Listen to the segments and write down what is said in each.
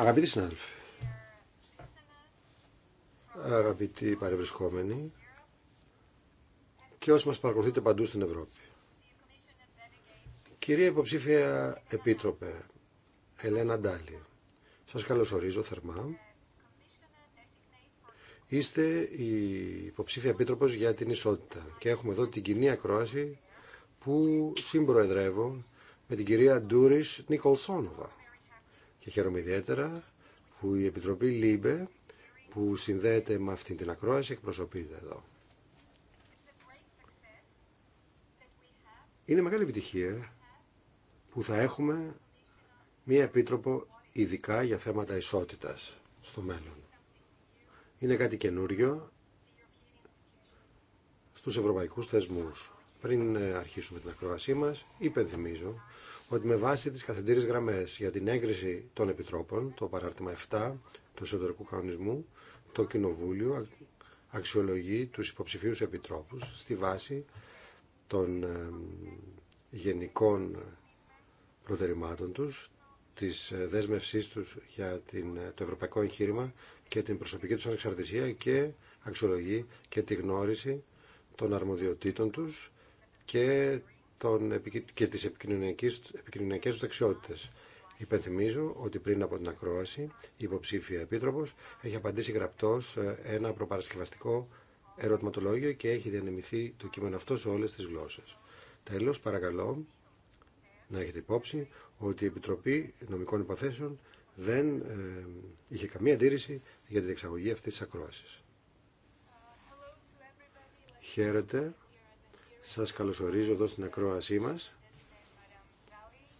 Αγαπητοί συνάδελφοι, αγαπητοί παρευρισκόμενοι και όσοι μας παρακολουθείτε παντού στην Ευρώπη. Κυρία Υποψήφια Επίτροπε, Ελένα Ντάλη, σας καλωσορίζω θερμά. Είστε η υποψήφια επίτροπος για την ισότητα και έχουμε εδώ την κοινή ακρόαση που συμπροεδρεύω με την κυρία Ντούρις Νικολσόνοβα. Και χαίρομαι ιδιαίτερα που η Επιτροπή ΛΥΜΠΕ που συνδέεται με αυτή την ακρόαση εκπροσωπείται εδώ. Είναι μεγάλη επιτυχία που θα έχουμε μία επίτροπο ειδικά για θέματα ισότητας στο μέλλον. Είναι κάτι καινούριο στους ευρωπαϊκούς θεσμούς. Πριν αρχίσουμε την ακρόασή μας, υπενθυμίζω ότι με βάση τις καθεντήρες γραμμές για την έγκριση των επιτρόπων, το παράρτημα 7 του εσωτερικού κανονισμού, το Κοινοβούλιο αξιολογεί τους υποψηφίους επιτρόπους στη βάση των ε, γενικών προτεραιμάτων τους, της ε, δέσμευσής τους για την, ε, το ευρωπαϊκό εγχείρημα και την προσωπική τους ανεξαρτησία και αξιολογεί και τη γνώριση των αρμοδιοτήτων τους και των, και τις επικοινωνιακές, επικοινωνιακές Υπενθυμίζω ότι πριν από την ακρόαση η υποψήφια επίτροπος έχει απαντήσει γραπτός ένα προπαρασκευαστικό ερωτηματολόγιο και έχει διανεμηθεί το κείμενο αυτό σε όλες τις γλώσσες. Τέλος, παρακαλώ να έχετε υπόψη ότι η Επιτροπή Νομικών Υποθέσεων δεν ε, είχε καμία αντίρρηση για την εξαγωγή αυτής της ακρόασης. Χαίρετε. Σας καλωσορίζω εδώ στην ακρόασή μας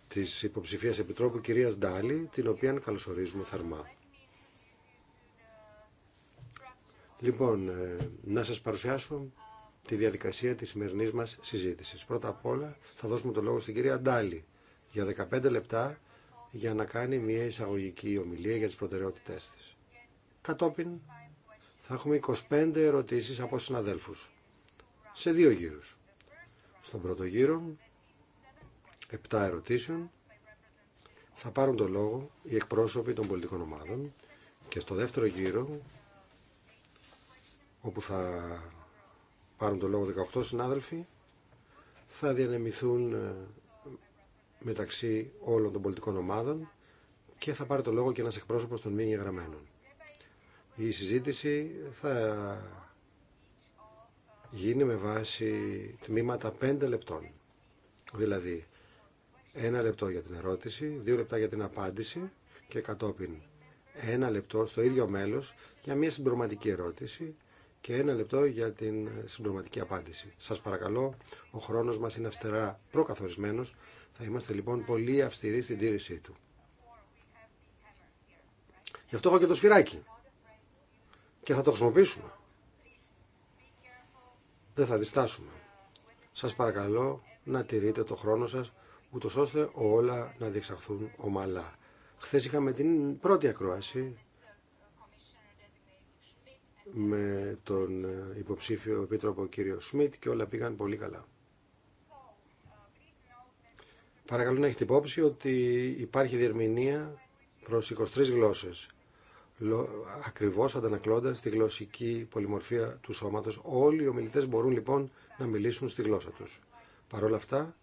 της υποψηφίας Επιτρόπου κυρίας Ντάλη, την οποία καλωσορίζουμε θερμά. Λοιπόν, ε, να σας παρουσιάσω τη διαδικασία της σημερινής μας συζήτησης. Πρώτα απ' όλα θα δώσουμε το λόγο στην κυρία Ντάλη για 15 λεπτά για να κάνει μια εισαγωγική ομιλία για τις προτεραιότητές της. Κατόπιν θα έχουμε 25 ερωτήσεις από συναδέλφους σε δύο γύρους στον πρώτο γύρο επτά ερωτήσεων θα πάρουν το λόγο οι εκπρόσωποι των πολιτικών ομάδων και στο δεύτερο γύρο όπου θα πάρουν το λόγο 18 συνάδελφοι θα διανεμηθούν ε, μεταξύ όλων των πολιτικών ομάδων και θα πάρει το λόγο και ένας εκπρόσωπος των μη εγγεγραμμένων. Η συζήτηση θα γίνει με βάση τμήματα 5 λεπτών. Δηλαδή, ένα λεπτό για την ερώτηση, δύο λεπτά για την απάντηση και κατόπιν ένα λεπτό στο ίδιο μέλος για μια συμπληρωματική ερώτηση και ένα λεπτό για την συμπληρωματική απάντηση. Σας παρακαλώ, ο χρόνος μας είναι αυστηρά προκαθορισμένος, θα είμαστε λοιπόν πολύ αυστηροί στην τήρησή του. Γι' αυτό έχω και το σφυράκι και θα το χρησιμοποιήσουμε δεν θα διστάσουμε. Σας παρακαλώ να τηρείτε το χρόνο σας, ούτως ώστε όλα να διεξαχθούν ομαλά. Χθες είχαμε την πρώτη ακρόαση με τον ε, υποψήφιο επίτροπο κύριο Σμιτ και όλα πήγαν πολύ καλά. Παρακαλώ να έχετε υπόψη ότι υπάρχει διερμηνία προς 23 γλώσσες ακριβώς αντανακλώντας τη γλωσσική πολυμορφία του σώματος. Όλοι οι ομιλητές μπορούν λοιπόν να μιλήσουν στη γλώσσα τους. Παρ' όλα αυτά,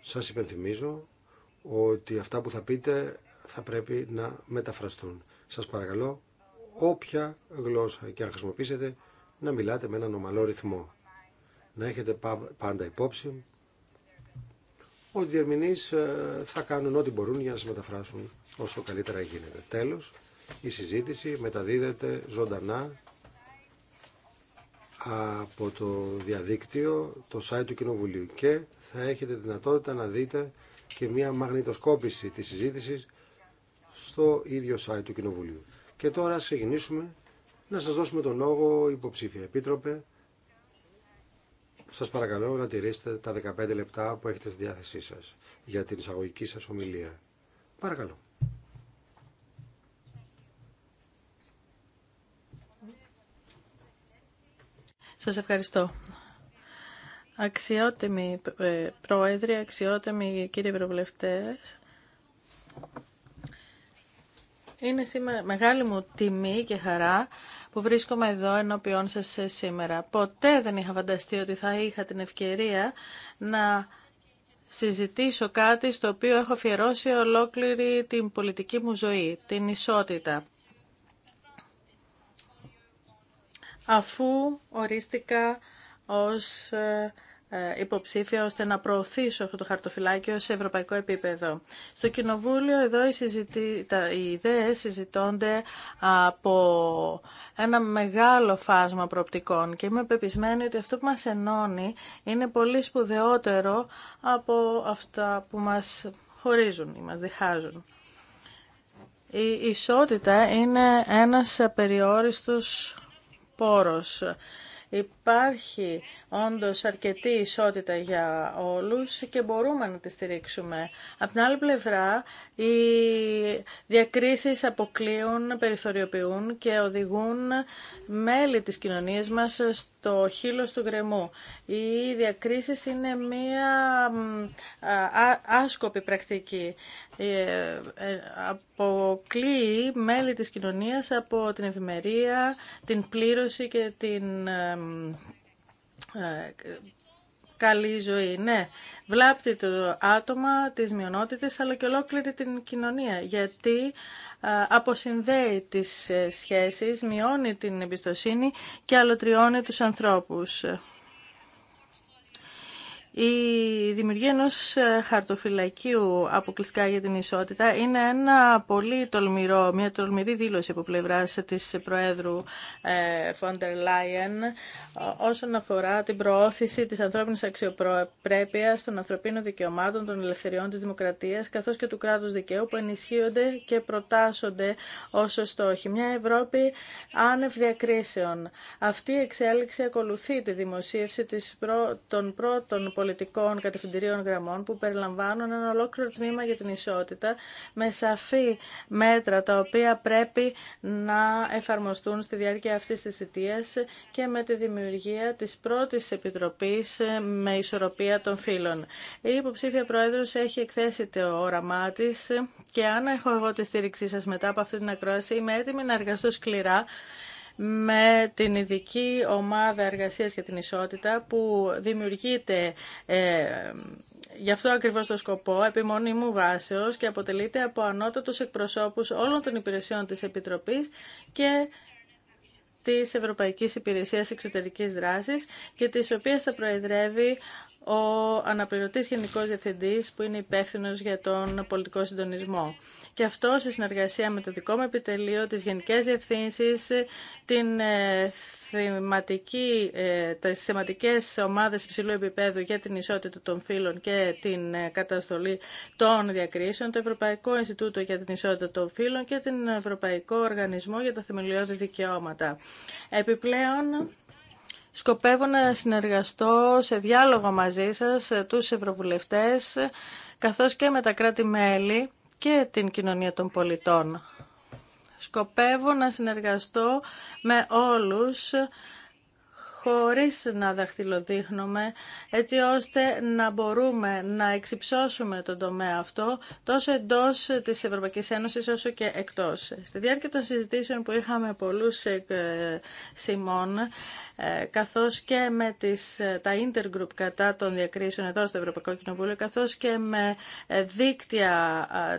σας υπενθυμίζω ότι αυτά που θα πείτε θα πρέπει να μεταφραστούν. Σας παρακαλώ, όποια γλώσσα και αν χρησιμοποιήσετε, να μιλάτε με έναν ομαλό ρυθμό. Να έχετε πάντα υπόψη ότι οι ε, θα κάνουν ό,τι μπορούν για να συμμεταφράσουν μεταφράσουν όσο καλύτερα γίνεται. Τέλος, η συζήτηση μεταδίδεται ζωντανά από το διαδίκτυο, το site του Κοινοβουλίου και θα έχετε δυνατότητα να δείτε και μια μαγνητοσκόπηση της συζήτησης στο ίδιο site του Κοινοβουλίου. Και τώρα ας ξεκινήσουμε να σας δώσουμε τον λόγο υποψήφια επίτροπε σας παρακαλώ να τηρήσετε τα 15 λεπτά που έχετε στη διάθεσή σας για την εισαγωγική σας ομιλία. Παρακαλώ. Σας ευχαριστώ. Αξιότιμοι ε, πρόεδροι, αξιότιμοι κύριοι ευρωβουλευτές, είναι σήμερα μεγάλη μου τιμή και χαρά που βρίσκομαι εδώ ενώπιον σας σήμερα. Ποτέ δεν είχα φανταστεί ότι θα είχα την ευκαιρία να συζητήσω κάτι στο οποίο έχω αφιερώσει ολόκληρη την πολιτική μου ζωή, την ισότητα. Αφού ορίστηκα ως ε, ε, υποψήφια ώστε να προωθήσω αυτό το χαρτοφυλάκιο σε ευρωπαϊκό επίπεδο. Στο Κοινοβούλιο εδώ οι, συζητή, τα, οι ιδέες συζητώνται από ένα μεγάλο φάσμα προοπτικών και είμαι πεπισμένη ότι αυτό που μας ενώνει είναι πολύ σπουδαιότερο από αυτά που μας χωρίζουν ή μας διχάζουν. Η ισότητα είναι ένας απεριόριστος πόρος Υπάρχει όντως αρκετή ισότητα για όλους και μπορούμε να τη στηρίξουμε. Από την άλλη πλευρά, οι διακρίσεις αποκλείουν, περιθωριοποιούν και οδηγούν μέλη της κοινωνίας μας το χείλο του γκρεμού. η διακρίσεις είναι μία άσκοπη πρακτική. Ε, ε, αποκλείει μέλη της κοινωνίας από την ευημερία, την πλήρωση και την ε, καλή ζωή. Ναι, βλάπτει το άτομα, τις μειονότητες, αλλά και ολόκληρη την κοινωνία. Γιατί αποσυνδέει τις ε, σχέσεις, μειώνει την εμπιστοσύνη και αλωτριώνει τους ανθρώπους. Η δημιουργία ενό ε, χαρτοφυλακίου αποκλειστικά για την ισότητα είναι ένα πολύ τολμηρό, μια τολμηρή δήλωση από πλευρά τη Προέδρου Φόντερ Λάιεν όσον αφορά την προώθηση τη ανθρώπινη αξιοπρέπεια, των ανθρωπίνων δικαιωμάτων, των ελευθεριών τη δημοκρατία καθώ και του κράτου δικαίου που ενισχύονται και προτάσσονται όσο στόχοι. Μια Ευρώπη άνευ διακρίσεων. Αυτή η εξέλιξη ακολουθεί τη δημοσίευση των πρώτων πολιτικών κατευθυντηρίων γραμμών που περιλαμβάνουν ένα ολόκληρο τμήμα για την ισότητα με σαφή μέτρα τα οποία πρέπει να εφαρμοστούν στη διάρκεια αυτής της θητείας και με τη δημιουργία της πρώτης επιτροπής με ισορροπία των φύλων. Η υποψήφια πρόεδρος έχει εκθέσει το όραμά τη και αν έχω εγώ τη στήριξή σας μετά από αυτή την ακρόαση είμαι έτοιμη να εργαστώ σκληρά με την ειδική ομάδα εργασίας για την ισότητα που δημιουργείται ε, γι' αυτό ακριβώς το σκοπό επιμονή μου βάσεως και αποτελείται από ανώτατους εκπροσώπους όλων των υπηρεσιών της Επιτροπής και της Ευρωπαϊκής Υπηρεσίας Εξωτερικής Δράσης και της οποίας θα προεδρεύει ο αναπληρωτής γενικός διευθυντής που είναι υπεύθυνο για τον πολιτικό συντονισμό. Και αυτό σε συνεργασία με το δικό μου επιτελείο, τις γενικές διευθύνσεις, την ε, θεματική, ε, τις θεματικές ομάδες υψηλού επίπεδου για την ισότητα των φύλων και την ε, καταστολή των διακρίσεων, το Ευρωπαϊκό Ινστιτούτο για την Ισότητα των Φύλων και την Ευρωπαϊκό Οργανισμό για τα Θεμελιώδη Δικαιώματα. Επιπλέον, Σκοπεύω να συνεργαστώ σε διάλογο μαζί σας, ε, τους ευρωβουλευτές, καθώς και με τα κράτη-μέλη και την κοινωνία των πολιτών. Σκοπεύω να συνεργαστώ με όλους χωρίς να δαχτυλοδείχνουμε, έτσι ώστε να μπορούμε να εξυψώσουμε τον τομέα αυτό τόσο εντός της Ευρωπαϊκής Ένωσης όσο και εκτός. Στη διάρκεια των συζητήσεων που είχαμε πολλούς ε, ε, σημών, ε, καθώς και με τις, ε, τα intergroup κατά των διακρίσεων εδώ στο Ευρωπαϊκό Κοινοβούλιο, καθώς και με ε, δίκτυα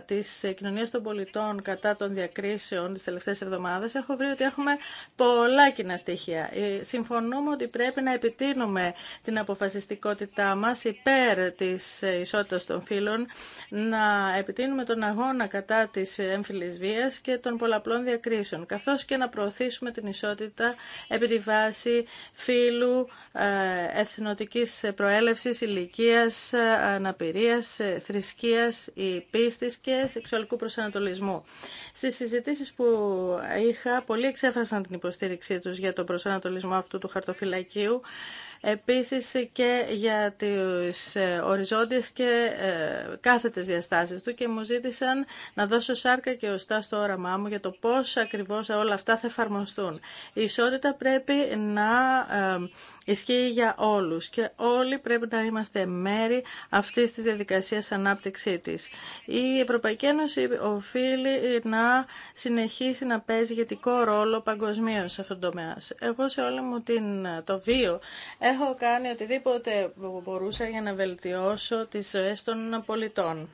της κοινωνίας των πολιτών κατά των διακρίσεων τις τελευταίες εβδομάδες, έχω βρει ότι έχουμε πολλά κοινά στοιχεία. Συμφωνούμε ότι πρέπει να επιτείνουμε την αποφασιστικότητά μας υπέρ της ισότητας των φύλων, να επιτείνουμε τον αγώνα κατά της έμφυλης βίας και των πολλαπλών διακρίσεων, καθώς και να προωθήσουμε την ισότητα επί τη βάση φύλου, ε, εθνοτικής προέλευσης, ηλικίας, ε, αναπηρίας, ε, θρησκείας, η πίστης και σεξουαλικού προσανατολισμού. Στις συζητήσεις που είχα, πολλοί εξέφρασαν την υποστήριξή τους για τον προσανατολισμό αυτού του χαρτοφυλακίου επίσης και για τις ε, οριζόντιες και ε, κάθετες διαστάσεις του και μου ζήτησαν να δώσω σάρκα και οστά στο όραμά μου για το πώς ακριβώς όλα αυτά θα εφαρμοστούν. Η ισότητα πρέπει να ε, ισχύει για όλους και όλοι πρέπει να είμαστε μέρη αυτής της διαδικασίας ανάπτυξή της. Η Ευρωπαϊκή Ένωση οφείλει να συνεχίσει να παίζει γετικό ρόλο παγκοσμίω σε αυτόν τον τομέα. Εγώ σε όλο μου το βίο έχω κάνει οτιδήποτε μπορούσα για να βελτιώσω τις ζωές των πολιτών.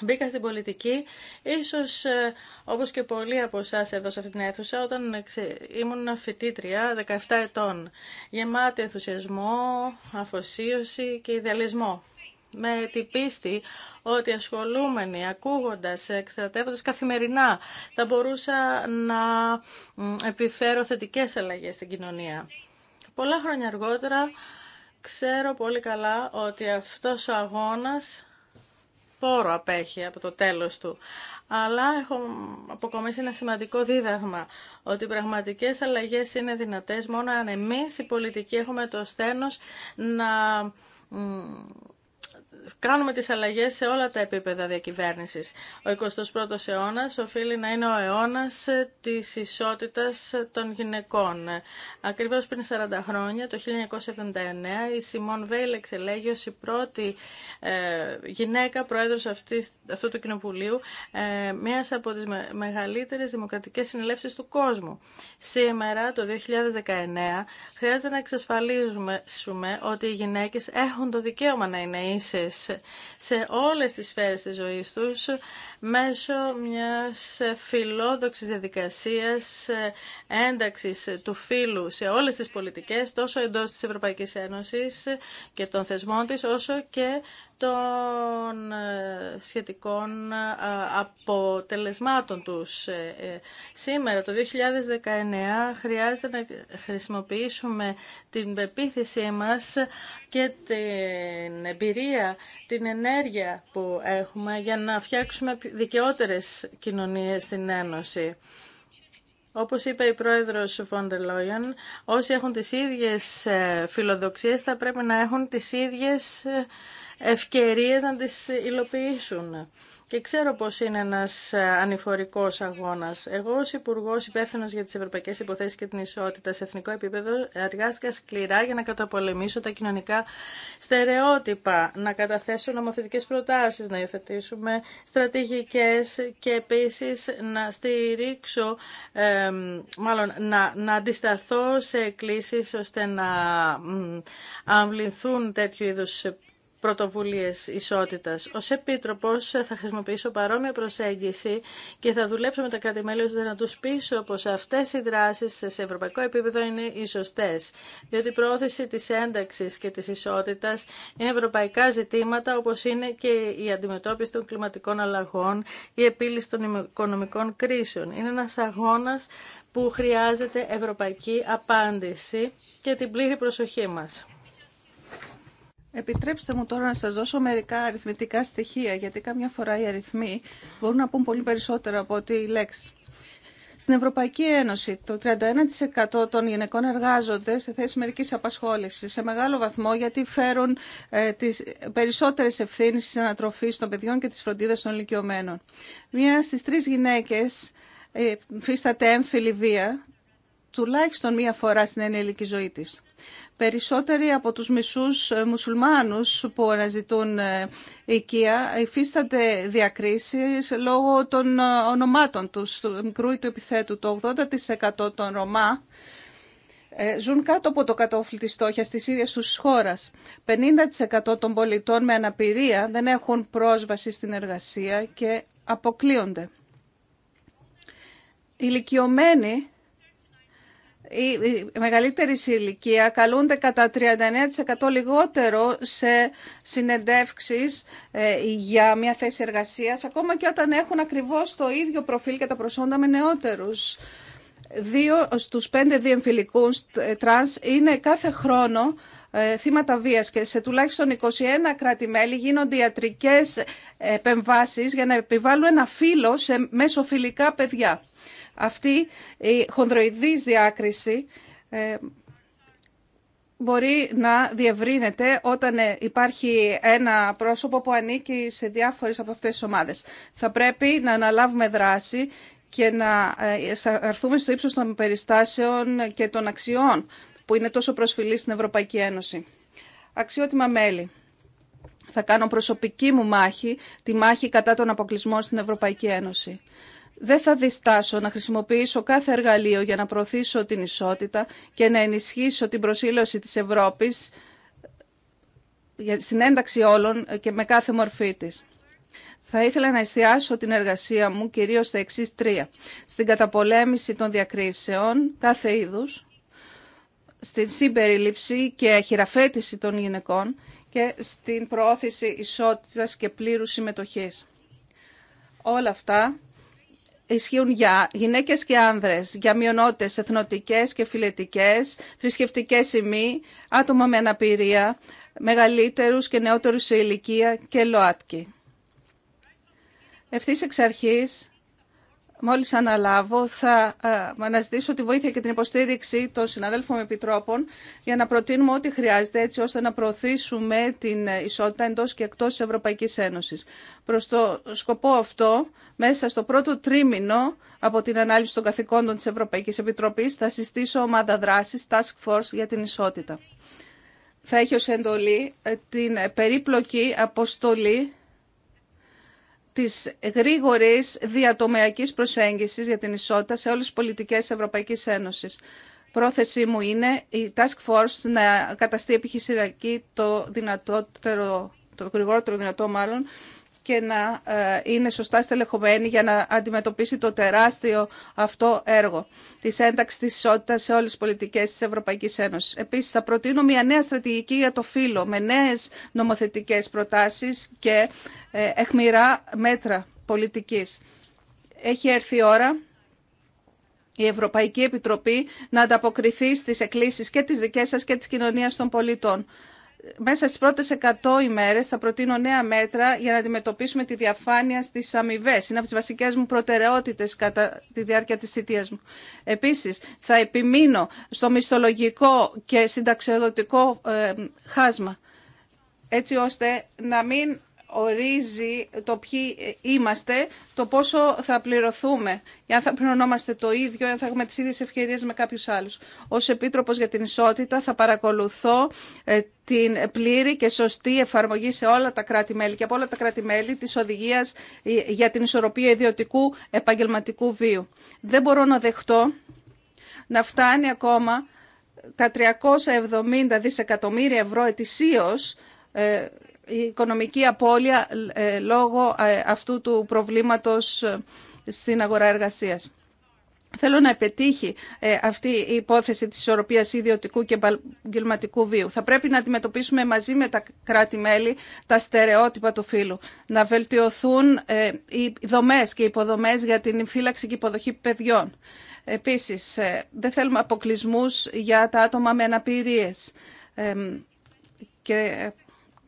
Μπήκα στην πολιτική, ίσως ε, όπως και πολλοί από εσά εδώ σε αυτήν την αίθουσα, όταν ήμουν φοιτήτρια 17 ετών, γεμάτη ενθουσιασμό, αφοσίωση και ιδεαλισμό. Με την πίστη ότι ασχολούμενοι, ακούγοντας, εξτρατεύοντας καθημερινά, θα μπορούσα να επιφέρω θετικές αλλαγές στην κοινωνία. Πολλά χρόνια αργότερα ξέρω πολύ καλά ότι αυτός ο αγώνας πόρο απέχει από το τέλος του. Αλλά έχω αποκομίσει ένα σημαντικό δίδαγμα, ότι οι πραγματικές αλλαγές είναι δυνατές μόνο αν εμείς οι πολιτικοί έχουμε το στένος να κάνουμε τις αλλαγές σε όλα τα επίπεδα διακυβέρνησης. Ο 21ος αιώνας οφείλει να είναι ο αιώνας ε, της ισότητας ε, των γυναικών. Ακριβώς πριν 40 χρόνια, το 1979, η Σιμών Βέιλ εξελέγει ως η πρώτη ε, γυναίκα πρόεδρος αυτού του κοινοβουλίου, ε, μιας από τις μεγαλύτερες δημοκρατικές συνελεύσεις του κόσμου. Σήμερα, το 2019, χρειάζεται να εξασφαλίσουμε ότι οι γυναίκες έχουν το δικαίωμα να είναι σε όλες τις σφαίρες της ζωής τους μέσω μιας φιλόδοξης διαδικασίας ε, ένταξης του φύλου σε όλες τις πολιτικές τόσο εντός της Ευρωπαϊκής Ένωσης και των θεσμών της όσο και των ε, σχετικών ε, αποτελεσμάτων τους. Ε, σήμερα, το 2019, χρειάζεται να χρησιμοποιήσουμε την πεποίθησή μας και την εμπειρία, την ενέργεια που έχουμε για να φτιάξουμε δικαιότερες κοινωνίες στην Ένωση. Όπως είπε η πρόεδρος Φόντερ όσοι έχουν τις ίδιες φιλοδοξίες θα πρέπει να έχουν τις ίδιες ευκαιρίες να τις υλοποιήσουν. Και ξέρω πως είναι ένας ε, ανηφορικός αγώνας. Εγώ, ως Υπουργό Υπεύθυνο για τις Ευρωπαϊκές Υποθέσεις και την Ισότητα σε εθνικό επίπεδο, εργάστηκα σκληρά για να καταπολεμήσω τα κοινωνικά στερεότυπα, να καταθέσω νομοθετικές προτάσεις, να υιοθετήσουμε στρατηγικές και επίσης να στηρίξω, ε, μάλλον να, να αντισταθώ σε εκκλήσει ώστε να αμβληθούν τέτοιου είδου πρωτοβουλίες ισότητας. Ως Επίτροπος θα χρησιμοποιήσω παρόμοια προσέγγιση και θα δουλέψω με τα κράτη-μέλη ώστε να τους πείσω πως αυτές οι δράσεις σε ευρωπαϊκό επίπεδο είναι οι σωστές. Διότι η πρόθεση της ένταξης και της ισότητας είναι ευρωπαϊκά ζητήματα όπως είναι και η αντιμετώπιση των κλιματικών αλλαγών, η επίλυση των οικονομικών κρίσεων. Είναι ένας αγώνας που χρειάζεται ευρωπαϊκή απάντηση και την πλήρη προσοχή μας. Επιτρέψτε μου τώρα να σας δώσω μερικά αριθμητικά στοιχεία, γιατί κάμια φορά οι αριθμοί μπορούν να πούν πολύ περισσότερο από ό,τι οι λέξεις. Στην Ευρωπαϊκή Ένωση το 31% των γυναικών εργάζονται σε θέση μερικής απασχόλησης σε μεγάλο βαθμό γιατί φέρουν ε, τις περισσότερες ευθύνες της ανατροφής των παιδιών και της φροντίδας των ηλικιωμένων. Μία στις τρεις γυναίκες ε, φίσταται έμφυλη βία τουλάχιστον μία φορά στην ενήλικη ζωή της. Περισσότεροι από τους μισούς ε, μουσουλμάνους που αναζητούν ε, οικία υφίστανται διακρίσεις λόγω των ε, ονομάτων τους. Στο μικρού του επιθέτου το 80% των Ρωμά ζουν κάτω από το κατόφλι της στόχιας της ίδιας τους χώρας. 50% των πολιτών με αναπηρία δεν έχουν πρόσβαση στην εργασία και αποκλείονται. ηλικιωμένοι οι μεγαλύτερη ηλικία καλούνται κατά 39% λιγότερο σε συνεντεύξεις ε, για μια θέση εργασίας, ακόμα και όταν έχουν ακριβώς το ίδιο προφίλ και τα προσόντα με νεότερους. Δύο στους πέντε διεμφυλικούς ε, τρανς είναι κάθε χρόνο ε, θύματα βίας και σε τουλάχιστον 21 κράτη-μέλη γίνονται ιατρικές επεμβάσεις για να επιβάλλουν ένα φύλλο σε μεσοφιλικά παιδιά. Αυτή η χονδροειδής διάκριση ε, μπορεί να διευρύνεται όταν ε, υπάρχει ένα πρόσωπο που ανήκει σε διάφορες από αυτές τις ομάδες. Θα πρέπει να αναλάβουμε δράση και να ε, αρθούμε στο ύψος των περιστάσεων και των αξιών που είναι τόσο προσφυλή στην Ευρωπαϊκή Ένωση. Αξιότιμα μέλη. Θα κάνω προσωπική μου μάχη, τη μάχη κατά των αποκλεισμών στην Ευρωπαϊκή Ένωση. Δεν θα διστάσω να χρησιμοποιήσω κάθε εργαλείο για να προωθήσω την ισότητα και να ενισχύσω την προσήλωση της Ευρώπης στην ένταξη όλων και με κάθε μορφή της. Θα ήθελα να εστιάσω την εργασία μου κυρίως στα εξή τρία. Στην καταπολέμηση των διακρίσεων κάθε είδους, στην συμπερίληψη και χειραφέτηση των γυναικών και στην προώθηση ισότητας και πλήρους συμμετοχής. Όλα αυτά ισχύουν για γυναίκες και άνδρες, για μειονότητες εθνοτικές και φιλετικές, θρησκευτικές σημεί, άτομα με αναπηρία, μεγαλύτερους και νεότερους σε ηλικία και ΛΟΑΤΚΙ. Ευθύς εξ αρχής μόλις αναλάβω θα ε, αναζητήσω τη βοήθεια και την υποστήριξη των συναδέλφων επιτρόπων για να προτείνουμε ό,τι χρειάζεται έτσι ώστε να προωθήσουμε την ε, ισότητα εντός και εκτός της Ευρωπαϊκής Ένωσης. Προς το σκοπό αυτό, μέσα στο πρώτο τρίμηνο από την ανάλυση των καθηκόντων της Ευρωπαϊκής Επιτροπής θα συστήσω ομάδα δράσης Task Force για την ισότητα. Θα έχει ως εντολή ε, την περίπλοκη αποστολή της γρήγορης διατομεακής προσέγγισης για την ισότητα σε όλες τις πολιτικές Ευρωπαϊκής Ένωσης. Πρόθεσή μου είναι η Task Force να καταστεί επιχειρησιακή το δυνατότερο το γρηγορότερο δυνατό μάλλον, και να ε, είναι σωστά στελεχωμένη για να αντιμετωπίσει το τεράστιο αυτό έργο τη ένταξη τη ισότητα σε όλε τι πολιτικέ τη Ευρωπαϊκή Ένωση. Επίση, θα προτείνω μια νέα στρατηγική για το φύλλο με νέε νομοθετικέ προτάσει και εχμηρά μέτρα πολιτική. Έχει έρθει η ώρα η Ευρωπαϊκή Επιτροπή να ανταποκριθεί στις εκκλήσεις και τις δικές σας και της κοινωνίας των πολιτών μέσα στις πρώτες 100 ημέρες θα προτείνω νέα μέτρα για να αντιμετωπίσουμε τη διαφάνεια στις αμοιβέ. Είναι από τις βασικές μου προτεραιότητες κατά τη διάρκεια της θητείας μου. Επίσης, θα επιμείνω στο μισθολογικό και συνταξιοδοτικό ε, χάσμα, έτσι ώστε να μην ορίζει το ποιοι είμαστε, το πόσο θα πληρωθούμε. Ή αν θα πληρωνόμαστε το ίδιο, αν θα έχουμε τις ίδιες ευκαιρίες με κάποιους άλλους. Ως Επίτροπος για την Ισότητα θα παρακολουθώ ε, την πλήρη και σωστή εφαρμογή σε όλα τα κράτη-μέλη και από όλα τα κράτη-μέλη της οδηγίας ε, για την ισορροπία ιδιωτικού επαγγελματικού βίου. Δεν μπορώ να δεχτώ να φτάνει ακόμα τα 370 δισεκατομμύρια ευρώ ετησίως ε, η οικονομική απώλεια ε, λόγω ε, αυτού του προβλήματος ε, στην αγορά εργασίας. Θέλω να επιτύχει αυτή η υπόθεση της ισορροπίας ιδιωτικού και επαγγελματικού βίου. Θα πρέπει να αντιμετωπίσουμε μαζί με τα κράτη-μέλη τα στερεότυπα του φύλου. Να βελτιωθούν οι δομές και οι υποδομές για την φύλαξη και υποδοχή παιδιών. Επίσης, δεν θέλουμε αποκλεισμούς για τα άτομα με αναπηρίες και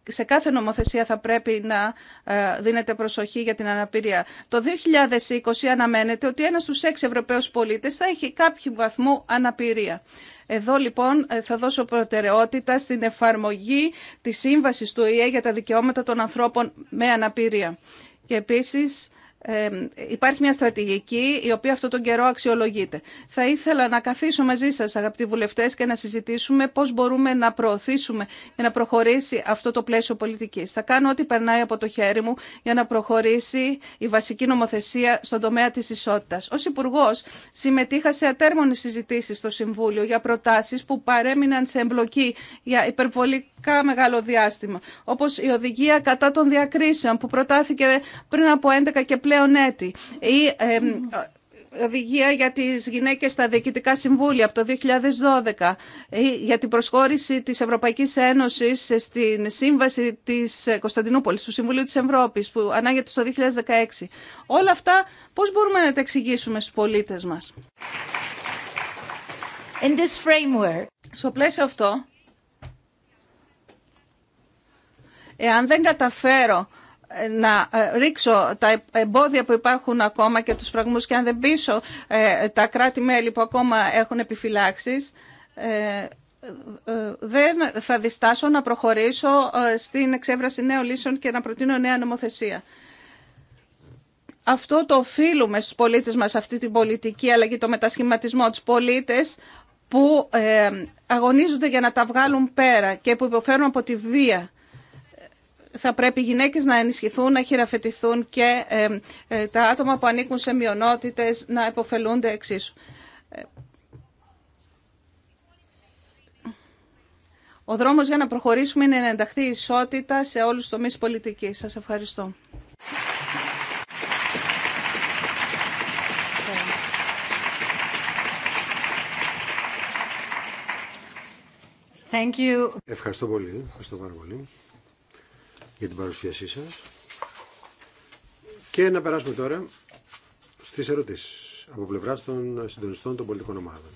σε κάθε νομοθεσία θα πρέπει να ε, δίνεται προσοχή για την αναπηρία. Το 2020 αναμένεται ότι ένας στους έξι Ευρωπαίους πολίτες θα έχει κάποιο βαθμό αναπηρία. Εδώ λοιπόν ε, θα δώσω προτεραιότητα στην εφαρμογή της σύμβασης του ΙΕ για τα δικαιώματα των ανθρώπων με αναπηρία. Και επίσης υπάρχει μια στρατηγική η οποία αυτόν τον καιρό αξιολογείται. Θα ήθελα να καθίσω μαζί σας αγαπητοί βουλευτές και να συζητήσουμε πώς μπορούμε να προωθήσουμε και να προχωρήσει αυτό το πλαίσιο πολιτικής. Θα κάνω ό,τι περνάει από το χέρι μου για να προχωρήσει η βασική νομοθεσία στον τομέα της ισότητας. Ω υπουργό συμμετείχα σε ατέρμονες συζητήσει στο Συμβούλιο για προτάσει που παρέμειναν σε εμπλοκή για υπερβολή μεγάλο διάστημα, Όπω η οδηγία κατά των διακρίσεων που προτάθηκε πριν από 11 και πλέον έτη, ή οδηγία για τις γυναίκες στα διοικητικά συμβούλια από το 2012 για την προσχώρηση της Ευρωπαϊκής Ένωσης στην Σύμβαση της Κωνσταντινούπολης, του Συμβουλίου της Ευρώπης που ανάγεται στο 2016. Όλα αυτά πώς μπορούμε να τα εξηγήσουμε στου πολίτες μας. Στο πλαίσιο αυτό Εάν δεν καταφέρω ε, να ε, ρίξω τα ε, εμπόδια που υπάρχουν ακόμα και τους φραγμούς και αν δεν πείσω τα κράτη-μέλη που ακόμα έχουν επιφυλάξεις, δεν θα διστάσω να προχωρήσω στην εξέβραση νέων λύσεων και να προτείνω νέα νομοθεσία. Αυτό το οφείλουμε στους πολίτες μας, αυτή την πολιτική αλλά και το μετασχηματισμό τους πολίτες που αγωνίζονται για να τα βγάλουν πέρα και που υποφέρουν από τη βία θα πρέπει οι γυναίκες να ενισχυθούν, να χειραφετηθούν και ε, ε, τα άτομα που ανήκουν σε μειονότητες να υποφελούνται εξίσου. Ο δρόμος για να προχωρήσουμε είναι να ενταχθεί η ισότητα σε όλους τους τομείς πολιτικής. Σας ευχαριστώ. Thank you. Ευχαριστώ πολύ. Ευχαριστώ πάρα πολύ για την παρουσίασή σας και να περάσουμε τώρα στις ερωτήσεις από πλευρά των συντονιστών των πολιτικών ομάδων.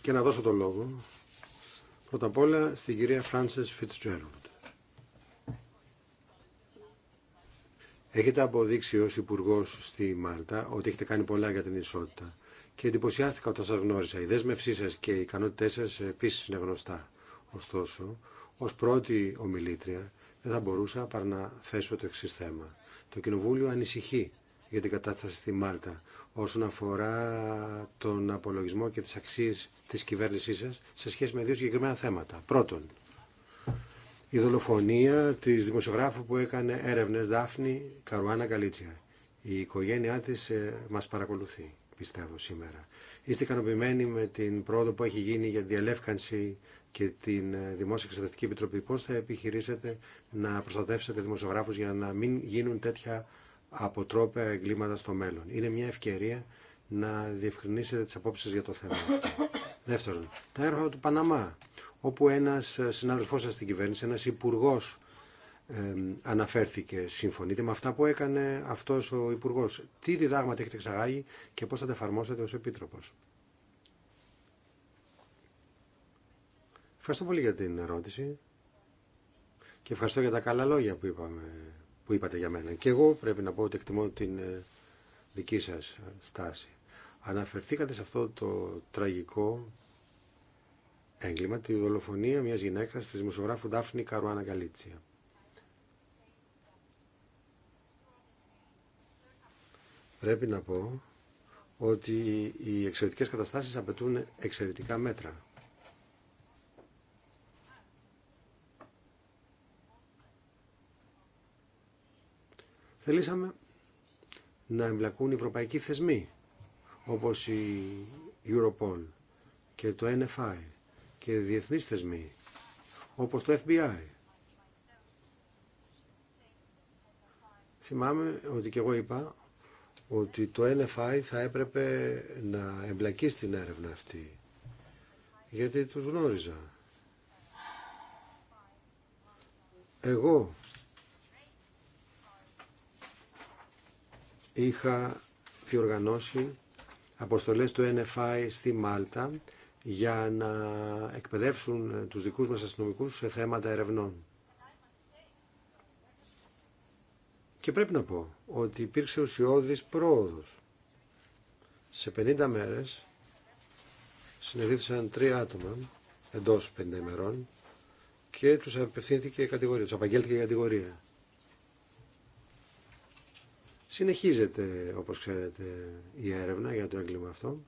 Και να δώσω το λόγο πρώτα απ' όλα στην κυρία Frances Fitzgerald. Έχετε αποδείξει ως υπουργό στη Μάλτα ότι έχετε κάνει πολλά για την ισότητα και εντυπωσιάστηκα όταν σας γνώρισα. Η δέσμευσή σας και οι ικανότητές σας επίσης είναι γνωστά. Ωστόσο, ως πρώτη ομιλήτρια δεν θα μπορούσα παρά να θέσω το εξή θέμα. Το Κοινοβούλιο ανησυχεί για την κατάσταση στη Μάλτα όσον αφορά τον απολογισμό και τις αξίες της κυβέρνησής σας σε σχέση με δύο συγκεκριμένα θέματα. Πρώτον, η δολοφονία της δημοσιογράφου που έκανε έρευνες Δάφνη Καρουάνα Καλίτσια. Η οικογένειά της ε, μας παρακολουθεί, πιστεύω σήμερα. Είστε ικανοποιημένοι με την πρόοδο που έχει γίνει για τη διαλεύκανση και την ε, Δημόσια Εξεταστική Επιτροπή. Πώς θα επιχειρήσετε να προστατεύσετε δημοσιογράφους για να μην γίνουν τέτοια αποτρόπαια εγκλήματα στο μέλλον. Είναι μια ευκαιρία να διευκρινίσετε τις απόψεις για το θέμα αυτό. Δεύτερον, τα έργα του Παναμά, όπου ένας ε, συνάδελφός σας στην κυβέρνηση, ένας υπουργό ε, αναφέρθηκε. Συμφωνείτε με αυτά που έκανε αυτός ο υπουργό. Τι διδάγματα έχετε εξαγάγει και πώς θα τα εφαρμόσετε ως επίτροπος. Ευχαριστώ πολύ για την ερώτηση και ευχαριστώ για τα καλά λόγια που, είπαμε, που είπατε για μένα. Και εγώ πρέπει να πω ότι εκτιμώ την ε, δική σας στάση. Αναφερθήκατε σε αυτό το τραγικό έγκλημα, τη δολοφονία μιας γυναίκας της δημοσιογράφου Ντάφνη Καρουάνα Γκαλίτσια. Πρέπει να πω ότι οι εξαιρετικές καταστάσεις απαιτούν εξαιρετικά μέτρα. Θελήσαμε να εμπλακούν οι ευρωπαϊκοί θεσμοί, όπως η Europol και το NFI και διεθνείς θεσμοί, όπως το FBI. Θυμάμαι ότι και εγώ είπα ότι το NFI θα έπρεπε να εμπλακεί στην έρευνα αυτή, γιατί τους γνώριζα. Εγώ είχα διοργανώσει αποστολές του NFI στη Μάλτα για να εκπαιδεύσουν τους δικούς μας αστυνομικούς σε θέματα ερευνών. Και πρέπει να πω ότι υπήρξε ουσιώδης πρόοδος. Σε 50 μέρες συνελήφθησαν τρία άτομα εντός 50 ημερών και τους απευθύνθηκε η κατηγορία, τους απαγγέλθηκε η κατηγορία. Συνεχίζεται, όπως ξέρετε, η έρευνα για το έγκλημα αυτό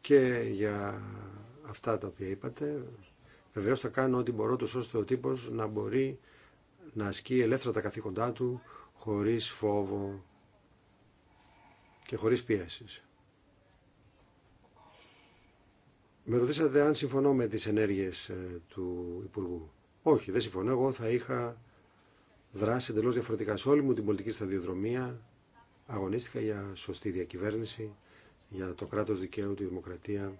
και για αυτά τα οποία είπατε. Βεβαίως θα κάνω ό,τι μπορώ τους ώστε ο τύπος να μπορεί να ασκεί ελεύθερα τα καθήκοντά του χωρίς φόβο και χωρίς πιέσεις. Με ρωτήσατε αν συμφωνώ με τις ενέργειες ε, του Υπουργού. Όχι, δεν συμφωνώ. Εγώ θα είχα δράσει εντελώ διαφορετικά. Σε όλη μου την πολιτική σταδιοδρομία αγωνίστηκα για σωστή διακυβέρνηση, για το κράτος δικαίου, τη δημοκρατία.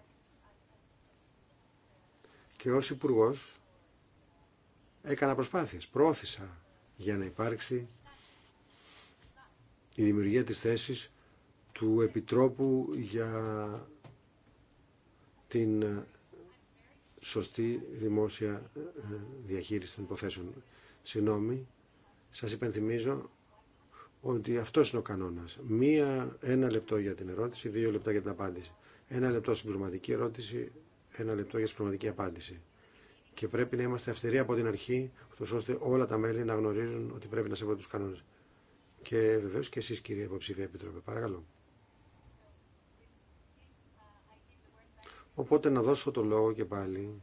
Και ως υπουργό έκανα προσπάθειες, πρόθεσα για να υπάρξει η δημιουργία της θέσης του Επιτρόπου για την σωστή δημόσια ε, διαχείριση των υποθέσεων. Συγγνώμη, σας υπενθυμίζω ότι αυτό είναι ο κανόνας. Μία, ένα λεπτό για την ερώτηση, δύο λεπτά για την απάντηση. Ένα λεπτό στην συμπληρωματική ερώτηση, ένα λεπτό για συμπληρωματική απάντηση. Και πρέπει να είμαστε αυστηροί από την αρχή, ώστε όλα τα μέλη να γνωρίζουν ότι πρέπει να σέβονται τους κανόνες. Και βεβαίως και εσείς κύριε υποψήφια επιτροπή. Παρακαλώ. Οπότε να δώσω το λόγο και πάλι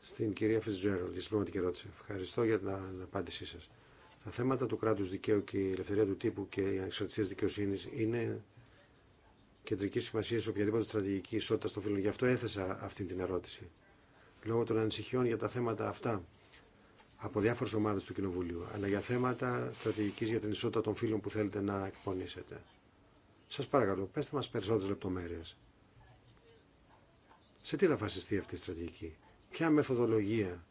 στην κυρία Φιτζέρολ τη συμπληρωματική ερώτηση. Ευχαριστώ για την απάντησή σας. Τα θέματα του κράτου δικαίου και η ελευθερία του τύπου και η ανεξαρτησία δικαιοσύνη είναι κεντρική σημασία σε οποιαδήποτε στρατηγική ισότητα των φίλων. Γι' αυτό έθεσα αυτή την ερώτηση. Λόγω των ανησυχιών για τα θέματα αυτά από διάφορε ομάδε του Κοινοβουλίου, αλλά για θέματα στρατηγική για την ισότητα των φίλων που θέλετε να εκπονήσετε. Σα παρακαλώ, πέστε μα περισσότερε λεπτομέρειε. Σε τι θα βασιστεί αυτή η στρατηγική, ποια μεθοδολογία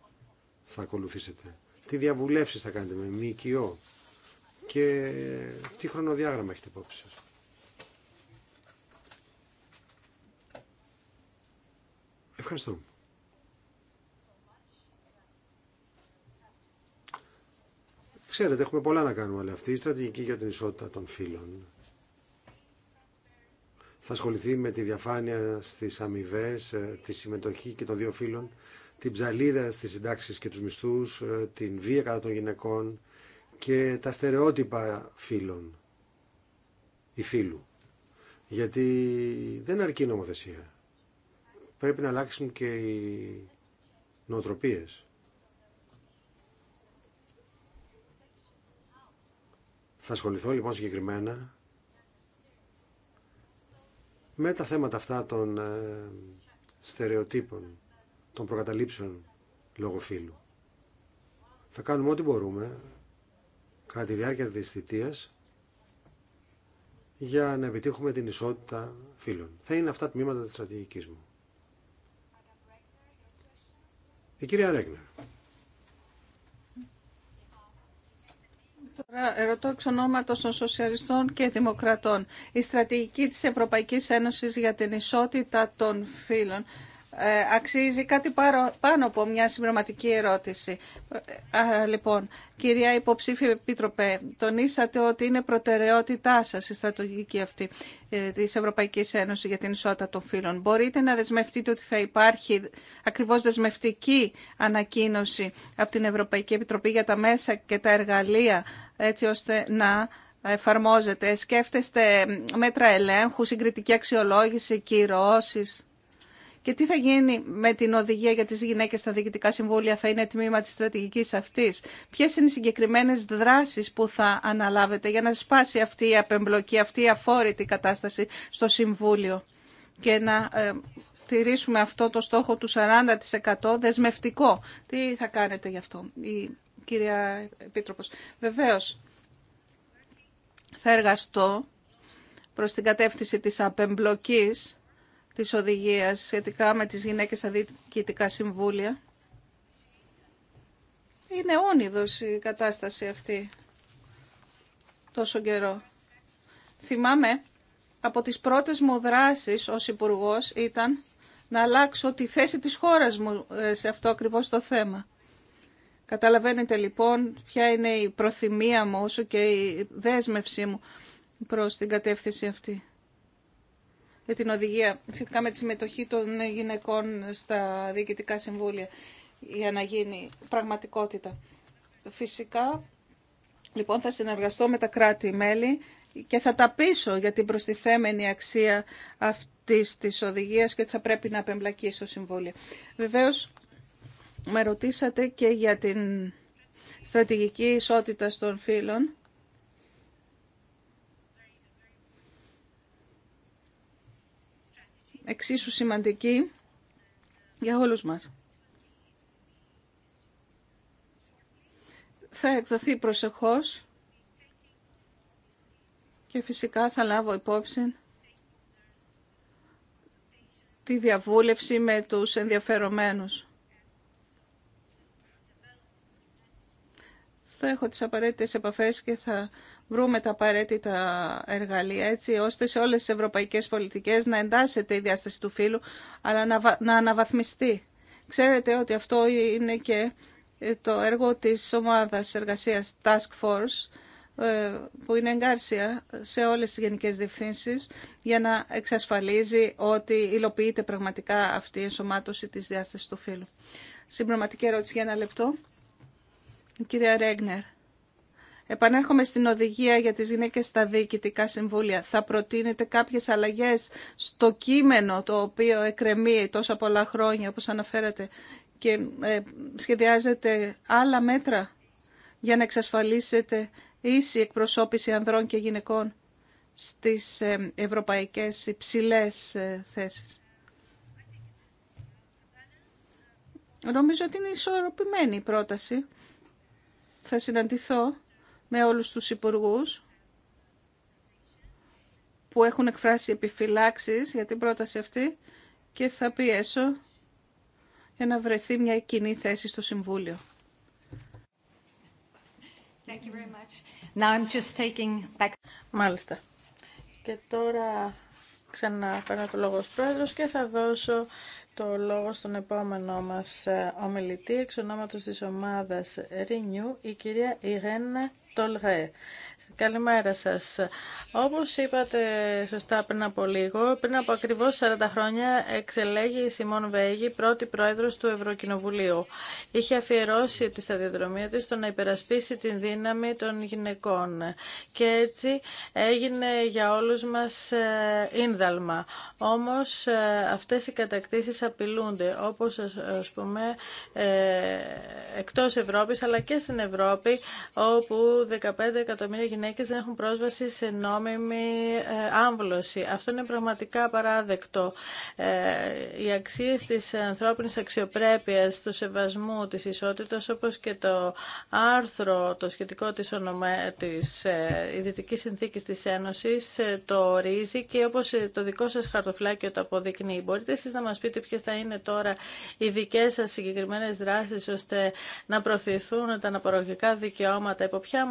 θα ακολουθήσετε τι διαβουλεύσεις θα κάνετε με ΜΚΙΟ και τι χρονοδιάγραμμα έχετε υπόψη σας. Ευχαριστώ. Ξέρετε, έχουμε πολλά να κάνουμε, αλλά αυτή η στρατηγική για την ισότητα των φύλων θα ασχοληθεί με τη διαφάνεια στις αμοιβέ, ε, τη συμμετοχή και των δύο φύλων την ψαλίδα στις συντάξεις και τους μισθούς, ε, την βία κατά των γυναικών και τα στερεότυπα φίλων ή φίλου. Γιατί δεν αρκεί η νομοθεσία. Πρέπει να αλλάξουν και οι νοοτροπίες. Θα ασχοληθώ λοιπόν συγκεκριμένα με τα θέματα αυτά των ε, στερεοτύπων των προκαταλήψεων λόγω φύλου. Θα κάνουμε ό,τι μπορούμε κατά τη διάρκεια της θητείας για να επιτύχουμε την ισότητα φύλων. Θα είναι αυτά τα τμήματα της στρατηγικής μου. Η κυρία Ρέγνερ. Τώρα ερωτώ εξ ονόματος των Σοσιαλιστών και Δημοκρατών. Η στρατηγική της Ευρωπαϊκής Ένωσης για την ισότητα των φύλων ε, αξίζει κάτι πάνω από μια συμπληρωματική ερώτηση. Ε, λοιπόν, κυρία υποψήφια επίτροπε, τονίσατε ότι είναι προτεραιότητά σας η στρατηγική αυτή ε, της Ευρωπαϊκής Ένωσης για την ισότητα των φύλων. Μπορείτε να δεσμευτείτε ότι θα υπάρχει ακριβώς δεσμευτική ανακοίνωση από την Ευρωπαϊκή Επιτροπή για τα μέσα και τα εργαλεία έτσι ώστε να εφαρμόζεται. Σκέφτεστε μέτρα ελέγχου, συγκριτική αξιολόγηση, κυρώσεις. Και τι θα γίνει με την οδηγία για τις γυναίκε στα διοικητικά συμβούλια, θα είναι τμήμα τη στρατηγικής αυτή. Ποιε είναι οι συγκεκριμένες δράσεις που θα αναλάβετε για να σπάσει αυτή η απεμπλοκή, αυτή η αφόρητη κατάσταση στο Συμβούλιο και να ε, τηρήσουμε αυτό το στόχο του 40% δεσμευτικό. Τι θα κάνετε γι' αυτό, η κυρία Επίτροπος. Βεβαίως, θα εργαστώ προς την κατεύθυνση της απεμπλοκής της οδηγίας σχετικά με τις γυναίκες στα διοικητικά συμβούλια. Είναι όνειδος η κατάσταση αυτή τόσο καιρό. Θυμάμαι, από τις πρώτες μου δράσεις ως υπουργό ήταν να αλλάξω τη θέση της χώρας μου ε, σε αυτό ακριβώς το θέμα. Καταλαβαίνετε λοιπόν ποια είναι η προθυμία μου όσο και η δέσμευσή μου προς την κατεύθυνση αυτή με την οδηγία σχετικά με τη συμμετοχή των γυναικών στα διοικητικά συμβούλια για να γίνει πραγματικότητα. Φυσικά, λοιπόν, θα συνεργαστώ με τα κράτη-μέλη και θα τα πείσω για την προστιθέμενη αξία αυτής της οδηγίας και ότι θα πρέπει να απεμπλακεί στο Συμβούλιο. Βεβαίως, με ρωτήσατε και για την στρατηγική ισότητα των φύλων εξίσου σημαντική για όλους μας. Θα εκδοθεί προσεχώς και φυσικά θα λάβω υπόψη τη διαβούλευση με τους ενδιαφερομένους. Θα έχω τις απαραίτητες επαφές και θα βρούμε τα απαραίτητα εργαλεία έτσι ώστε σε όλες τις ευρωπαϊκές πολιτικές να εντάσσεται η διάσταση του φύλου αλλά να αναβαθμιστεί. Ξέρετε ότι αυτό είναι και ε, το έργο της ομάδας εργασίας Task Force ε, που είναι εγκάρσια σε όλες τις γενικές διευθύνσεις για να εξασφαλίζει ότι υλοποιείται πραγματικά αυτή η ενσωμάτωση της διάστασης του φύλου. Συμπληρωματική ερώτηση για ένα λεπτό. κυρία Ρέγνερ. Επανέρχομαι στην οδηγία για τις γυναίκες στα διοικητικά συμβούλια. Θα προτείνετε κάποιες αλλαγές στο κείμενο το οποίο εκρεμεί τόσα πολλά χρόνια όπως αναφέρατε και ε, σχεδιάζετε άλλα μέτρα για να εξασφαλίσετε ίση εκπροσώπηση ανδρών και γυναικών στις ε, ευρωπαϊκές υψηλές ε, θέσεις. Νομίζω ότι είναι ισορροπημένη η πρόταση. Θα συναντηθώ με όλους τους υπουργούς που έχουν εκφράσει επιφυλάξεις για την πρόταση αυτή και θα πιέσω για να βρεθεί μια κοινή θέση στο Συμβούλιο. Thank Μάλιστα. Και τώρα ξανά το λόγο ως πρόεδρος και θα δώσω το λόγο στον επόμενό μας ε, ομιλητή εξ ονόματος της ομάδας Renew, η κυρία Ιρένα Καλημέρα σας. Όπως είπατε σωστά πριν από λίγο, πριν από ακριβώς 40 χρόνια εξελέγει η Σιμών Βέγη, πρώτη πρόεδρος του Ευρωκοινοβουλίου. Είχε αφιερώσει τη σταδιοδρομία της στο να υπερασπίσει την δύναμη των γυναικών και έτσι έγινε για όλους μας ε, ίνδαλμα. Όμως ε, αυτές οι κατακτήσεις απειλούνται, όπως ας πούμε ε, εκτός Ευρώπης αλλά και στην Ευρώπη όπου 15 εκατομμύρια γυναίκες δεν έχουν πρόσβαση σε νόμιμη ε, άμβλωση. Αυτό είναι πραγματικά απαράδεκτο. Ε, οι αξίες της ανθρώπινης αξιοπρέπειας, του σεβασμού, της ισότητας, όπως και το άρθρο, το σχετικό της, ονομα... της ε, τη Συνθήκης της Ένωσης, το ορίζει και όπως το δικό σας χαρτοφλάκιο το αποδεικνύει. Μπορείτε εσείς να μας πείτε ποιες θα είναι τώρα οι δικές σας συγκεκριμένες δράσεις ώστε να προωθηθούν τα αναπαραγωγικά δικαιώματα, υπό ποια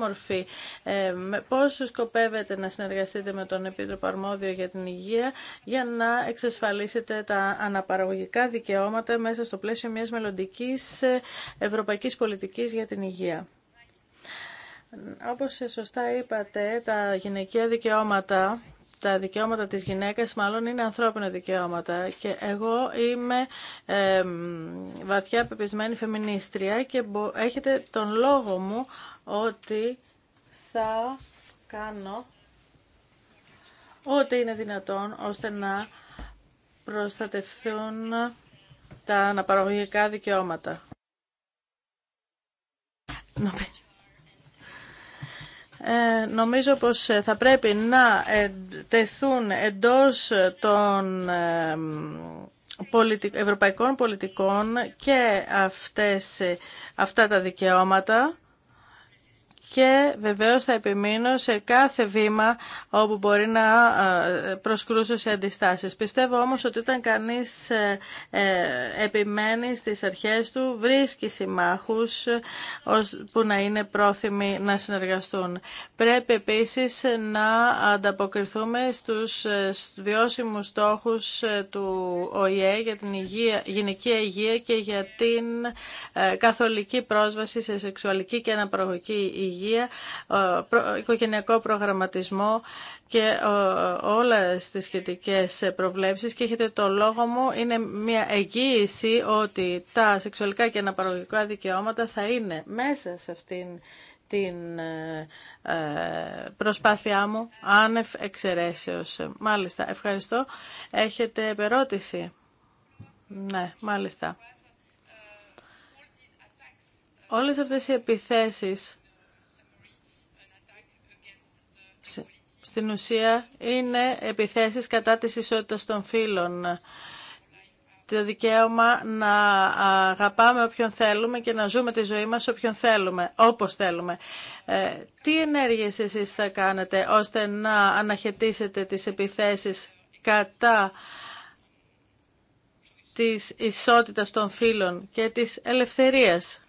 ε, με Πώς σκοπεύετε να συνεργαστείτε με τον Επίτροπο Αρμόδιο για την Υγεία για να εξασφαλίσετε τα αναπαραγωγικά δικαιώματα μέσα στο πλαίσιο μιας μελλοντική ευρωπαϊκής πολιτικής για την υγεία. Όπως σωστά είπατε, τα γυναικεία δικαιώματα τα δικαιώματα της γυναίκας μάλλον είναι ανθρώπινα δικαιώματα και εγώ είμαι βαθιά πεπισμένη φεμινίστρια και έχετε τον λόγο μου ότι θα κάνω ό,τι είναι δυνατόν ώστε να προστατευθούν τα αναπαραγωγικά δικαιώματα. Ε, νομίζω πως ε, θα πρέπει να ε, τεθούν εντός των ε, ευρωπαϊκών πολιτικών και αυτές, αυτά τα δικαιώματα και βεβαίως θα επιμείνω σε κάθε βήμα όπου μπορεί να ε, προσκρούσω σε αντιστάσεις. Πιστεύω όμως ότι όταν κανείς ε, ε, επιμένει στις αρχές του βρίσκει συμμάχους που να είναι πρόθυμοι να συνεργαστούν. Πρέπει επίσης να ανταποκριθούμε στους βιώσιμους στόχους του ΟΗΕ για την υγεία, υγεία και για την καθολική πρόσβαση σε σεξουαλική και αναπαραγωγική υγεία υγεία, ε, οικογενειακό προγραμματισμό και ε, όλα τις σχετικές προβλέψεις και έχετε το λόγο μου είναι μια εγγύηση ότι τα σεξουαλικά και αναπαραγωγικά δικαιώματα θα είναι μέσα σε αυτήν την ε, προσπάθειά μου άνευ εξαιρέσεως. Μάλιστα, ευχαριστώ. Έχετε επερώτηση. Ναι, μάλιστα. Όλες αυτές οι επιθέσεις στην ουσία είναι επιθέσεις κατά της ισότητας των φύλων. Το δικαίωμα να αγαπάμε όποιον θέλουμε και να ζούμε τη ζωή μας όποιον θέλουμε, όπως θέλουμε. Ε, τι ενέργειες εσείς θα κάνετε ώστε να αναχαιτήσετε τις επιθέσεις κατά της ισότητας των φύλων και της ελευθερίας.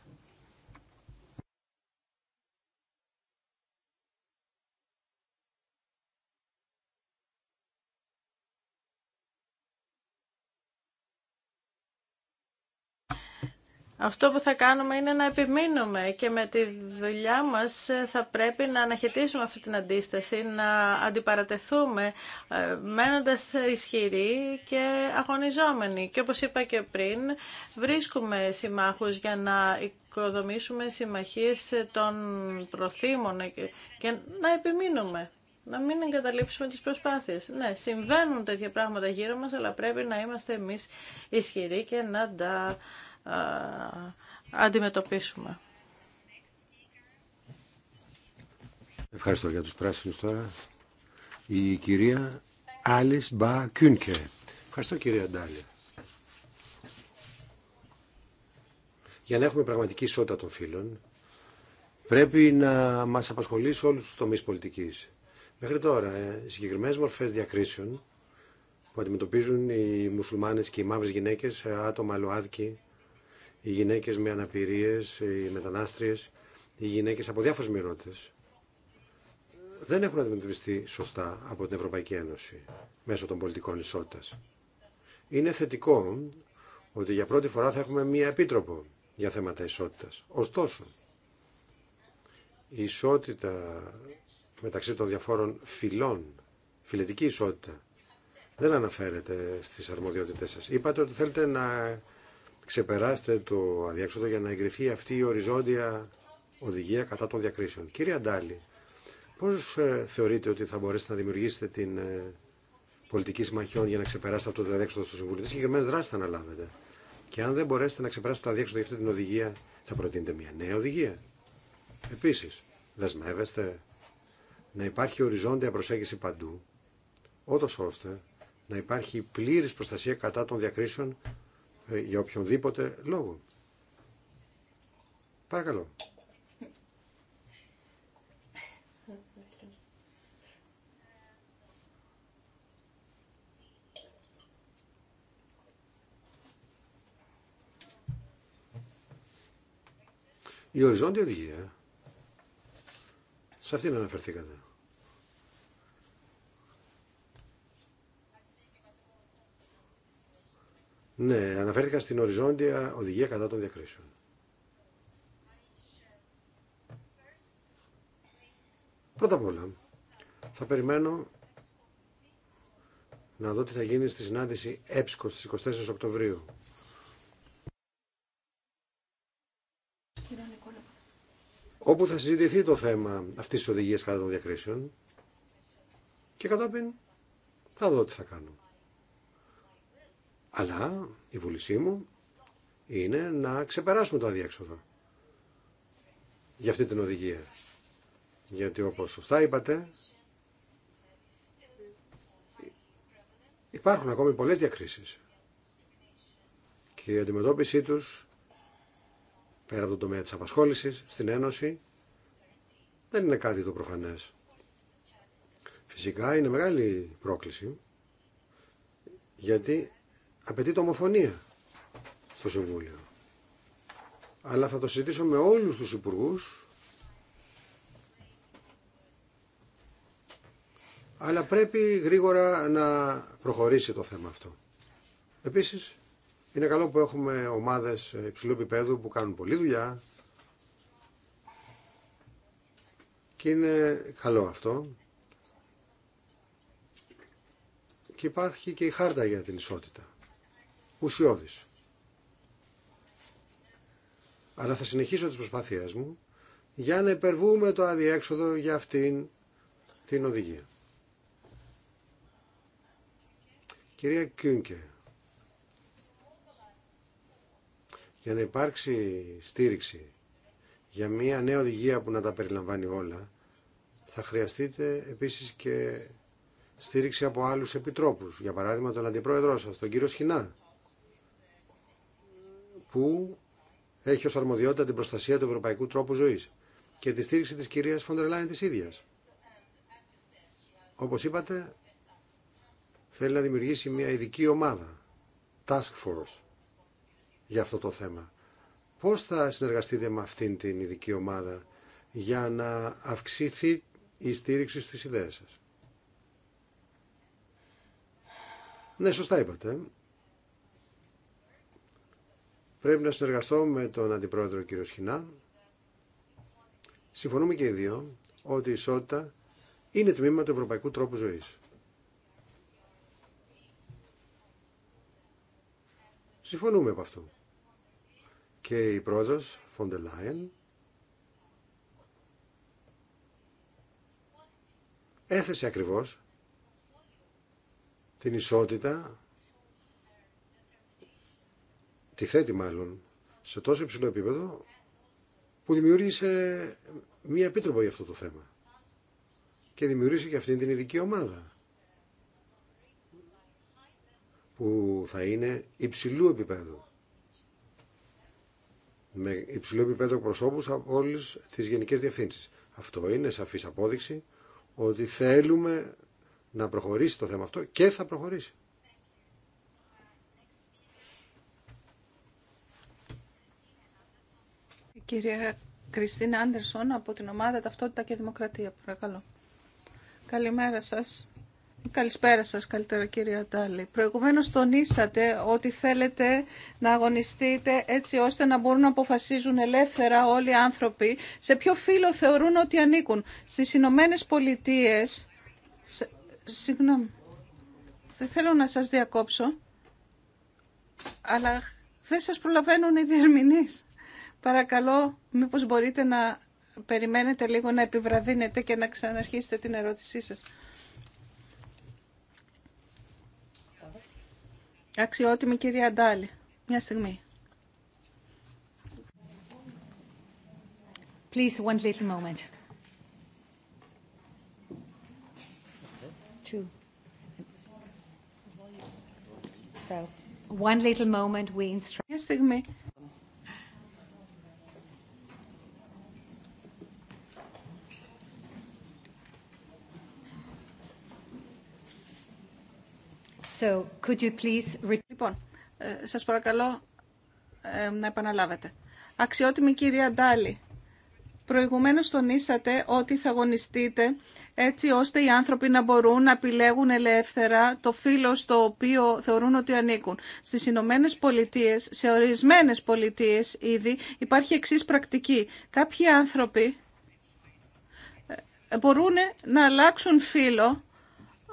Αυτό που θα κάνουμε είναι να επιμείνουμε και με τη δουλειά μας ε, θα πρέπει να αναχαιτήσουμε αυτή την αντίσταση, να αντιπαρατεθούμε ε, μένοντας ισχυροί και αγωνιζόμενοι. Και όπως είπα και πριν, βρίσκουμε συμμάχους για να οικοδομήσουμε συμμαχίες των προθήμων και να επιμείνουμε. Να μην εγκαταλείψουμε τις προσπάθειες. Ναι, συμβαίνουν τέτοια πράγματα γύρω μας, αλλά πρέπει να είμαστε εμείς ισχυροί και να τα αντιμετωπίσουμε. Ευχαριστώ για τους πράσινους τώρα. Η κυρία Άλις Μπα Κιούνκε. Ευχαριστώ κυρία Ντάλια. Για να έχουμε πραγματική ισότητα των φίλων πρέπει να μας σε όλους τους τομείς πολιτικής. Μέχρι τώρα, συγκεκριμένε συγκεκριμένες μορφές διακρίσεων που αντιμετωπίζουν οι μουσουλμάνες και οι μαύρες γυναίκες, ε, άτομα λοάδικοι, οι γυναίκες με αναπηρίες, οι μετανάστριες, οι γυναίκες από διάφορε μειονότητες δεν έχουν αντιμετωπιστεί σωστά από την Ευρωπαϊκή Ένωση μέσω των πολιτικών ισότητας. Είναι θετικό ότι για πρώτη φορά θα έχουμε μία επίτροπο για θέματα ισότητα. Ωστόσο, η ισότητα μεταξύ των διαφόρων φυλών, φυλετική ισότητα, δεν αναφέρεται στις αρμοδιότητές σας. Είπατε ότι θέλετε να ξεπεράστε το αδιέξοδο για να εγκριθεί αυτή η οριζόντια οδηγία κατά των διακρίσεων. Κύριε Αντάλη, πώς ε, θεωρείτε ότι θα μπορέσετε να δημιουργήσετε την ε, πολιτική συμμαχιών για να ξεπεράσετε αυτό το αδιέξοδο στο Συμβούλιο. Τι συγκεκριμένε δράσει θα αναλάβετε. Και αν δεν μπορέσετε να ξεπεράσετε το αδιέξοδο για αυτή την οδηγία, θα προτείνετε μια νέα οδηγία. Επίση, δεσμεύεστε να υπάρχει οριζόντια προσέγγιση παντού, ώστε να υπάρχει πλήρης προστασία κατά των διακρίσεων ε, για οποιονδήποτε λόγο. Παρακαλώ. Η οριζόντια οδηγία, σε αυτήν αναφερθήκατε. Ναι, αναφέρθηκα στην οριζόντια οδηγία κατά των διακρίσεων. Πρώτα απ' όλα, θα περιμένω να δω τι θα γίνει στη συνάντηση ΕΠΣΚΟ στις 24 Οκτωβρίου. όπου θα συζητηθεί το θέμα αυτής της οδηγίας κατά των διακρίσεων και κατόπιν θα δω τι θα κάνω. Αλλά η βούλησή μου είναι να ξεπεράσουμε το αδιέξοδο για αυτή την οδηγία. Γιατί όπως σωστά είπατε, υπάρχουν ακόμη πολλές διακρίσεις και η αντιμετώπιση τους πέρα από το τομέα της απασχόλησης στην Ένωση δεν είναι κάτι το προφανές. Φυσικά είναι μεγάλη πρόκληση γιατί Απαιτεί ομοφωνία στο Συμβούλιο. Αλλά θα το συζητήσω με όλους τους υπουργούς. Αλλά πρέπει γρήγορα να προχωρήσει το θέμα αυτό. Επίσης, είναι καλό που έχουμε ομάδες υψηλού επίπεδου που κάνουν πολλή δουλειά. Και είναι καλό αυτό. Και υπάρχει και η χάρτα για την ισότητα ουσιώδης. Αλλά θα συνεχίσω τις προσπάθειές μου για να υπερβούμε το αδιέξοδο για αυτήν την οδηγία. Κυρία Κιούνκε, για να υπάρξει στήριξη για μια νέα οδηγία που να τα περιλαμβάνει όλα, θα χρειαστείτε επίσης και στήριξη από άλλους επιτρόπους. Για παράδειγμα τον αντιπρόεδρό σας, τον κύριο Σχοινά, που έχει ως αρμοδιότητα την προστασία του ευρωπαϊκού τρόπου ζωής και τη στήριξη της κυρίας Φόντερ της ίδιας. Όπως είπατε, θέλει να δημιουργήσει μια ειδική ομάδα, task force, για αυτό το θέμα. Πώς θα συνεργαστείτε με αυτήν την ειδική ομάδα για να αυξήθει η στήριξη στις ιδέες σας. Ναι, σωστά είπατε. Πρέπει να συνεργαστώ με τον Αντιπρόεδρο κύριο Σχοινά. Συμφωνούμε και οι δύο ότι η ισότητα είναι τμήμα του ευρωπαϊκού τρόπου ζωής. Συμφωνούμε από αυτό. Και η πρόεδρος Φόντε έθεσε ακριβώς την ισότητα τη θέτει μάλλον, σε τόσο υψηλό επίπεδο που δημιούργησε μία επίτροπο για αυτό το θέμα. Και δημιούργησε και αυτήν την ειδική ομάδα που θα είναι υψηλού επίπεδου. Με υψηλό επίπεδο προσώπου από όλες τις γενικές διευθύνσεις. Αυτό είναι σαφής απόδειξη ότι θέλουμε να προχωρήσει το θέμα αυτό και θα προχωρήσει. Κυρία Κριστίνα Άντερσον από την ομάδα Ταυτότητα και Δημοκρατία, παρακαλώ. Καλημέρα σας. Καλησπέρα σας καλύτερα κυρία Τάλη. Προηγουμένως τονίσατε ότι θέλετε να αγωνιστείτε έτσι ώστε να μπορούν να αποφασίζουν ελεύθερα όλοι οι άνθρωποι σε ποιο φύλλο θεωρούν ότι ανήκουν. Στις Ηνωμένε Πολιτείε. Συγγνώμη, δεν θέλω να σας διακόψω, αλλά δεν σας προλαβαίνουν οι διερμηνείς. Παρακαλώ, μήπως μπορείτε να περιμένετε λίγο να επιβραδύνετε και να ξαναρχίσετε την ερώτησή σας. Αξιότιμη κυρία Ντάλη, μια στιγμή. Please, one little moment. Two. So, one little moment we instruct. Μια στιγμή. So, could you please... Λοιπόν, ε, σας παρακαλώ ε, να επαναλάβετε. Αξιότιμη κυρία Ντάλη, προηγουμένως τονίσατε ότι θα αγωνιστείτε έτσι ώστε οι άνθρωποι να μπορούν να επιλέγουν ελεύθερα το φύλλο στο οποίο θεωρούν ότι ανήκουν. Στις Ηνωμένε Πολιτείε, σε ορισμένες πολιτείε ήδη, υπάρχει εξή πρακτική. Κάποιοι άνθρωποι ε, μπορούν να αλλάξουν φύλλο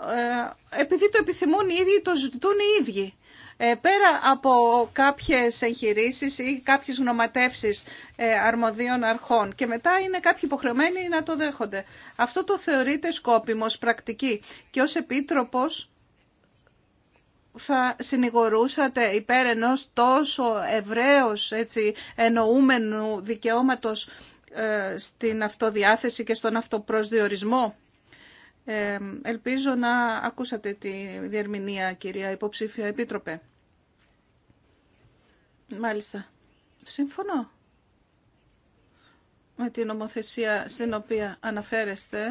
ε, επειδή το επιθυμούν οι ίδιοι, το ζητούν οι ίδιοι. Ε, πέρα από κάποιες εγχειρήσεις ή κάποιες γνωματεύσεις ε, αρμοδίων αρχών και μετά είναι κάποιοι υποχρεωμένοι να το δέχονται. Αυτό το θεωρείται σκόπιμο, πρακτική και ως επίτροπος θα συνηγορούσατε υπέρ ενός τόσο ευραίος έτσι, εννοούμενου δικαιώματος στην αυτοδιάθεση και στον αυτοπροσδιορισμό ελπίζω να ακούσατε τη διερμηνία, κυρία υποψήφια επίτροπε. Μάλιστα. Συμφωνώ με την νομοθεσία στην οποία αναφέρεστε.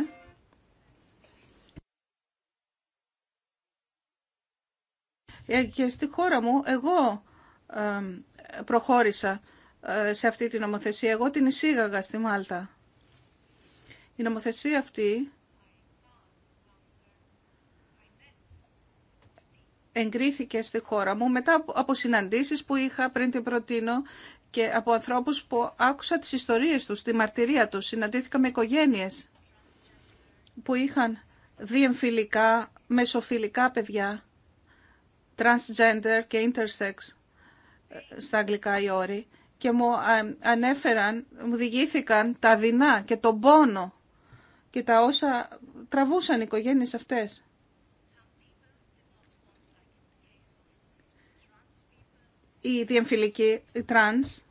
Ε, και στη χώρα μου, εγώ προχώρησα ε, σε αυτή την νομοθεσία. Εγώ την εισήγαγα στη Μάλτα. Η νομοθεσία αυτή εγκρίθηκε στη χώρα μου μετά από συναντήσεις που είχα πριν την προτείνω και από ανθρώπους που άκουσα τις ιστορίες τους, τη μαρτυρία τους. Συναντήθηκα με οικογένειες που είχαν διεμφυλικά, μεσοφιλικά παιδιά, transgender και intersex, στα αγγλικά οι όροι, και μου ανέφεραν, μου διηγήθηκαν τα δεινά και τον πόνο και τα όσα τραβούσαν οι οικογένειες αυτές. οι διεμφυλικοί, οι τρανς,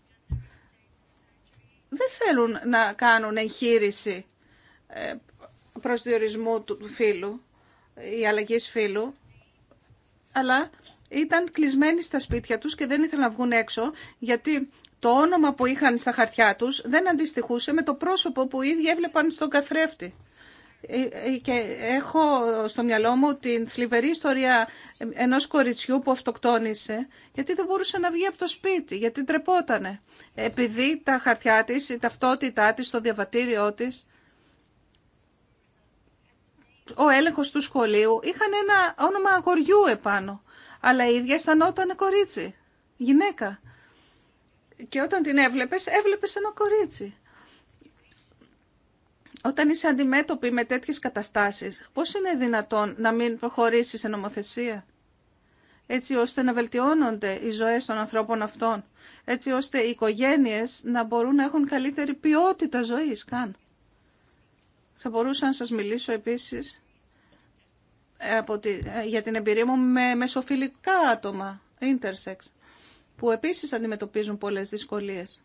δεν θέλουν να κάνουν εγχείρηση ε, προς διορισμού του φίλου, η αλλαγή φίλου, αλλά ήταν κλεισμένοι στα σπίτια τους και δεν ήθελαν να βγουν έξω, γιατί το όνομα που είχαν στα χαρτιά τους δεν αντιστοιχούσε με το πρόσωπο που ήδη έβλεπαν στον καθρέφτη και έχω στο μυαλό μου την θλιβερή ιστορία ενός κοριτσιού που αυτοκτόνησε γιατί δεν μπορούσε να βγει από το σπίτι, γιατί τρεπότανε. Επειδή τα χαρτιά της, η ταυτότητά της, το διαβατήριό της, ο έλεγχος του σχολείου είχαν ένα όνομα αγοριού επάνω, αλλά η ίδια αισθανόταν κορίτσι, γυναίκα. Και όταν την έβλεπες, έβλεπες ένα κορίτσι όταν είσαι αντιμέτωπη με τέτοιες καταστάσεις, πώς είναι δυνατόν να μην προχωρήσει σε νομοθεσία, έτσι ώστε να βελτιώνονται οι ζωές των ανθρώπων αυτών, έτσι ώστε οι οικογένειες να μπορούν να έχουν καλύτερη ποιότητα ζωής καν. Θα μπορούσα να σας μιλήσω επίσης ε, από τη, ε, για την εμπειρία μου με μεσοφιλικά άτομα, intersex, που επίσης αντιμετωπίζουν πολλές δυσκολίες.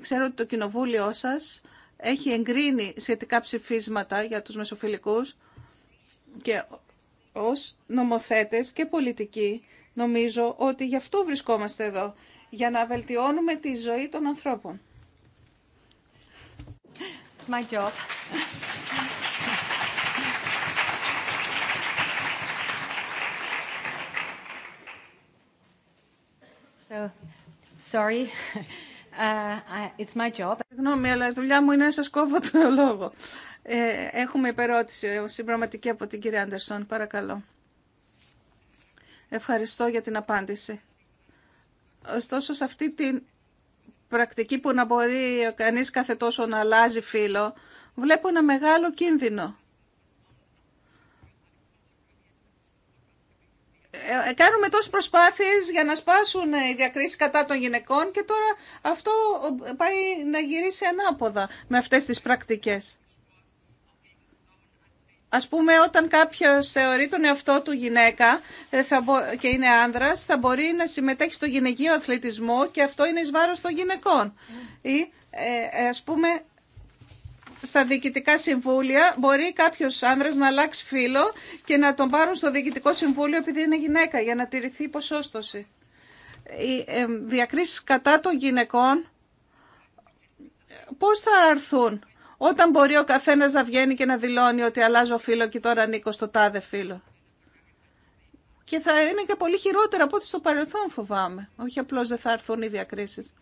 ξέρω ότι το κοινοβούλιο σας έχει εγκρίνει σχετικά ψηφίσματα για τους μεσοφιλικούς και ως νομοθέτες και πολιτικοί νομίζω ότι γι' αυτό βρισκόμαστε εδώ, για να βελτιώνουμε τη ζωή των ανθρώπων. So, Uh, it's Συγγνώμη, αλλά η δουλειά μου είναι να σας κόβω το λόγο. Ε, έχουμε υπερώτηση ε, συμπραγματική από την κυρία Άντερσον. Παρακαλώ. Ευχαριστώ για την απάντηση. Ωστόσο, σε αυτή την πρακτική που να μπορεί κανείς κάθε τόσο να αλλάζει φίλο, βλέπω ένα μεγάλο κίνδυνο. Ε, ε, κάνουμε τόσες προσπάθειες για να σπάσουν ε, οι διακρίσεις κατά των γυναικών και τώρα αυτό πάει να γυρίσει ανάποδα με αυτές τις πρακτικές. Ας πούμε όταν κάποιος θεωρεί τον εαυτό του γυναίκα και είναι άνδρας θα μπορεί να συμμετέχει στο γυναικείο αθλητισμό και αυτό είναι εις βάρος των γυναικών. Ή ας πούμε στα διοικητικά συμβούλια μπορεί κάποιο άνδρα να αλλάξει φίλο και να τον πάρουν στο διοικητικό συμβούλιο επειδή είναι γυναίκα για να τηρηθεί η ποσόστοση. Οι διακρίσει κατά των γυναικών πώς θα έρθουν όταν μπορεί ο καθένας να βγαίνει και να δηλώνει ότι αλλάζω φίλο και τώρα ανήκω στο τάδε φίλο. Και θα είναι και πολύ χειρότερα από ό,τι στο παρελθόν φοβάμαι. Όχι απλώς δεν θα έρθουν οι διακρίσεις.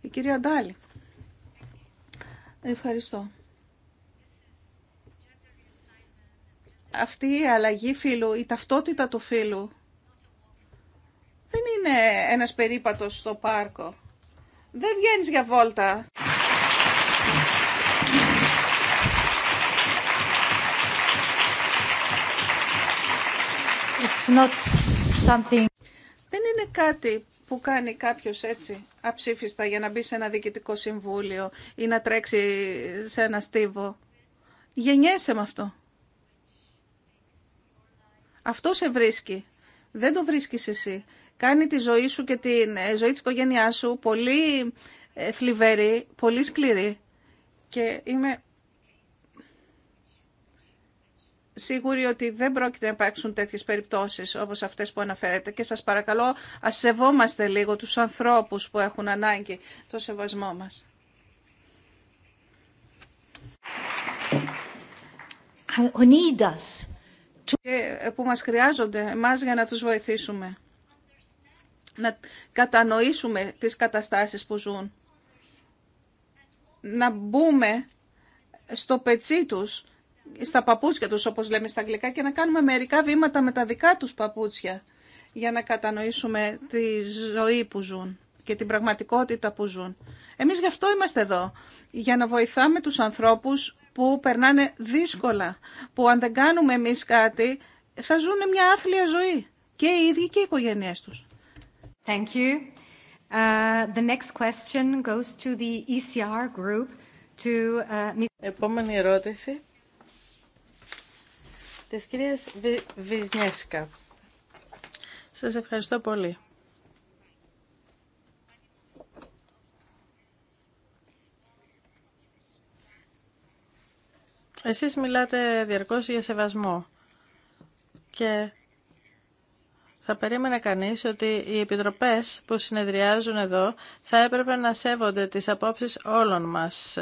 Η κυρία Ντάλη. Ευχαριστώ. αυτή η αλλαγή φύλου, η ταυτότητα του φύλου, δεν είναι ένας περίπατος στο πάρκο. Δεν βγαίνεις για βόλτα. It's not Δεν είναι κάτι που κάνει κάποιος έτσι αψήφιστα για να μπει σε ένα διοικητικό συμβούλιο ή να τρέξει σε ένα στίβο. Γεννιέσαι με αυτό. Αυτό σε βρίσκει. Δεν το βρίσκεις εσύ. Κάνει τη ζωή σου και τη ε, ζωή τη οικογένεια σου πολύ ε, θλιβερή, πολύ σκληρή. Και είμαι σίγουρη ότι δεν πρόκειται να υπάρξουν τέτοιε περιπτώσεις όπως αυτές που αναφέρετε. Και σας παρακαλώ, α σεβόμαστε λίγο του ανθρώπους που έχουν ανάγκη το σεβασμό μας. Ε, που μας χρειάζονται εμάς για να τους βοηθήσουμε. Να κατανοήσουμε τις καταστάσεις που ζουν. Να μπούμε στο πετσί τους, στα παπούτσια τους όπως λέμε στα αγγλικά και να κάνουμε μερικά βήματα με τα δικά τους παπούτσια για να κατανοήσουμε τη ζωή που ζουν και την πραγματικότητα που ζουν. Εμείς γι' αυτό είμαστε εδώ, για να βοηθάμε τους ανθρώπους που περνάνε δύσκολα, που αν δεν κάνουμε εμείς κάτι θα ζουν μια άθλια ζωή και οι ίδιοι και οι οικογένειές τους. Thank you. Uh, the next question goes to the ECR uh, Επόμενη ερώτηση της κυρίας Βυ Βυζνιέσκα. Σας ευχαριστώ πολύ. Εσείς μιλάτε διαρκώς για σεβασμό και θα περίμενε κανείς ότι οι επιτροπές που συνεδριάζουν εδώ θα έπρεπε να σέβονται τις απόψεις όλων μας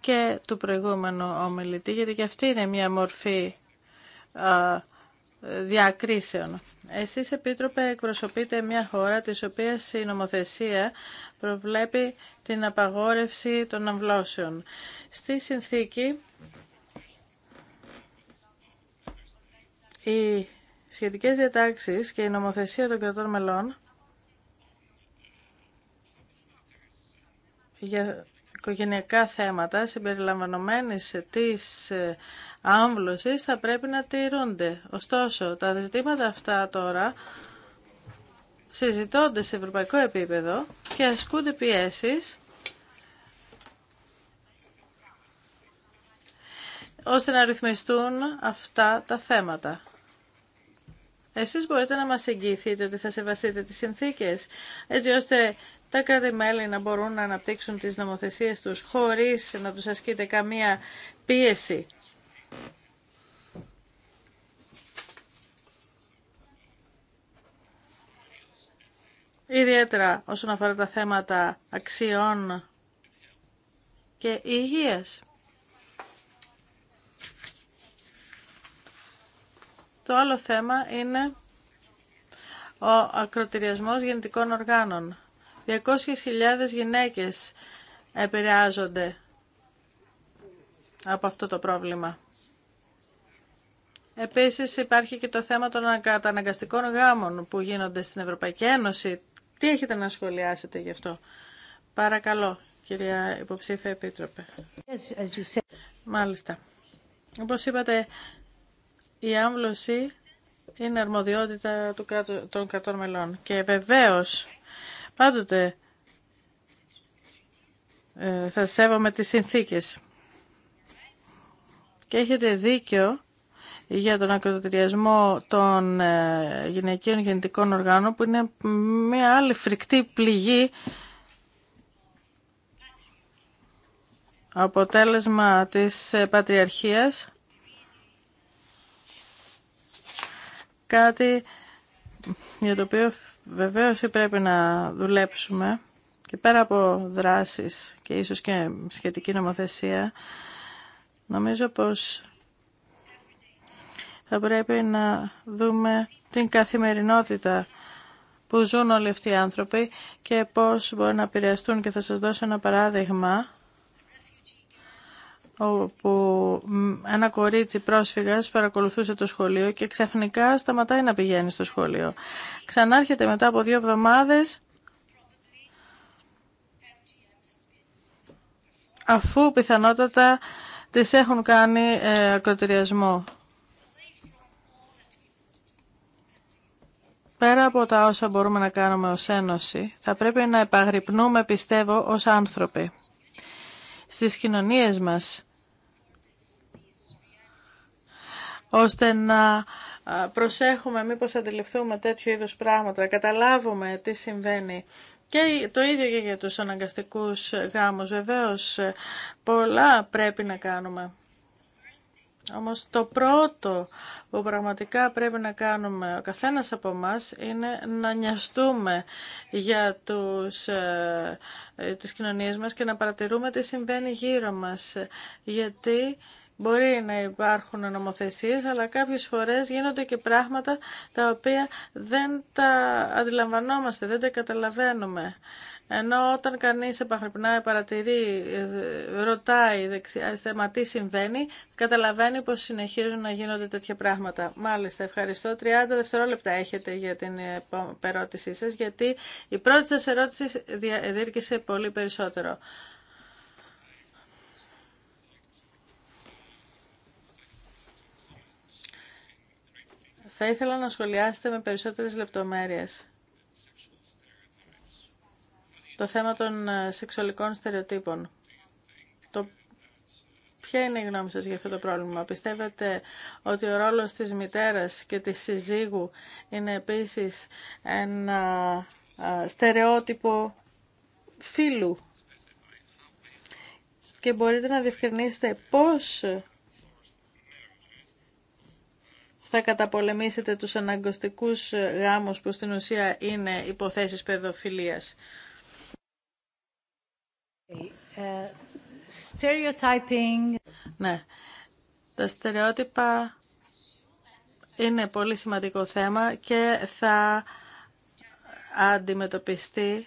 και του προηγούμενου ομιλητή, γιατί και αυτή είναι μια μορφή διακρίσεων. Εσείς, Επίτροπε, εκπροσωπείτε μια χώρα της οποίας η νομοθεσία προβλέπει την απαγόρευση των αμβλώσεων. Στη συνθήκη Οι σχετικές διατάξεις και η νομοθεσία των κρατών μελών για οικογενειακά θέματα συμπεριλαμβανομένης της ε, άμβλωσης θα πρέπει να τηρούνται. Ωστόσο, τα ζητήματα αυτά τώρα συζητώνται σε ευρωπαϊκό επίπεδο και ασκούνται πιέσεις ώστε να ρυθμιστούν αυτά τα θέματα. Εσείς μπορείτε να μας εγγυηθείτε ότι θα σεβαστείτε τις συνθήκες, έτσι ώστε τα κράτη-μέλη να μπορούν να αναπτύξουν τις νομοθεσίες τους χωρίς να τους ασκείτε καμία πίεση. Ιδιαίτερα όσον αφορά τα θέματα αξιών και υγείας. Το άλλο θέμα είναι ο ακροτηριασμός γεννητικών οργάνων. 200.000 γυναίκες επηρεάζονται από αυτό το πρόβλημα. Επίσης υπάρχει και το θέμα των καταναγκαστικών γάμων που γίνονται στην Ευρωπαϊκή Ένωση. Τι έχετε να σχολιάσετε γι' αυτό. Παρακαλώ, κυρία υποψήφια επίτροπε. Yes, Μάλιστα. Όπως είπατε, η άμβλωση είναι αρμοδιότητα του των κρατών μελών. Και βεβαίως πάντοτε ε, θα σέβομαι τις συνθήκες. Και έχετε δίκιο για τον ακροτηριασμό των ε, γυναικείων γεννητικών οργάνων που είναι μια άλλη φρικτή πληγή αποτέλεσμα της ε, πατριαρχίας κάτι για το οποίο βεβαίως πρέπει να δουλέψουμε και πέρα από δράσεις και ίσως και σχετική νομοθεσία, νομίζω πως θα πρέπει να δούμε την καθημερινότητα που ζουν όλοι αυτοί οι άνθρωποι και πώς μπορεί να επηρεαστούν. Και θα σας δώσω ένα παράδειγμα όπου ένα κορίτσι πρόσφυγας παρακολουθούσε το σχολείο και ξαφνικά σταματάει να πηγαίνει στο σχολείο. Ξανάρχεται μετά από δύο εβδομάδες αφού πιθανότατα τις έχουν κάνει ε, ακροτηριασμό. Πέρα από τα όσα μπορούμε να κάνουμε ως Ένωση, θα πρέπει να επαγρυπνούμε, πιστεύω, ως άνθρωποι στις κοινωνίες μας ώστε να προσέχουμε μήπως αντιληφθούμε τέτοιου είδους πράγματα, καταλάβουμε τι συμβαίνει. Και το ίδιο και για τους αναγκαστικούς γάμους. Βεβαίως πολλά πρέπει να κάνουμε. Όμως το πρώτο που πραγματικά πρέπει να κάνουμε ο καθένας από μας είναι να νοιαστούμε για τους, ε, ε, τις κοινωνίες μας και να παρατηρούμε τι συμβαίνει γύρω μας. Γιατί μπορεί να υπάρχουν νομοθεσίες, αλλά κάποιες φορές γίνονται και πράγματα τα οποία δεν τα αντιλαμβανόμαστε, δεν τα καταλαβαίνουμε. Ενώ όταν επαχρυπνάει, επαχρυπνά, παρατηρεί, ε, ρωτάει τι συμβαίνει, καταλαβαίνει πως συνεχίζουν να γίνονται τέτοια πράγματα. Μάλιστα, ευχαριστώ. 30 δευτερόλεπτα έχετε για την ερώτησή σας, γιατί η πρώτη σας ερώτηση διήρκησε πολύ περισσότερο. Θα ήθελα να σχολιάσετε με περισσότερες λεπτομέρειες το θέμα των ε, σεξουαλικών στερεοτύπων. Το Ποια είναι η γνώμη σας για αυτό το πρόβλημα. Πιστεύετε ότι ο ρόλος της μητέρας και της συζύγου είναι επίσης ένα ε, στερεότυπο φίλου. Και μπορείτε να διευκρινίσετε πώς θα καταπολεμήσετε τους αναγκωστικούς γάμους που στην ουσία είναι υποθέσεις παιδοφιλίας. Ε, stereotyping. Ναι, τα στερεότυπα είναι πολύ σημαντικό θέμα και θα αντιμετωπιστεί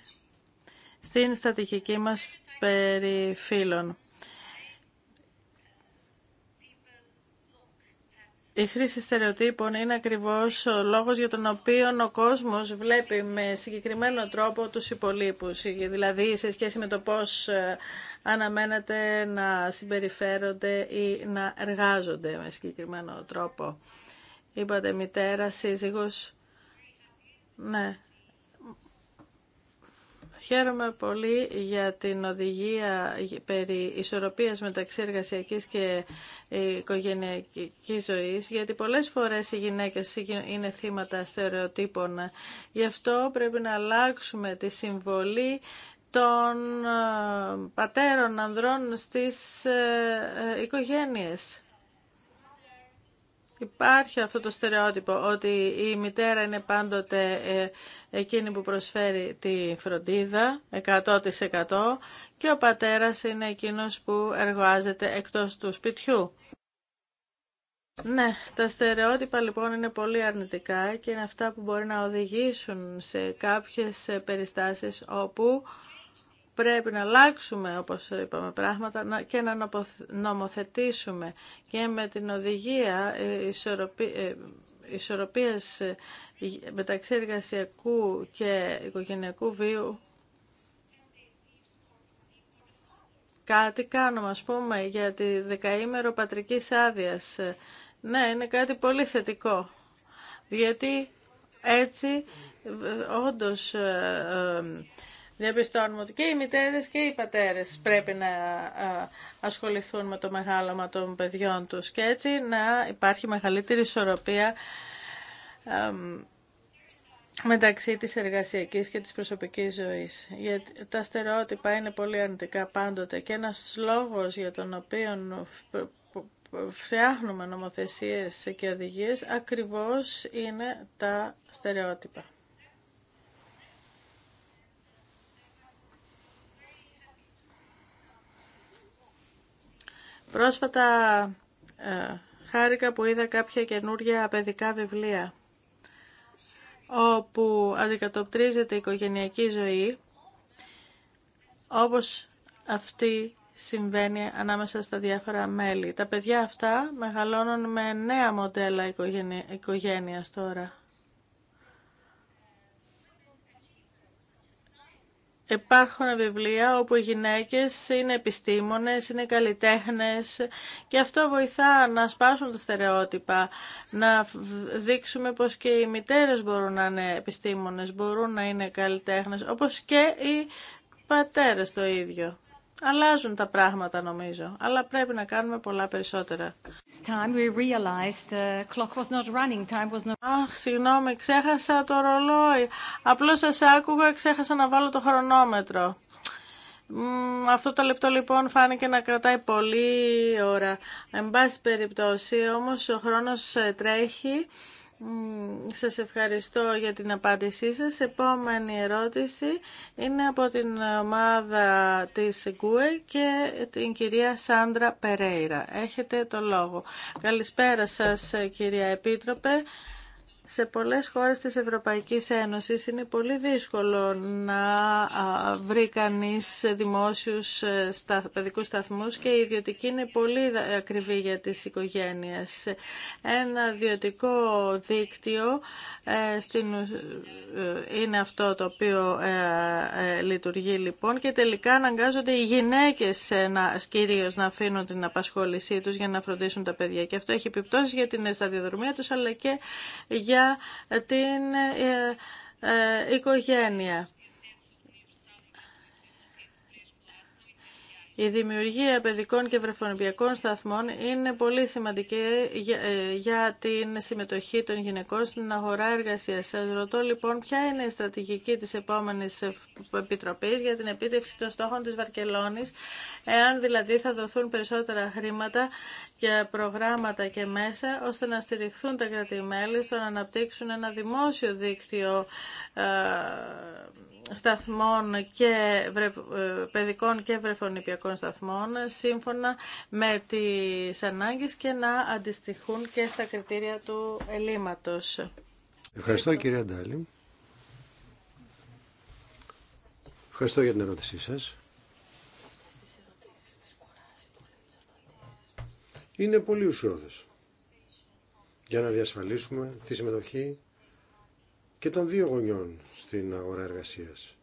στην στατικική μας περί Η χρήση στερεοτύπων είναι ακριβώς ο λόγος για τον οποίο ο κόσμος βλέπει με συγκεκριμένο τρόπο τους υπολείπους, δηλαδή σε σχέση με το πώς ε, αναμένεται να συμπεριφέρονται ή να εργάζονται με συγκεκριμένο τρόπο. Είπατε μητέρα, σύζυγος. Ναι, Χαίρομαι πολύ για την οδηγία περί ισορροπίας μεταξύ εργασιακής και οικογενειακής ζωής, γιατί πολλές φορές οι γυναίκες είναι θύματα στερεοτύπων. Γι' αυτό πρέπει να αλλάξουμε τη συμβολή των ε, πατέρων ανδρών στις ε, ε, οικογένειες. Υπάρχει αυτό το στερεότυπο ότι η μητέρα είναι πάντοτε ε, εκείνη που προσφέρει τη φροντίδα 100% και ο πατέρας είναι εκείνος που εργάζεται εκτός του σπιτιού. Ναι, τα στερεότυπα λοιπόν είναι πολύ αρνητικά και είναι αυτά που μπορεί να οδηγήσουν σε κάποιες ε, περιστάσεις όπου Πρέπει να αλλάξουμε, όπως είπαμε, πράγματα και να νομοθετήσουμε και με την οδηγία ε, ισορροπή, ε, ισορροπίας ε, μεταξύ εργασιακού και οικογενειακού βίου κάτι κάνουμε, ας πούμε, για τη δεκαήμερο πατρικής άδειας. Ναι, είναι κάτι πολύ θετικό, γιατί έτσι όντως διαπιστώνουμε ότι και οι μητέρες και οι πατέρες πρέπει να ασχοληθούν με το μεγάλωμα των παιδιών τους και έτσι να υπάρχει μεγαλύτερη ισορροπία μεταξύ της εργασιακής και της προσωπικής ζωής. Γιατί τα στερεότυπα είναι πολύ αρνητικά πάντοτε και ένας λόγος για τον οποίο φτιάχνουμε νομοθεσίες και οδηγίες ακριβώς είναι τα στερεότυπα. Πρόσφατα ε, χάρηκα που είδα κάποια καινούργια παιδικά βιβλία όπου αντικατοπτρίζεται η οικογενειακή ζωή όπως αυτή συμβαίνει ανάμεσα στα διάφορα μέλη. Τα παιδιά αυτά μεγαλώνουν με νέα μοντέλα οικογένειας τώρα. Υπάρχουν βιβλία όπου οι γυναίκες είναι επιστήμονες, είναι καλλιτέχνες και αυτό βοηθά να σπάσουν τα στερεότυπα, να δείξουμε πως και οι μητέρες μπορούν να είναι επιστήμονες, μπορούν να είναι καλλιτέχνες, όπως και οι πατέρες το ίδιο. Αλλάζουν τα πράγματα νομίζω, αλλά πρέπει να κάνουμε πολλά περισσότερα. Αχ, συγγνώμη, ξέχασα το ρολόι. Απλώς σας άκουγα, ξέχασα να βάλω το χρονόμετρο. Αυτό το λεπτό λοιπόν φάνηκε να κρατάει πολύ ώρα. Εν πάση περιπτώσει, όμως ο χρόνος ε, τρέχει. Σας ευχαριστώ για την απάντησή σας. Επόμενη ερώτηση είναι από την ομάδα της ΚΟΕ και την κυρία Σάντρα Περέιρα. Έχετε το λόγο. Καλησπέρα σας κυρία Επίτροπε σε πολλές χώρες της Ευρωπαϊκής Ένωσης είναι πολύ δύσκολο να βρει κανείς δημόσιους ε, παιδικούς σταθμούς και η ιδιωτική είναι πολύ ακριβή για τις οικογένειες. Ένα ιδιωτικό δίκτυο ε, ε, είναι αυτό το οποίο λειτουργεί λοιπόν και τελικά αναγκάζονται οι γυναίκες να, κυρίως να αφήνουν την απασχόλησή τους για να φροντίσουν τα παιδιά και αυτό έχει επιπτώσει για την σταδιοδρομία τους αλλά και για για την ε, ε, οικογένεια. Η δημιουργία παιδικών και βρεφονιπιακών σταθμών είναι πολύ σημαντική για ε, την συμμετοχή των γυναικών στην αγορά εργασία. Σα ρωτώ λοιπόν ποια είναι η στρατηγική τη επόμενη ε, Επιτροπή για την επίτευξη των στόχων τη Βαρκελόνη, εάν δηλαδή θα δοθούν περισσότερα χρήματα για προγράμματα και μέσα, ώστε να στηριχθούν τα κρατημέλη στο να αναπτύξουν ένα δημόσιο δίκτυο ε, σταθμών και ε, παιδικών και βρεφονιπιακών σταθμών σύμφωνα με τις ανάγκες και να αντιστοιχούν και στα κριτήρια του ελλείμματος. Ευχαριστώ, κυρία Ντάλη. Ευχαριστώ για την ερώτησή σας. Είναι πολύ ουσιώδες για να διασφαλίσουμε τη συμμετοχή και των δύο γονιών στην αγορά εργασίας.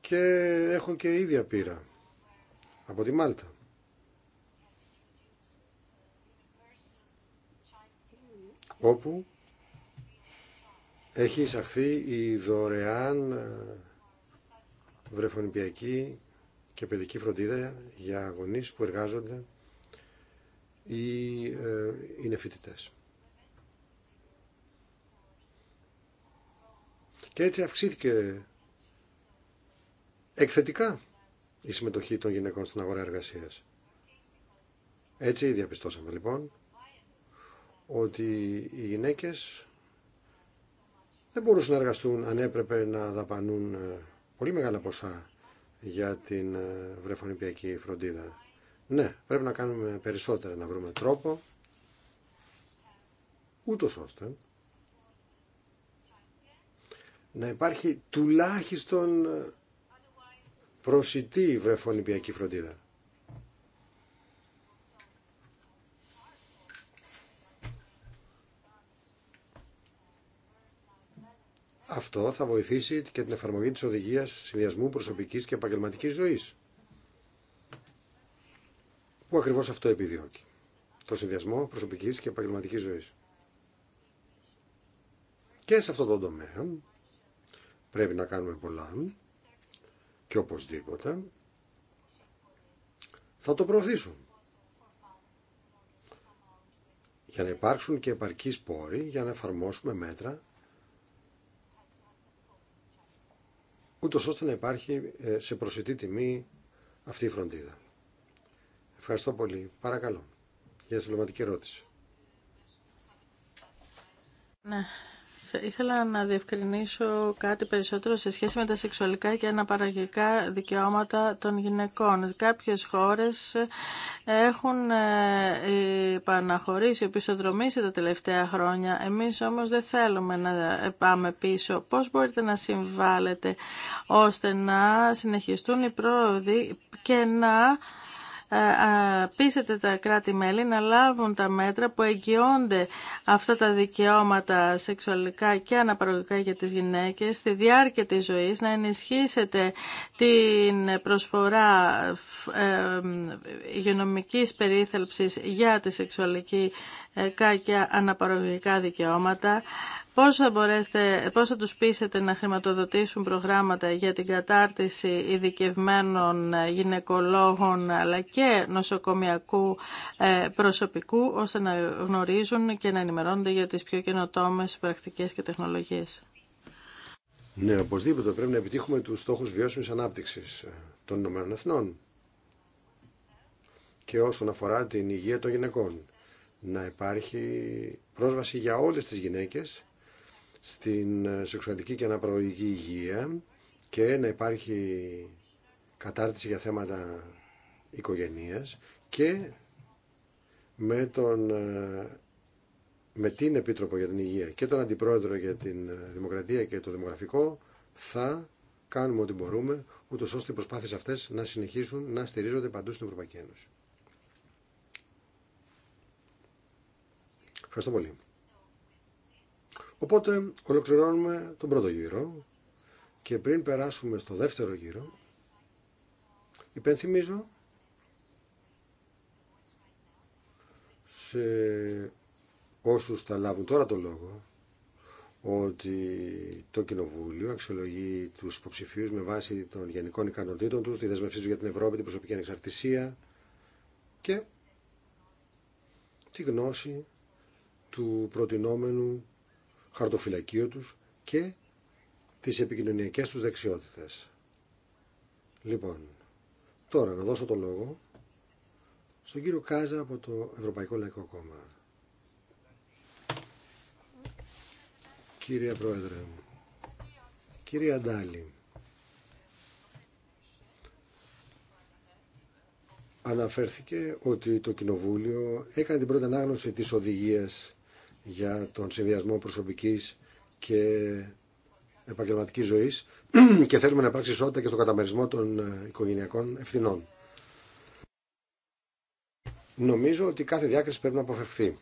Και έχω και ίδια πείρα από τη Μάλτα. όπου έχει εισαχθεί η δωρεάν ε, βρεφονιπιακή και παιδική φροντίδα για γονείς που εργάζονται ή ε, είναι φοιτητές. Και έτσι αυξήθηκε εκθετικά η συμμετοχή των γυναικών στην αγορά εργασίας. Έτσι διαπιστώσαμε λοιπόν ότι οι γυναίκες δεν μπορούσαν να εργαστούν αν έπρεπε να δαπανούν ε, πολύ μεγάλα ποσά για την ε, βρεφονιπιακή φροντίδα. Ναι, πρέπει να κάνουμε περισσότερα, να βρούμε τρόπο, ούτως ώστε να υπάρχει τουλάχιστον προσιτή βρεφονιπιακή φροντίδα. Αυτό θα βοηθήσει και την εφαρμογή της οδηγίας συνδυασμού προσωπικής και επαγγελματικής ζωής. Που ακριβώς αυτό επιδιώκει. Το συνδυασμό προσωπικής και επαγγελματικής ζωής. Και σε αυτό το τομέα Πρέπει να κάνουμε πολλά και οπωσδήποτε θα το προωθήσουν για να υπάρξουν και επαρκείς πόροι για να εφαρμόσουμε μέτρα ούτως ώστε να υπάρχει ε, σε προσιτή τιμή αυτή η φροντίδα. Ευχαριστώ πολύ. Παρακαλώ για τη συμπληρωματική ερώτηση. Ναι, ήθελα να διευκρινίσω κάτι περισσότερο σε σχέση με τα σεξουαλικά και αναπαραγωγικά δικαιώματα των γυναικών. Κάποιες χώρες έχουν ε, παναχωρήσει, επισοδρομήσει τα τελευταία χρόνια. Εμείς όμως δεν θέλουμε να πάμε πίσω. Πώς μπορείτε να συμβάλλετε ώστε να συνεχιστούν οι πρόοδοι και να ε, ε, πείσετε τα κράτη-μέλη να λάβουν τα μέτρα που εγγυώνται αυτά τα δικαιώματα σεξουαλικά και αναπαραγωγικά για τις γυναίκες στη διάρκεια της ζωής, να ενισχύσετε την προσφορά ε, υγειονομικής περίθαλψης για τη σεξουαλική και αναπαραγωγικά δικαιώματα, Πώς θα, μπορέσετε, πώς θα τους πείσετε να χρηματοδοτήσουν προγράμματα για την κατάρτιση ειδικευμένων ε, γυναικολόγων αλλά και νοσοκομιακού ε, προσωπικού ώστε να γνωρίζουν και να ενημερώνονται για τις πιο καινοτόμες πρακτικές και τεχνολογίες. Ναι, οπωσδήποτε πρέπει να επιτύχουμε τους στόχους βιώσιμης ανάπτυξης ε, των Ηνωμένων Εθνών και όσον αφορά την υγεία των γυναικών. Να υπάρχει πρόσβαση για όλες τις γυναίκες στην ε, σεξουαλική και αναπαραγωγική υγεία και να υπάρχει κατάρτιση για θέματα οικογενείας και με, τον, ε, με την Επίτροπο για την Υγεία και τον Αντιπρόεδρο για την ε, Δημοκρατία και το Δημογραφικό θα κάνουμε ό,τι μπορούμε ούτω ώστε οι προσπάθειες αυτές να συνεχίσουν να στηρίζονται παντού στην Ευρωπαϊκή Ένωση. Ευχαριστώ πολύ. Οπότε ολοκληρώνουμε τον πρώτο γύρο και πριν περάσουμε στο δεύτερο γύρο υπενθυμίζω σε όσους θα λάβουν τώρα το λόγο ότι το Κοινοβούλιο αξιολογεί τους υποψηφίους με βάση των γενικών ικανοτήτων τους, τη δεσμευσή τους για την Ευρώπη, την προσωπική ανεξαρτησία και τη γνώση του προτινόμενου χαρτοφυλακείο τους και τις επικοινωνιακές τους δεξιότητες. Λοιπόν, τώρα να δώσω το λόγο στον κύριο Κάζα από το Ευρωπαϊκό Λαϊκό Κόμμα. Κύριε Πρόεδρε, κύριε Αντάλη, αναφέρθηκε ότι το Κοινοβούλιο έκανε την πρώτη ανάγνωση της οδηγίας για τον συνδυασμό προσωπικής και επαγγελματικής ζωής και θέλουμε να υπάρξει ισότητα και στο καταμερισμό των ε, οικογενειακών ευθυνών. Νομίζω ότι κάθε διάκριση πρέπει να αποφευχθεί.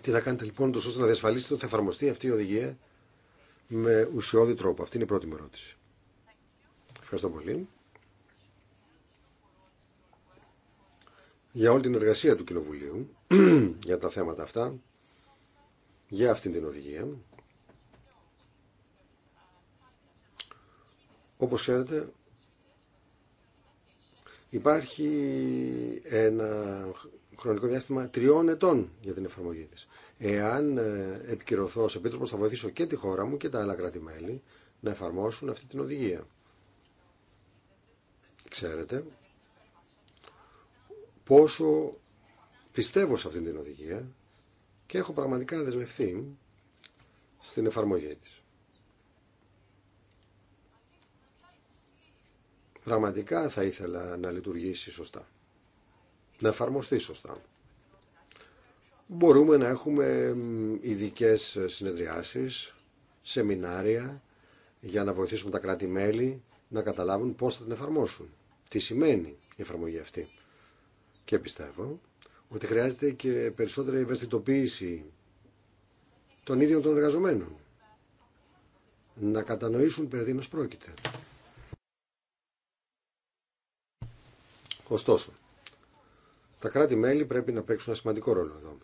Τι θα κάνετε λοιπόν τόσο ώστε να διασφαλίσετε ότι θα εφαρμοστεί αυτή η οδηγία με ουσιώδη τρόπο. Αυτή είναι η πρώτη μου ερώτηση. Ευχαριστώ πολύ. Για όλη την εργασία του Κοινοβουλίου για τα θέματα αυτά για αυτήν την οδηγία. Όπως ξέρετε, υπάρχει ένα χρονικό διάστημα τριών ετών για την εφαρμογή της. Εάν ε, επικυρωθώ ως επίτροπος θα βοηθήσω και τη χώρα μου και τα άλλα κράτη-μέλη να εφαρμόσουν αυτή την οδηγία. Ξέρετε πόσο πιστεύω σε αυτή την οδηγία και έχω πραγματικά δεσμευθεί στην εφαρμογή της. Πραγματικά θα ήθελα να λειτουργήσει σωστά, να εφαρμοστεί σωστά. Μπορούμε να έχουμε ειδικέ συνεδριάσεις, σεμινάρια για να βοηθήσουμε τα κράτη-μέλη να καταλάβουν πώς θα την εφαρμόσουν. Τι σημαίνει η εφαρμογή αυτή. Και πιστεύω ότι χρειάζεται και περισσότερη ευαισθητοποίηση των ίδιων των εργαζομένων να κατανοήσουν περί πρόκειται. Ωστόσο, τα κράτη-μέλη πρέπει να παίξουν ένα σημαντικό ρόλο εδώ.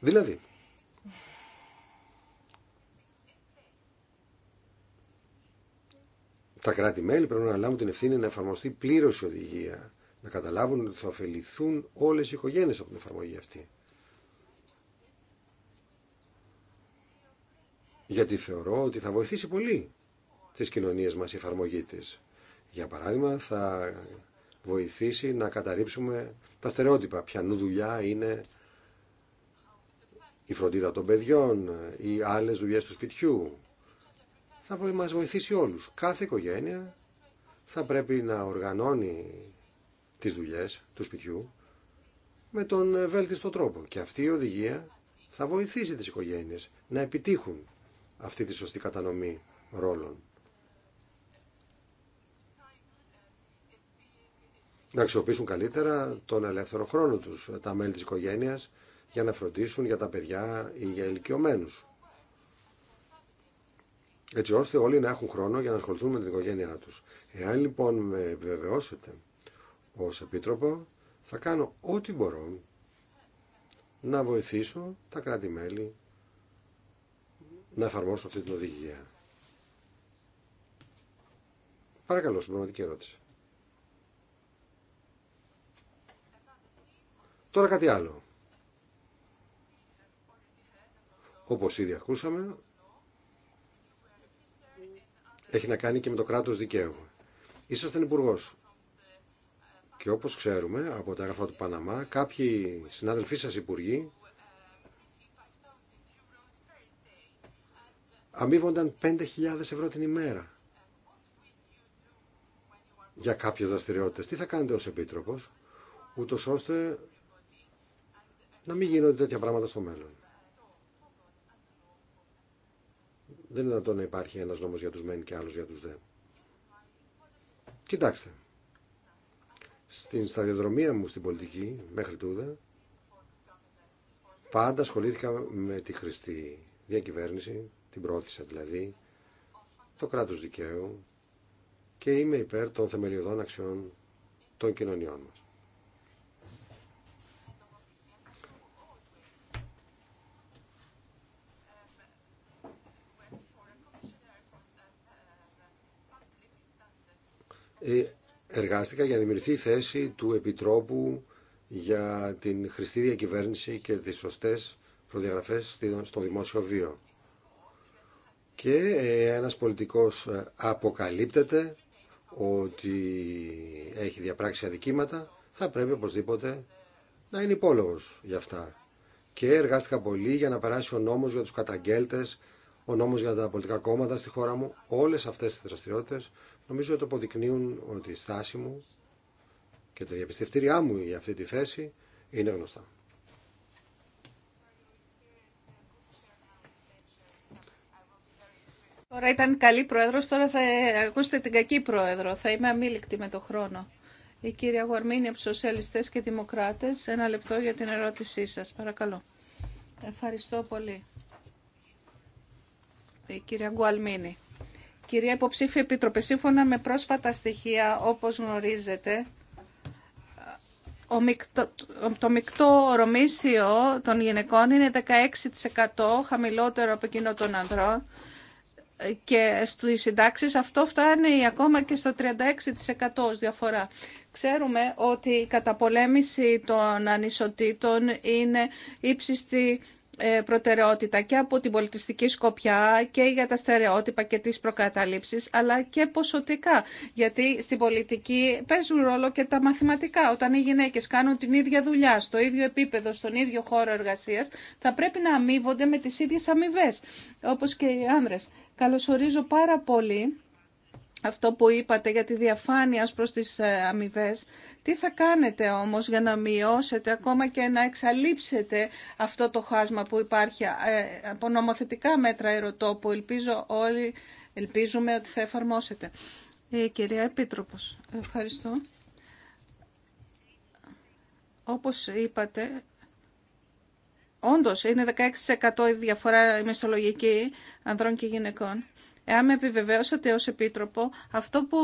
Δηλαδή, τα κράτη-μέλη πρέπει να λάβουν την ευθύνη να εφαρμοστεί πλήρω η οδηγία. Να καταλάβουν ότι θα ωφεληθούν όλε οι οικογένειε από την εφαρμογή αυτή. Γιατί θεωρώ ότι θα βοηθήσει πολύ τι κοινωνίε μα η εφαρμογή τη. Για παράδειγμα, θα βοηθήσει να καταρρύψουμε τα στερεότυπα. νου δουλειά είναι η φροντίδα των παιδιών ή άλλες δουλειές του σπιτιού θα μας βοηθήσει όλους. Κάθε οικογένεια θα πρέπει να οργανώνει τις δουλειές του σπιτιού με τον βέλτιστο τρόπο. Και αυτή η οδηγία θα βοηθήσει τις οικογένειες να επιτύχουν αυτή τη σωστή κατανομή ρόλων. Να αξιοποιήσουν καλύτερα τον ελεύθερο χρόνο τους, τα μέλη της οικογένειας, για να φροντίσουν για τα παιδιά ή για ηλικιωμένους έτσι ώστε όλοι να έχουν χρόνο για να ασχοληθούν με την οικογένειά τους. Εάν λοιπόν με βεβαιώσετε ως Επίτροπο, θα κάνω ό,τι μπορώ να βοηθήσω τα κράτη-μέλη να εφαρμόσω αυτή την οδηγία. Παρακαλώ, συμπληρωματική ερώτηση. Τώρα κάτι άλλο. Όπως ήδη ακούσαμε, έχει να κάνει και με το κράτος δικαίου. Είσαστε υπουργό. Και όπως ξέρουμε από τα έγγραφα του Παναμά, κάποιοι συνάδελφοί σας υπουργοί αμείβονταν 5.000 ευρώ την ημέρα για κάποιες δραστηριότητες. Τι θα κάνετε ως Επίτροπος, ούτως ώστε να μην γίνονται τέτοια πράγματα στο μέλλον. Δεν είναι δυνατόν να υπάρχει ένας νόμος για τους μεν και άλλος για τους δε. Κοιτάξτε. Στην σταδιοδρομία μου στην πολιτική μέχρι τούδε πάντα ασχολήθηκα με τη χρηστή διακυβέρνηση, την πρόθεση δηλαδή, το κράτος δικαίου και είμαι υπέρ των θεμελιωδών αξιών των κοινωνιών μας. Ε, εργάστηκα για να δημιουργηθεί η θέση του Επιτρόπου για την χρηστή διακυβέρνηση και τις σωστές προδιαγραφές στο δημόσιο βίο. Και ε, ένας πολιτικός ε, αποκαλύπτεται ότι έχει διαπράξει αδικήματα, θα πρέπει οπωσδήποτε να είναι υπόλογος για αυτά. Και εργάστηκα πολύ για να περάσει ο νόμος για τους καταγγέλτες, ο νόμος για τα πολιτικά κόμματα στη χώρα μου, όλες αυτές τις δραστηριότητες Νομίζω ότι αποδεικνύουν ότι η στάση μου και τα διαπιστευτήριά μου για αυτή τη θέση είναι γνωστά. Τώρα ήταν καλή πρόεδρος, τώρα θα ακούσετε την κακή πρόεδρο. Θα είμαι αμήλικτη με το χρόνο. Η κυρία Γουαρμίνη από Σοσιαλιστές και Δημοκράτες, ένα λεπτό για την ερώτησή σας. Παρακαλώ. Ευχαριστώ πολύ. Η κυρία Γουαρμίνη. Κυρία Υποψήφια Επίτροπε, σύμφωνα με πρόσφατα στοιχεία, όπως γνωρίζετε, το μεικτό ορομίσιο των γυναικών είναι 16% χαμηλότερο από εκείνο των ανδρών και στις συντάξεις αυτό φτάνει ακόμα και στο 36% διαφορά. Ξέρουμε ότι η καταπολέμηση των ανισοτήτων είναι ύψιστη ε, προτεραιότητα και από την πολιτιστική σκοπιά και για τα στερεότυπα και τις προκαταλήψεις, αλλά και ποσοτικά. Γιατί στην πολιτική παίζουν ρόλο και τα μαθηματικά. Όταν οι γυναίκες κάνουν την ίδια δουλειά, στο ίδιο επίπεδο, στον ίδιο χώρο εργασίας, θα πρέπει να αμείβονται με τις ίδιες αμοιβέ, όπως και οι άνδρες. Καλωσορίζω πάρα πολύ αυτό που είπατε για τη διαφάνεια προς τις ε, αμοιβέ. Τι θα κάνετε όμως για να μειώσετε ακόμα και να εξαλείψετε αυτό το χάσμα που υπάρχει ε, από νομοθετικά μέτρα ερωτώ που ελπίζω όλοι ελπίζουμε ότι θα εφαρμόσετε. Η κυρία Επίτροπος, ευχαριστώ. Όπως είπατε, όντως είναι 16% η διαφορά μεσολογική ανδρών και γυναικών εάν με επιβεβαίωσατε ως Επίτροπο, αυτό που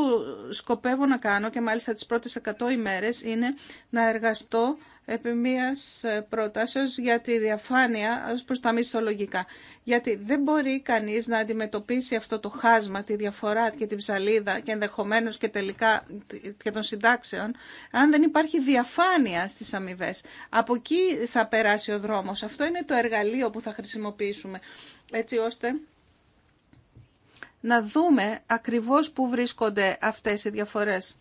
σκοπεύω να κάνω και μάλιστα τις πρώτες 100 ημέρες είναι να εργαστώ επί μίας προτάσεως για τη διαφάνεια ως προς τα μισθολογικά. Γιατί δεν μπορεί κανείς να αντιμετωπίσει αυτό το χάσμα, τη διαφορά και την ψαλίδα και ενδεχομένως και τελικά και των συντάξεων, αν δεν υπάρχει διαφάνεια στις αμοιβέ. Από εκεί θα περάσει ο δρόμος. Αυτό είναι το εργαλείο που θα χρησιμοποιήσουμε, έτσι ώστε να δούμε ακριβώς πού βρίσκονται αυτές οι διαφορές.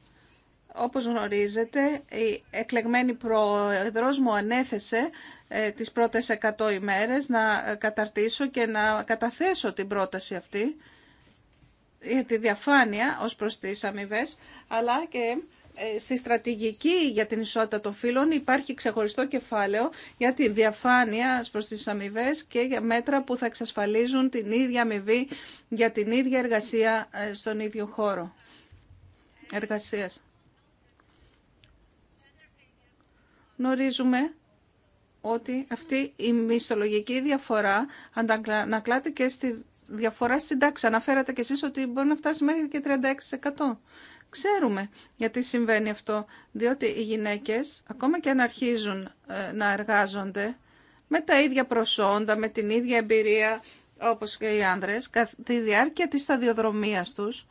Όπως γνωρίζετε, η εκλεγμένη πρόεδρος μου ανέθεσε ε, τις πρώτες 100 ημέρες να ε, καταρτήσω και να καταθέσω την πρόταση αυτή για τη διαφάνεια ως προς τις αμοιβέ, αλλά και ε, στη στρατηγική για την ισότητα των φύλων υπάρχει ξεχωριστό κεφάλαιο για τη διαφάνεια προς τις αμοιβέ και για μέτρα που θα εξασφαλίζουν την ίδια αμοιβή για την ίδια εργασία ε, στον ίδιο χώρο εργασίας. Γνωρίζουμε ότι αυτή η μισθολογική διαφορά ανακλάται και στη διαφορά στην τάξη. Αναφέρατε κι εσείς ότι μπορεί να φτάσει μέχρι και 36%. Ξέρουμε γιατί συμβαίνει αυτό, διότι οι γυναίκες, ακόμα και αν αρχίζουν ε, να εργάζονται, με τα ίδια προσόντα, με την ίδια εμπειρία, όπως και οι άνδρες, κατά τη διάρκεια της σταδιοδρομίας τους,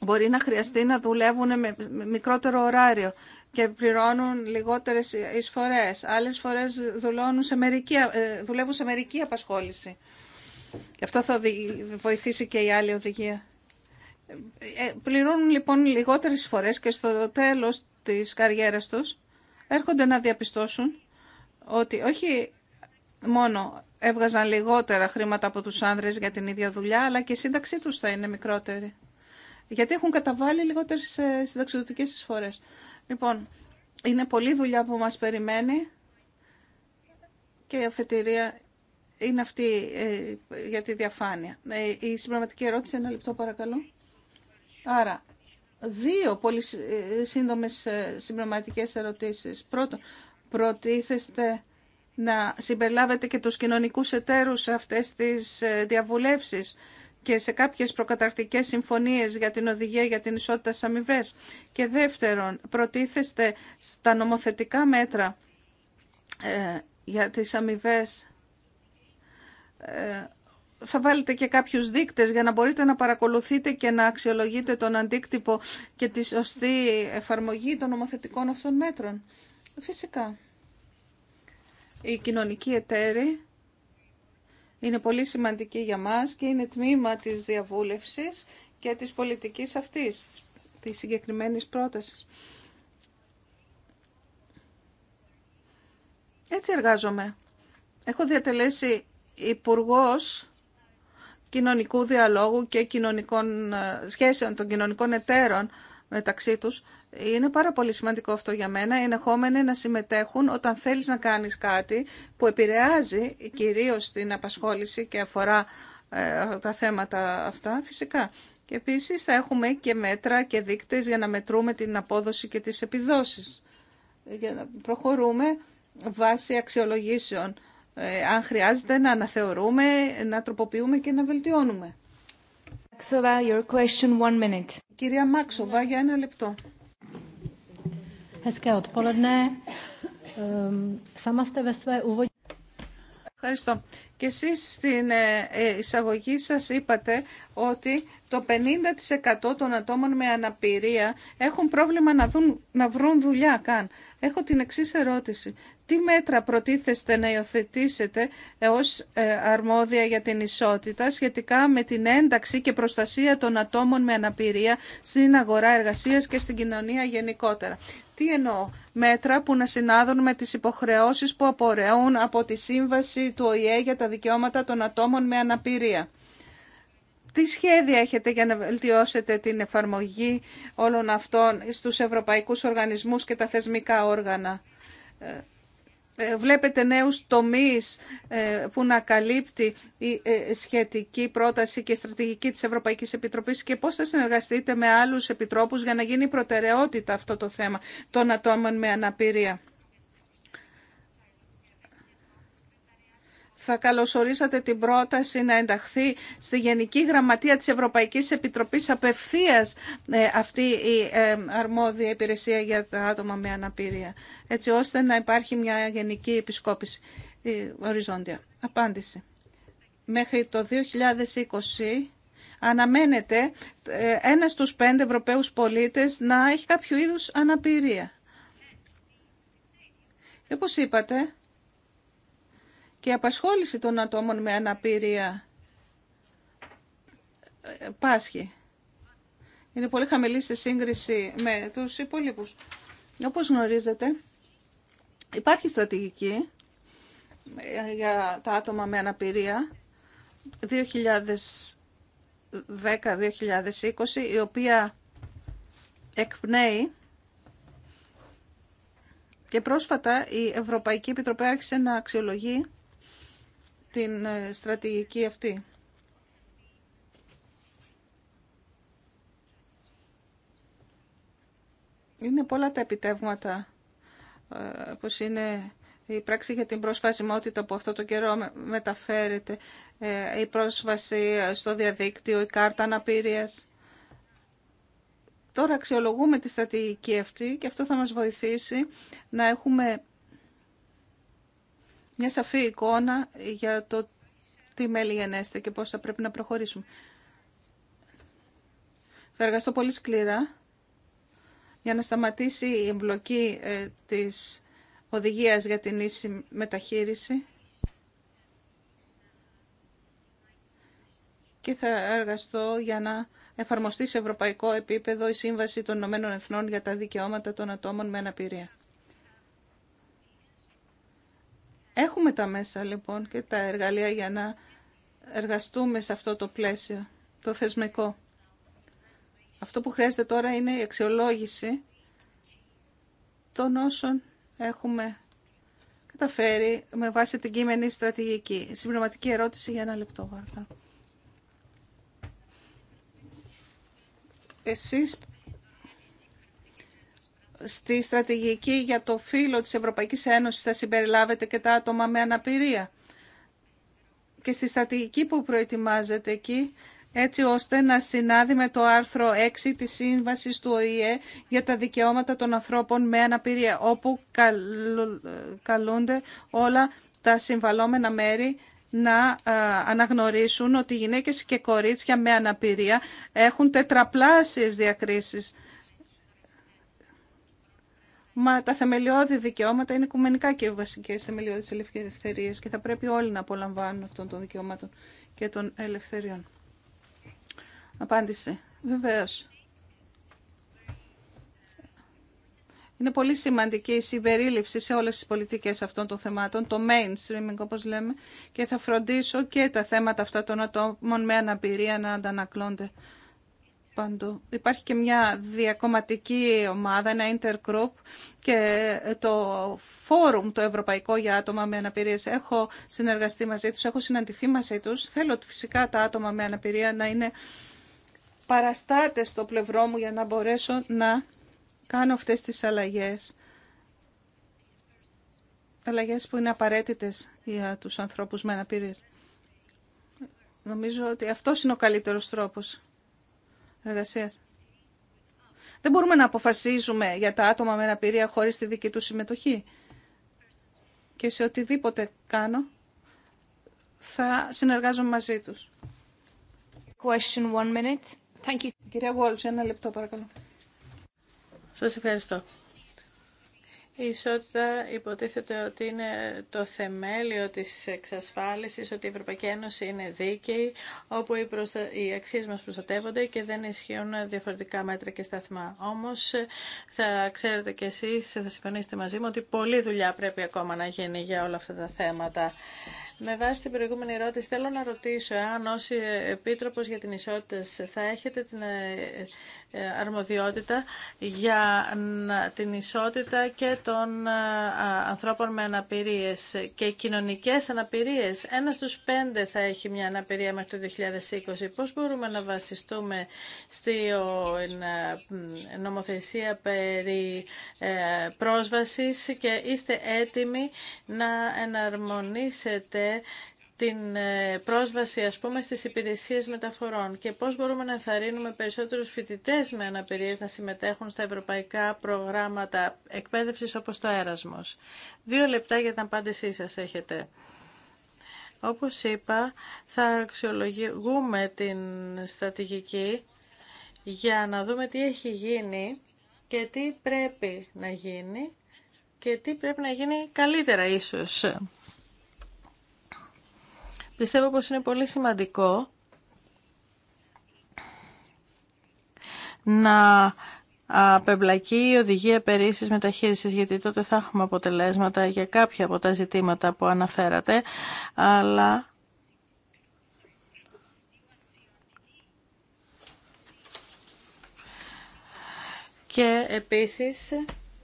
μπορεί να χρειαστεί να δουλεύουν με μικρότερο ωράριο και πληρώνουν λιγότερες εισφορές. Άλλες φορές δουλεύουν σε μερική, ε, δουλεύουν σε μερική απασχόληση. Και αυτό θα βοηθήσει και η άλλη οδηγία. Ε, ε, πληρώνουν λοιπόν λιγότερες φορές και στο τέλος της καριέρας τους έρχονται να διαπιστώσουν ότι όχι μόνο έβγαζαν λιγότερα χρήματα από τους άνδρες για την ίδια δουλειά, αλλά και η σύνταξή τους θα είναι μικρότερη. Γιατί έχουν καταβάλει λιγότερες ε, συνταξιδοτικές εισφορές. Λοιπόν, είναι πολλή δουλειά που μας περιμένει και η αφετηρία είναι αυτή για τη διαφάνεια. Η συμπληρωματική ερώτηση, ένα λεπτό παρακαλώ. Άρα, δύο πολύ ε, σύντομες ε, συμπληρωματικές ερωτήσεις. Πρώτον, προτίθεστε να συμπεριλάβετε και τους κοινωνικούς εταίρους σε αυτές τις ε, διαβουλεύσεις και σε κάποιες προκαταρκτικές συμφωνίες για την οδηγία για την ισότητα στις Και δεύτερον, προτίθεστε στα νομοθετικά μέτρα για τις αμοιβέ θα βάλετε και κάποιους δείκτες για να μπορείτε να παρακολουθείτε και να αξιολογείτε τον αντίκτυπο και τη σωστή εφαρμογή των νομοθετικών αυτών μέτρων. Φυσικά. Η κοινωνική εταίρη είναι πολύ σημαντική για μας και είναι τμήμα της διαβούλευσης και της πολιτικής αυτής, της συγκεκριμένης πρότασης. Έτσι εργάζομαι. Έχω διατελέσει υπουργός κοινωνικού διαλόγου και κοινωνικών ε, σχέσεων των κοινωνικών εταίρων μεταξύ τους. Είναι πάρα πολύ σημαντικό αυτό για μένα. Είναι ενεχόμενοι να συμμετέχουν όταν θέλεις να κάνεις κάτι που επηρεάζει κυρίως την απασχόληση και αφορά ε, τα θέματα αυτά φυσικά. Και επίσης θα έχουμε και μέτρα και δείκτες για να μετρούμε την απόδοση και τις επιδόσεις. Για να προχωρούμε βάσει αξιολογήσεων ε, αν χρειάζεται να αναθεωρούμε, να τροποποιούμε και να βελτιώνουμε. Μάξοβα, your question, one minute. Κυρία Μάξοβα, για ένα λεπτό. Ehm, Ευχαριστώ. Και εσείς στην ε, ε, εισαγωγή σας είπατε ότι το 50% των ατόμων με αναπηρία έχουν πρόβλημα να, να βρουν δουλειά καν. Έχω την εξής ερώτηση τι μέτρα προτίθεστε να υιοθετήσετε ως ε, αρμόδια για την ισότητα σχετικά με την ένταξη και προστασία των ατόμων με αναπηρία στην αγορά εργασίας και στην κοινωνία γενικότερα. Τι εννοώ, μέτρα που να συνάδουν με τις υποχρεώσεις που απορρέουν από τη Σύμβαση του ΟΗΕ για τα δικαιώματα των ατόμων με αναπηρία. Τι σχέδια έχετε για να βελτιώσετε την εφαρμογή όλων αυτών στους ευρωπαϊκούς οργανισμούς και τα θεσμικά όργανα ε, ε, βλέπετε νέους τομείς ε, που να καλύπτει η ε, σχετική πρόταση και στρατηγική της Ευρωπαϊκής Επιτροπής και πώς θα συνεργαστείτε με άλλους επιτρόπους για να γίνει προτεραιότητα αυτό το θέμα των ατόμων με αναπηρία. θα καλωσορίσατε την πρόταση να ενταχθεί στη Γενική Γραμματεία της Ευρωπαϊκής Επιτροπής απευθείας ε, αυτή η ε, αρμόδια υπηρεσία για τα άτομα με αναπηρία, έτσι ώστε να υπάρχει μια γενική επισκόπηση οριζόντια. Απάντηση. Μέχρι το 2020 αναμένεται ε, ένας στους πέντε Ευρωπαίους πολίτες να έχει κάποιο είδους αναπηρία. Όπως είπατε, και η απασχόληση των ατόμων με αναπηρία ε, πάσχει. Είναι πολύ χαμηλή σε σύγκριση με τους υπόλοιπους. Όπως γνωρίζετε, υπάρχει στρατηγική ε, για τα άτομα με αναπηρία 2010-2020, η οποία εκπνέει και πρόσφατα η Ευρωπαϊκή Επιτροπή άρχισε να αξιολογεί την ε, στρατηγική αυτή. Είναι πολλά τα επιτεύγματα, ε, όπως είναι η πράξη για την προσβασιμότητα που αυτό το καιρό μεταφέρεται, ε, η πρόσβαση στο διαδίκτυο, η κάρτα αναπηρίας. Τώρα αξιολογούμε τη στρατηγική αυτή και αυτό θα μας βοηθήσει να έχουμε μια σαφή εικόνα για το τι μέλη γενέστε και πώς θα πρέπει να προχωρήσουμε. Θα εργαστώ πολύ σκληρά για να σταματήσει η εμπλοκή ε, της οδηγίας για την ίση μεταχείριση και θα εργαστώ για να εφαρμοστεί σε ευρωπαϊκό επίπεδο η Σύμβαση των Ηνωμένων Εθνών για τα Δικαιώματα των Ατόμων με Αναπηρία. Έχουμε τα μέσα λοιπόν και τα εργαλεία για να εργαστούμε σε αυτό το πλαίσιο, το θεσμικό. Αυτό που χρειάζεται τώρα είναι η αξιολόγηση των όσων έχουμε καταφέρει με βάση την κείμενη στρατηγική. Συμπληρωματική ερώτηση για ένα λεπτό, Βάρτα. Εσείς στη στρατηγική για το φύλλο της Ευρωπαϊκής Ένωσης θα συμπεριλάβετε και τα άτομα με αναπηρία και στη στρατηγική που προετοιμάζεται εκεί έτσι ώστε να συνάδει με το άρθρο 6 της Σύμβασης του ΟΗΕ για τα δικαιώματα των ανθρώπων με αναπηρία, όπου καλούνται όλα τα συμβαλόμενα μέρη να ε, αναγνωρίσουν ότι γυναίκες και κορίτσια με αναπηρία έχουν τετραπλάσιες διακρίσεις Μα τα θεμελιώδη δικαιώματα είναι οικουμενικά και βασικέ θεμελιώδει ελευθερίε και θα πρέπει όλοι να απολαμβάνουν αυτών των δικαιωμάτων και των ελευθεριών. Απάντηση. Βεβαίω. Είναι πολύ σημαντική η συμπερίληψη σε όλες τις πολιτικές αυτών των θεμάτων, το mainstreaming όπως λέμε, και θα φροντίσω και τα θέματα αυτά των ατόμων με αναπηρία να αντανακλώνται παντού. Υπάρχει και μια διακομματική ομάδα, ένα intergroup και το φόρουμ το ευρωπαϊκό για άτομα με αναπηρίες. Έχω συνεργαστεί μαζί τους, έχω συναντηθεί μαζί τους. Θέλω φυσικά τα άτομα με αναπηρία να είναι παραστάτες στο πλευρό μου για να μπορέσω να κάνω αυτές τις αλλαγές. Αλλαγές που είναι απαραίτητες για τους ανθρώπους με αναπηρίες. Νομίζω ότι αυτό είναι ο καλύτερος τρόπος. Δεν μπορούμε να αποφασίζουμε για τα άτομα με αναπηρία χωρίς τη δική του συμμετοχή. Και σε οτιδήποτε κάνω, θα συνεργάζομαι μαζί τους. Question one minute. Thank you. Κυρία Γουόλτς, ένα λεπτό παρακαλώ. Σας ευχαριστώ. Η ισότητα υποτίθεται ότι είναι το θεμέλιο της εξασφάλισης, ότι η Ευρωπαϊκή Ένωση είναι δίκαιη, όπου οι, προστα... οι αξίες μας προστατεύονται και δεν ισχύουν διαφορετικά μέτρα και σταθμά. Όμως θα ξέρετε κι εσείς, θα συμφωνήσετε μαζί μου, ότι πολλή δουλειά πρέπει ακόμα να γίνει για όλα αυτά τα θέματα. Με βάση την προηγούμενη ερώτηση, θέλω να ρωτήσω αν όσοι Επίτροπος για την Ισότητα θα έχετε την ε, ε, αρμοδιότητα για την ισότητα και των ε, ανθρώπων με αναπηρίες και κοινωνικές αναπηρίες. Ένας στους πέντε θα έχει μια αναπηρία μέχρι το 2020. Πώς μπορούμε να βασιστούμε στη νομοθεσία περί πρόσβασης και είστε έτοιμοι να εναρμονίσετε την ε, πρόσβαση ας πούμε στις υπηρεσίες μεταφορών και πώς μπορούμε να ενθαρρύνουμε περισσότερους φοιτητές με αναπηρίες να συμμετέχουν στα ευρωπαϊκά προγράμματα εκπαίδευσης όπως το Έρασμος. Δύο λεπτά για την απάντησή σας έχετε. Όπως είπα, θα αξιολογούμε την στρατηγική για να δούμε τι έχει γίνει και τι πρέπει να γίνει και τι πρέπει να γίνει καλύτερα ίσως. Πιστεύω πως είναι πολύ σημαντικό να απεμπλακεί η οδηγία περίσσης μεταχείρισης, γιατί τότε θα έχουμε αποτελέσματα για κάποια από τα ζητήματα που αναφέρατε, αλλά... Και επίσης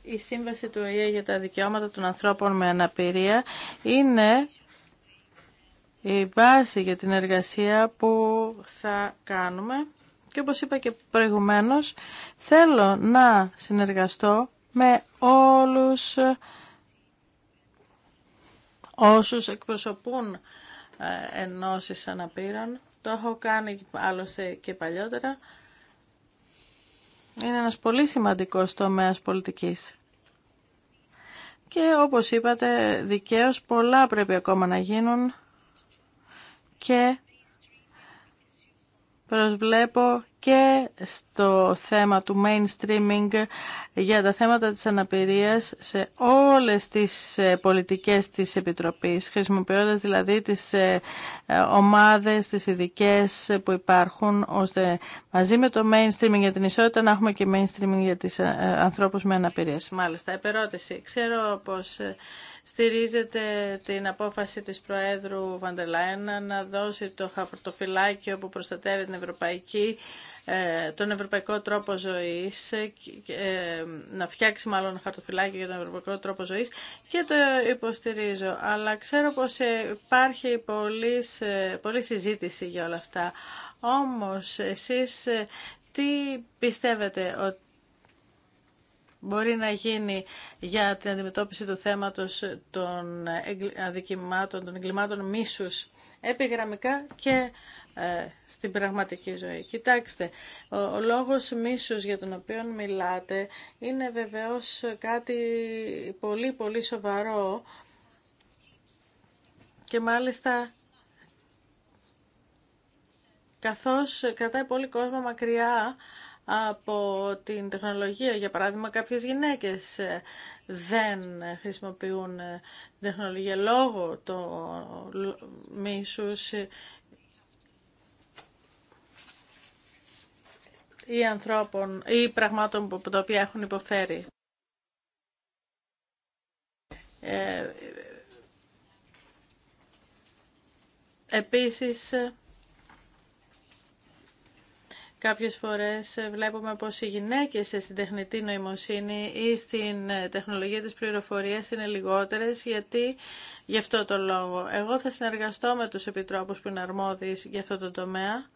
η σύμβαση του ΟΗΕ για τα δικαιώματα των ανθρώπων με αναπηρία είναι η βάση για την εργασία που θα κάνουμε και όπως είπα και προηγουμένως θέλω να συνεργαστώ με όλους όσους εκπροσωπούν ε, ενώσεις αναπήρων. Το έχω κάνει άλλωστε και παλιότερα. Είναι ένας πολύ σημαντικός τομέας πολιτικής. Και όπως είπατε, δικαίως πολλά πρέπει ακόμα να γίνουν και προσβλέπω και στο θέμα του mainstreaming για τα θέματα της αναπηρίας σε όλες τις ε, πολιτικές της Επιτροπής, χρησιμοποιώντας δηλαδή τις ε, ε, ομάδες, τις ειδικέ που υπάρχουν, ώστε μαζί με το mainstreaming για την ισότητα να έχουμε και mainstreaming για τις ανθρώπους με αναπηρίες. Μάλιστα, επερώτηση. Ξέρω πως στηρίζεται την απόφαση της Προέδρου Βαντελάινα να δώσει το χαρτοφυλάκιο που προστατεύει την ευρωπαϊκή, ε, τον ευρωπαϊκό τρόπο ζωής, ε, ε, να φτιάξει μάλλον χαρτοφυλάκιο για τον ευρωπαϊκό τρόπο ζωής και το υποστηρίζω. Αλλά ξέρω πως υπάρχει πολλή, πολλή συζήτηση για όλα αυτά. Όμως εσείς τι πιστεύετε ότι μπορεί να γίνει για την αντιμετώπιση του θέματος των αδικημάτων, των εγκλημάτων μίσους επιγραμμικά και ε, στην πραγματική ζωή. Κοιτάξτε, ο, ο λόγος μίσους για τον οποίο μιλάτε είναι βεβαίως κάτι πολύ πολύ σοβαρό και μάλιστα καθώς κρατάει πολύ κόσμο μακριά από την τεχνολογία. Για παράδειγμα, κάποιες γυναίκες ε, δεν χρησιμοποιούν ε, τεχνολογία λόγω του μίσους ή ανθρώπων ή πραγμάτων που τα οποία έχουν υποφέρει. Ε, ε επίσης, Κάποιες φορές ε, βλέπουμε πως οι γυναίκες ε, στην τεχνητή νοημοσύνη ή στην ε, τεχνολογία της πληροφορίας είναι λιγότερες γιατί γι' αυτό το λόγο. Εγώ θα συνεργαστώ με τους επιτρόπους που είναι αρμόδιοι για αυτό το τομέα.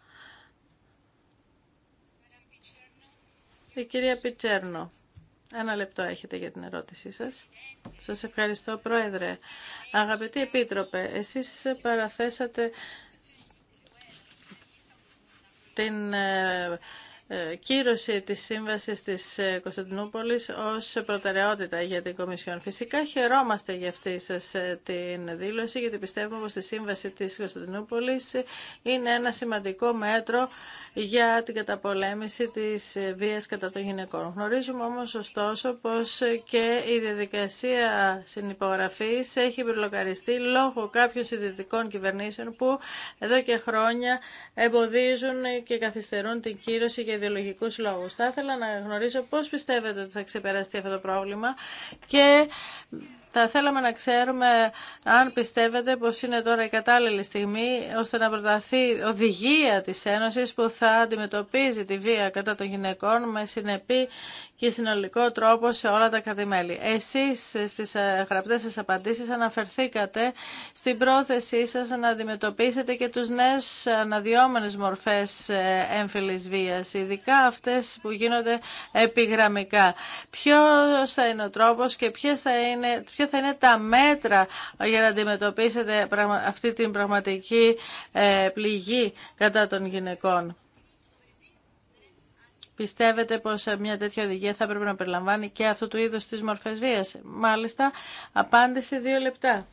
Η κυρία Πιτσέρνο. Ένα λεπτό έχετε για την ερώτησή σας. Σας ευχαριστώ, Πρόεδρε. Αγαπητή Επίτροπε, εσείς παραθέσατε την ε, ε, κύρωση της σύμβασης της ε, Κωνσταντινούπολης ως προτεραιότητα για την Κομισιόν. Φυσικά χαιρόμαστε για αυτή σας ε, την δήλωση γιατί πιστεύουμε πως η σύμβαση της Κωνσταντινούπολης είναι ένα σημαντικό μέτρο για την καταπολέμηση της βίας κατά των γυναικών. Γνωρίζουμε όμως ωστόσο πως και η διαδικασία συνυπογραφής έχει προλοκαριστεί λόγω κάποιων συντηρητικών κυβερνήσεων που εδώ και χρόνια εμποδίζουν και καθυστερούν την κύρωση ιδεολογικούς λόγους. Θα ήθελα να γνωρίζω πώς πιστεύετε ότι θα ξεπεραστεί αυτό το πρόβλημα και θα θέλαμε να ξέρουμε αν πιστεύετε πως είναι τώρα η κατάλληλη στιγμή ώστε να προταθεί οδηγία της Ένωσης που θα αντιμετωπίζει τη βία κατά των γυναικών με συνεπή και συνολικό τρόπο σε όλα τα κρατημέλη. Εσείς στις ε, γραπτές σας απαντήσεις αναφερθήκατε στην πρόθεσή σας να αντιμετωπίσετε και τους νέες αναδυόμενες μορφές ε, έμφυλης βίας, ειδικά αυτές που γίνονται επιγραμμικά. Ποιος θα είναι ο τρόπος και ποιες θα είναι, ποια θα είναι τα μέτρα για να αντιμετωπίσετε αυτή την πραγματική ε, πληγή κατά των γυναικών. Πιστεύετε πως ε, μια τέτοια οδηγία θα πρέπει να περιλαμβάνει και αυτού του είδους της μορφές βίας. Μάλιστα, απάντηση δύο λεπτά.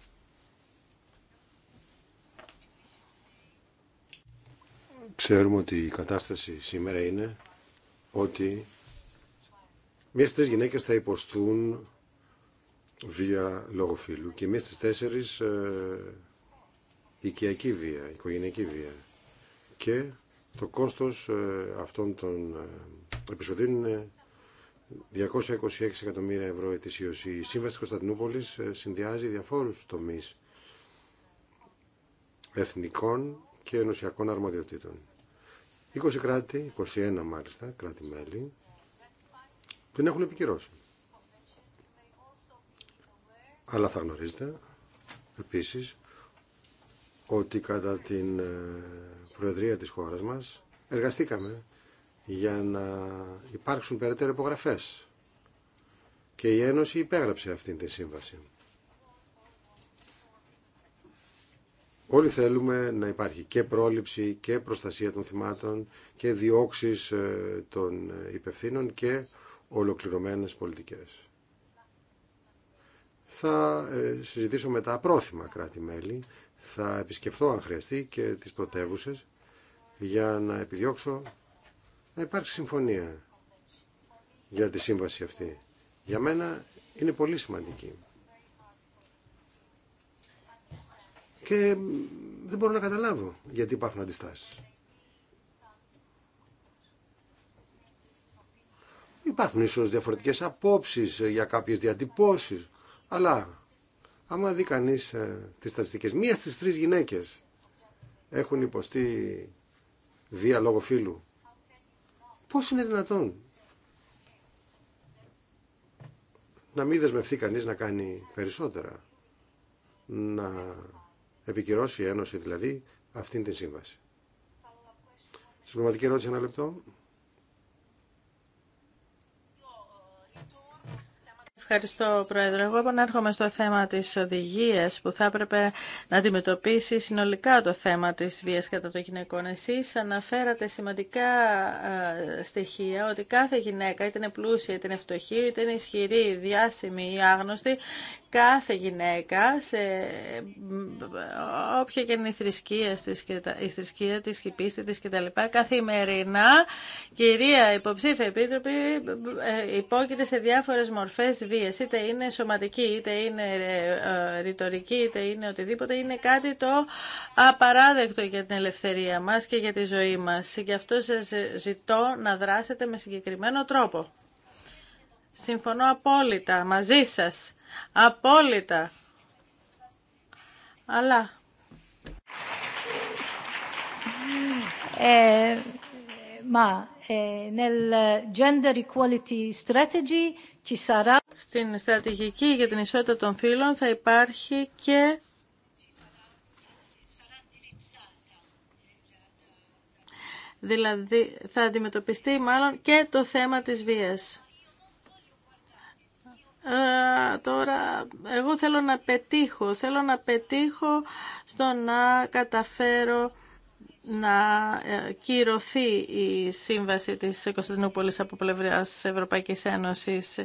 Ξέρουμε ότι η κατάσταση σήμερα είναι ότι μία στις τρεις γυναίκες θα υποστούν βία λόγω και μία στις τέσσερις ε, οικιακή βία, οικογενειακή βία και το κόστος ε, αυτών των ε, επεισοδίων είναι 226 εκατομμύρια ευρώ ετησίως. Η Σύμβαση της Κωνσταντινούπολης ε, συνδυάζει διαφόρους τομείς εθνικών και ενωσιακών αρμοδιοτήτων. 20 κράτη, 21 μάλιστα, κράτη-μέλη, την έχουν επικυρώσει. Αλλά θα γνωρίζετε επίσης ότι κατά την ε, Προεδρία της χώρας μας εργαστήκαμε για να υπάρξουν περαιτέρω υπογραφές και η Ένωση υπέγραψε αυτή την σύμβαση. Όλοι θέλουμε να υπάρχει και πρόληψη και προστασία των θυμάτων και διώξεις ε, των υπευθύνων και ολοκληρωμένες πολιτικές. Θα ε, συζητήσω με τα απρόθυμα κράτη-μέλη, θα επισκεφθώ αν χρειαστεί και τις πρωτεύουσε για να επιδιώξω να υπάρξει συμφωνία για τη σύμβαση αυτή. Για μένα είναι πολύ σημαντική. Και δεν μπορώ να καταλάβω γιατί υπάρχουν αντιστάσεις. Υπάρχουν ίσως διαφορετικές απόψεις για κάποιες διατυπώσεις αλλά άμα δει κανεί ε, τις στατιστικές, μία στι τρεις γυναίκε έχουν υποστεί βία λόγω φύλου. Πώς είναι δυνατόν να μην δεσμευτεί κανεί να κάνει περισσότερα, να επικυρώσει η Ένωση δηλαδή αυτήν την σύμβαση. Συμπληρωματική ερώτηση ένα λεπτό. Ευχαριστώ, Πρόεδρε. Εγώ επανέρχομαι στο θέμα τη οδηγία, που θα έπρεπε να αντιμετωπίσει συνολικά το θέμα τη βία κατά των γυναικών. Εσεί αναφέρατε σημαντικά ε, στοιχεία ότι κάθε γυναίκα, είτε είναι πλούσια, είτε είναι φτωχή, είτε είναι ισχυρή, διάσημη ή άγνωστη, κάθε γυναίκα, σε όποια και είναι η θρησκεία της, και η θρησκεία της, η πίστη της κτλ. Καθημερινά, κυρία υποψήφια επίτροπη, ε, υπόκειται σε διάφορες μορφές βίας. Είτε είναι σωματική, είτε είναι ε, ε, ρητορική, είτε είναι οτιδήποτε. Είναι κάτι το απαράδεκτο για την ελευθερία μας και για τη ζωή μας. Γι' αυτό σας ζητώ να δράσετε με συγκεκριμένο τρόπο. Συμφωνώ απόλυτα μαζί σας. Απόλυτα. Αλλά... Ε, μα, ε, gender equality strategy Στην στρατηγική για την ισότητα των φύλων θα υπάρχει και δηλαδή θα αντιμετωπιστεί μάλλον και το θέμα της βίας. Ε, τώρα, εγώ θέλω να πετύχω, θέλω να πετύχω στο να καταφέρω να ε, κυρωθεί η σύμβαση της Κωνσταντινούπολης από πλευράς Ευρωπαϊκής Ένωσης.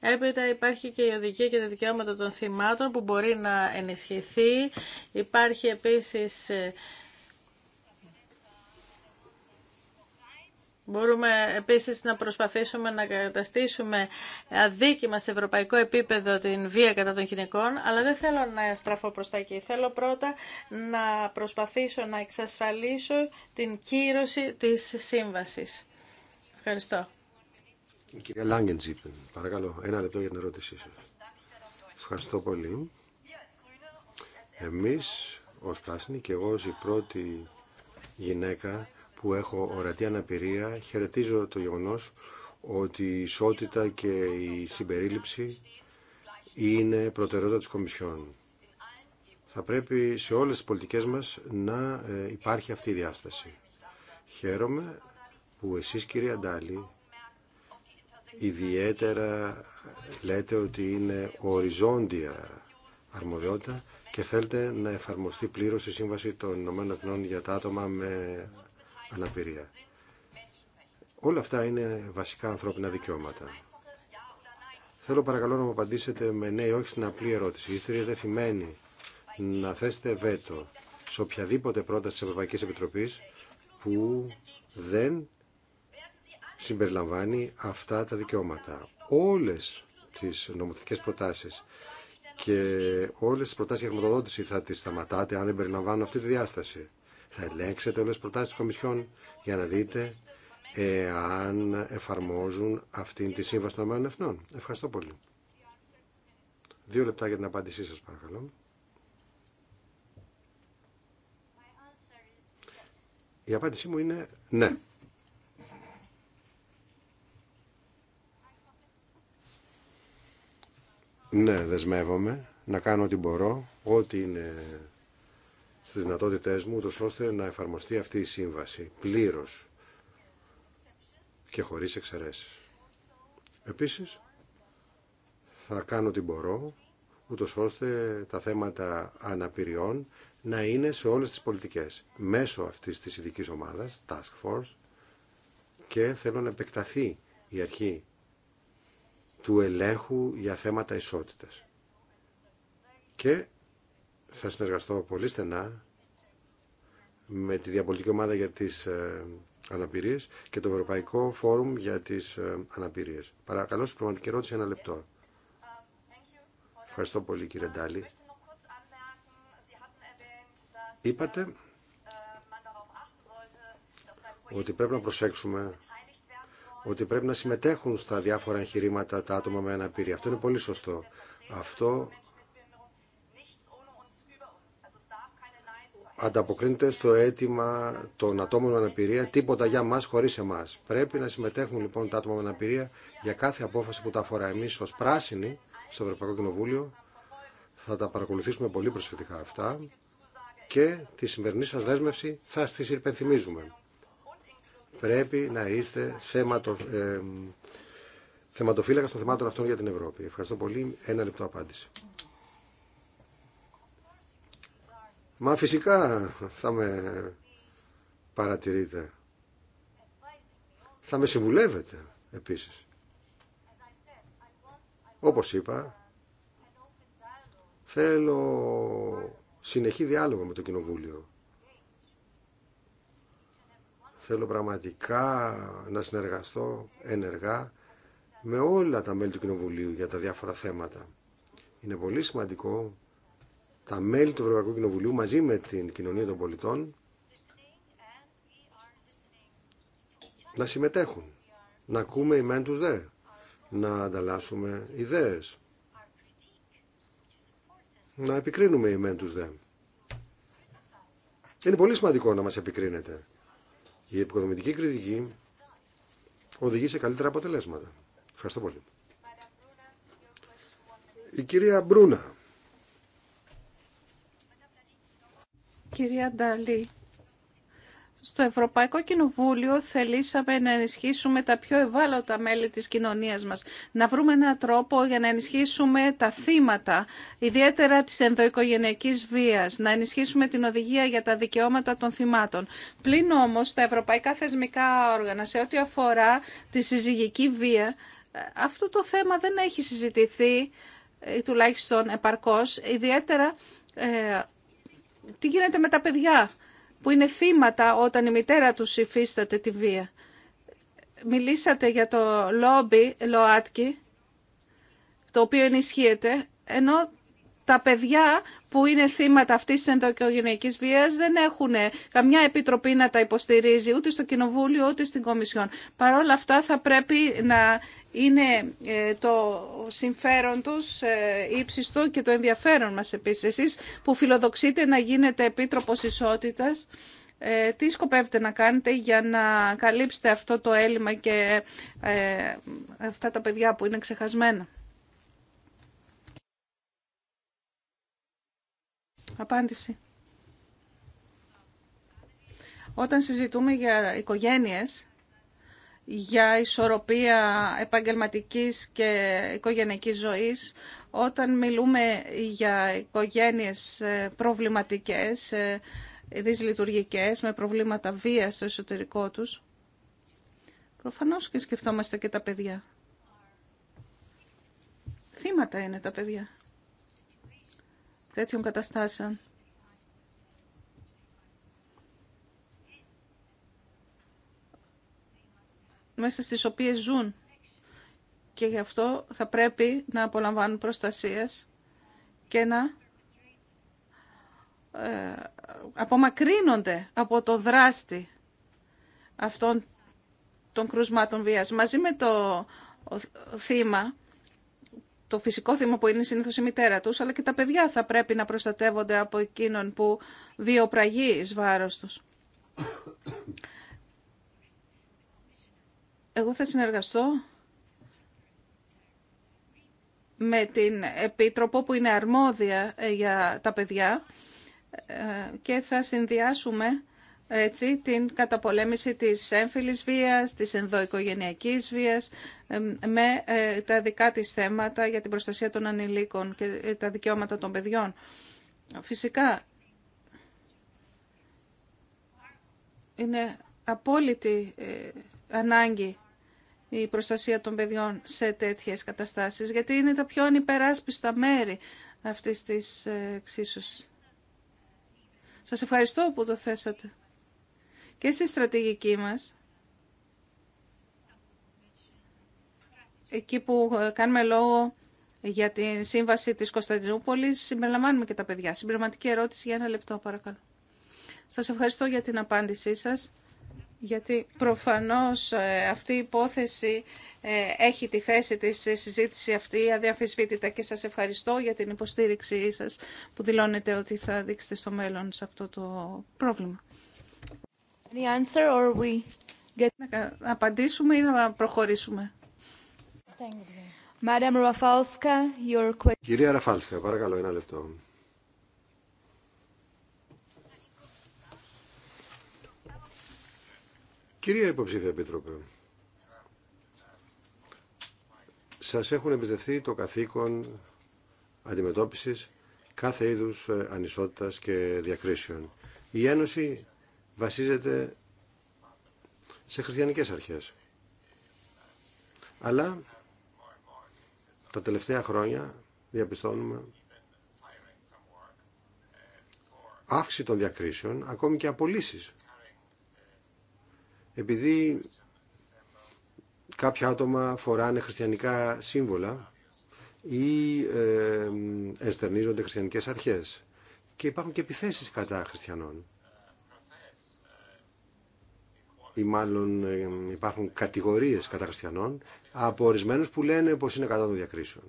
Έπειτα υπάρχει και η οδηγία και τα δικαιώματα των θυμάτων που μπορεί να ενισχυθεί. Υπάρχει επίσης ε, Μπορούμε επίσης να προσπαθήσουμε να καταστήσουμε αδίκημα σε ευρωπαϊκό επίπεδο την βία κατά των γυναικών, αλλά δεν θέλω να στραφώ προς τα εκεί. Θέλω πρώτα να προσπαθήσω να εξασφαλίσω την κύρωση της σύμβασης. Ευχαριστώ. Η κυρία Λάγκεντζιπ, παρακαλώ, ένα λεπτό για την ερώτησή σας. Ευχαριστώ πολύ. Εμείς ως πράσινοι και εγώ ως η πρώτη γυναίκα που έχω ορατή αναπηρία, χαιρετίζω το γεγονός ότι η ισότητα και η συμπερίληψη είναι προτεραιότητα της Κομισιόν. Θα πρέπει σε όλες τις πολιτικές μας να ε, υπάρχει αυτή η διάσταση. Χαίρομαι που εσείς κυρία Αντάλη ιδιαίτερα λέτε ότι είναι οριζόντια αρμοδιότητα και θέλετε να εφαρμοστεί πλήρως η Σύμβαση των Ηνωμένων για τα άτομα με αναπηρία. Όλα αυτά είναι βασικά ανθρώπινα δικαιώματα. Θέλω παρακαλώ να μου απαντήσετε με ναι ή όχι στην απλή ερώτηση. δεν διατεθειμένοι να θέσετε βέτο σε οποιαδήποτε πρόταση της Ευρωπαϊκής Επιτροπής που δεν συμπεριλαμβάνει αυτά τα δικαιώματα. Όλες τις νομοθετικές προτάσεις και όλες τις προτάσεις για χρηματοδότηση θα τις σταματάτε αν δεν περιλαμβάνουν αυτή τη διάσταση. Θα ελέγξετε όλες τις προτάσεις της Κομισιόν για να δείτε εάν εφαρμόζουν αυτήν τη Σύμβαση των Εθνών. Ευχαριστώ πολύ. Δύο λεπτά για την απάντησή σας παρακαλώ. Η απάντησή μου είναι ναι. Ναι, δεσμεύομαι να κάνω ό,τι μπορώ, ό,τι είναι στις δυνατότητές μου, ούτως ώστε να εφαρμοστεί αυτή η σύμβαση πλήρως και χωρίς εξαιρέσεις. Επίσης, θα κάνω ό,τι μπορώ, ούτως ώστε τα θέματα αναπηριών να είναι σε όλες τις πολιτικές. Μέσω αυτής της ειδική ομάδας, Task Force, και θέλω να επεκταθεί η αρχή του ελέγχου για θέματα ισότητας. Και θα συνεργαστώ πολύ στενά με τη διαπολιτική ομάδα για τις ε, αναπηρίες και το Ευρωπαϊκό Φόρουμ για τις ε, αναπηρίες. Παρακαλώ, συμπληρωματική ερώτηση, ένα λεπτό. Ευχαριστώ πολύ, κύριε Ντάλη. Είπατε ότι πρέπει να προσέξουμε ότι πρέπει να συμμετέχουν στα διάφορα εγχειρήματα τα άτομα με αναπηρία. Αυτό είναι πολύ σωστό. Αυτό ανταποκρίνεται στο αίτημα των ατόμων με αναπηρία τίποτα για μας χωρίς εμάς. Πρέπει να συμμετέχουν λοιπόν τα άτομα με αναπηρία για κάθε απόφαση που τα αφορά εμείς ως πράσινοι στο Ευρωπαϊκό Κοινοβούλιο. Θα τα παρακολουθήσουμε πολύ προσεκτικά αυτά και τη σημερινή σας δέσμευση θα στις υπενθυμίζουμε. Πρέπει να είστε θέματο, ε, θεματοφύλακα των θεμάτων αυτών για την Ευρώπη. Ευχαριστώ πολύ. Ένα λεπτό απάντηση. Μα φυσικά θα με παρατηρείτε. Θα με συμβουλεύετε επίσης. Όπως είπα, θέλω συνεχή διάλογο με το Κοινοβούλιο. Θέλω πραγματικά να συνεργαστώ ενεργά με όλα τα μέλη του Κοινοβουλίου για τα διάφορα θέματα. Είναι πολύ σημαντικό τα μέλη του Ευρωπαϊκού Κοινοβουλίου μαζί με την κοινωνία των πολιτών να συμμετέχουν, να ακούμε οι μεν τους δε, να ανταλλάσσουμε ιδέες, να επικρίνουμε οι μεν τους δε. Είναι πολύ σημαντικό να μας επικρίνεται. Η επικοδομητική κριτική οδηγεί σε καλύτερα αποτελέσματα. Ευχαριστώ πολύ. Η κυρία Μπρούνα. Κυρία Νταλή, στο Ευρωπαϊκό Κοινοβούλιο θελήσαμε να ενισχύσουμε τα πιο ευάλωτα μέλη της κοινωνίας μας. Να βρούμε έναν τρόπο για να ενισχύσουμε τα θύματα, ιδιαίτερα της ενδοοικογενειακής βίας, να ενισχύσουμε την οδηγία για τα δικαιώματα των θυμάτων. Πλην όμως τα ευρωπαϊκά θεσμικά όργανα σε ό,τι αφορά τη συζυγική βία, αυτό το θέμα δεν έχει συζητηθεί ε, τουλάχιστον επαρκώς, ιδιαίτερα ε, τι γίνεται με τα παιδιά που είναι θύματα όταν η μητέρα τους υφίσταται τη βία. Μιλήσατε για το λόμπι, ΛΟΑΤΚΙ, το οποίο ενισχύεται, ενώ τα παιδιά που είναι θύματα αυτής της ενδοκιογενειακής βίας δεν έχουν καμιά επιτροπή να τα υποστηρίζει ούτε στο Κοινοβούλιο ούτε στην Κομισιόν. Παρ' όλα αυτά θα πρέπει να είναι ε, το συμφέρον τους ε, ύψιστο και το ενδιαφέρον μας επίσης. Εσείς που φιλοδοξείτε να γίνετε επίτροπος ισότητας, ε, τι σκοπεύετε να κάνετε για να καλύψετε αυτό το έλλειμμα και αυτά τα παιδιά που είναι ξεχασμένα. Απάντηση. Όταν συζητούμε για οικογένειες, για ισορροπία επαγγελματικής και οικογενειακής ζωής. Όταν μιλούμε για οικογένειες ε, προβληματικές, ε, δυσλειτουργικές, με προβλήματα βίας στο εσωτερικό τους, προφανώς και σκεφτόμαστε και τα παιδιά. Θύματα είναι τα παιδιά τέτοιων καταστάσεων. μέσα στις οποίες ζουν. Και γι' αυτό θα πρέπει να απολαμβάνουν προστασίες και να ε, απομακρύνονται από το δράστη αυτών των κρούσματων βίας. Μαζί με το θύμα, το φυσικό θύμα που είναι συνήθως η μητέρα τους, αλλά και τα παιδιά θα πρέπει να προστατεύονται από εκείνον που βιοπραγεί εις βάρος τους. Εγώ θα συνεργαστώ με την Επίτροπο που είναι αρμόδια ε, για τα παιδιά ε, και θα συνδυάσουμε έτσι, την καταπολέμηση της έμφυλης βίας, της ενδοοικογενειακής βίας ε, με τα δικά της θέματα για την προστασία των ανηλίκων και τα δικαιώματα των παιδιών. Φυσικά, είναι απόλυτη ανάγκη η προστασία των παιδιών σε τέτοιες καταστάσεις, γιατί είναι τα πιο ανυπεράσπιστα μέρη αυτής της ε, εξίσωσης. Σας ευχαριστώ που το θέσατε. Και στη στρατηγική μας, εκεί που ε, κάνουμε λόγο για τη σύμβαση της Κωνσταντινούπολης, συμπεριλαμβάνουμε και τα παιδιά. Συμπληρωματική ερώτηση για ένα λεπτό, παρακαλώ. Σας ευχαριστώ για την απάντησή σας γιατί προφανώς ε, αυτή η υπόθεση ε, έχει τη θέση της σε συζήτηση αυτή αδιαφεσβήτητα και σας ευχαριστώ για την υποστήριξή σας που δηλώνετε ότι θα δείξετε στο μέλλον σε αυτό το πρόβλημα. answer or we get... Να απαντήσουμε ή να προχωρήσουμε. Κυρία Ραφάλσκα, παρακαλώ ένα λεπτό. Κυρία Υποψήφια Επίτροπε, σας έχουν εμπιστευτεί το καθήκον αντιμετώπισης κάθε είδους ε, ανισότητας και διακρίσεων. Η Ένωση βασίζεται σε χριστιανικές αρχές. Αλλά τα τελευταία χρόνια διαπιστώνουμε αύξηση των διακρίσεων, ακόμη και απολύσεις επειδή κάποια άτομα φοράνε χριστιανικά σύμβολα ή ενστερνίζονται χριστιανικές αρχές και υπάρχουν και επιθέσεις κατά χριστιανών ή μάλλον ε, υπάρχουν κατηγορίες κατά χριστιανών από ορισμένου που λένε πως είναι κατά των διακρίσεων.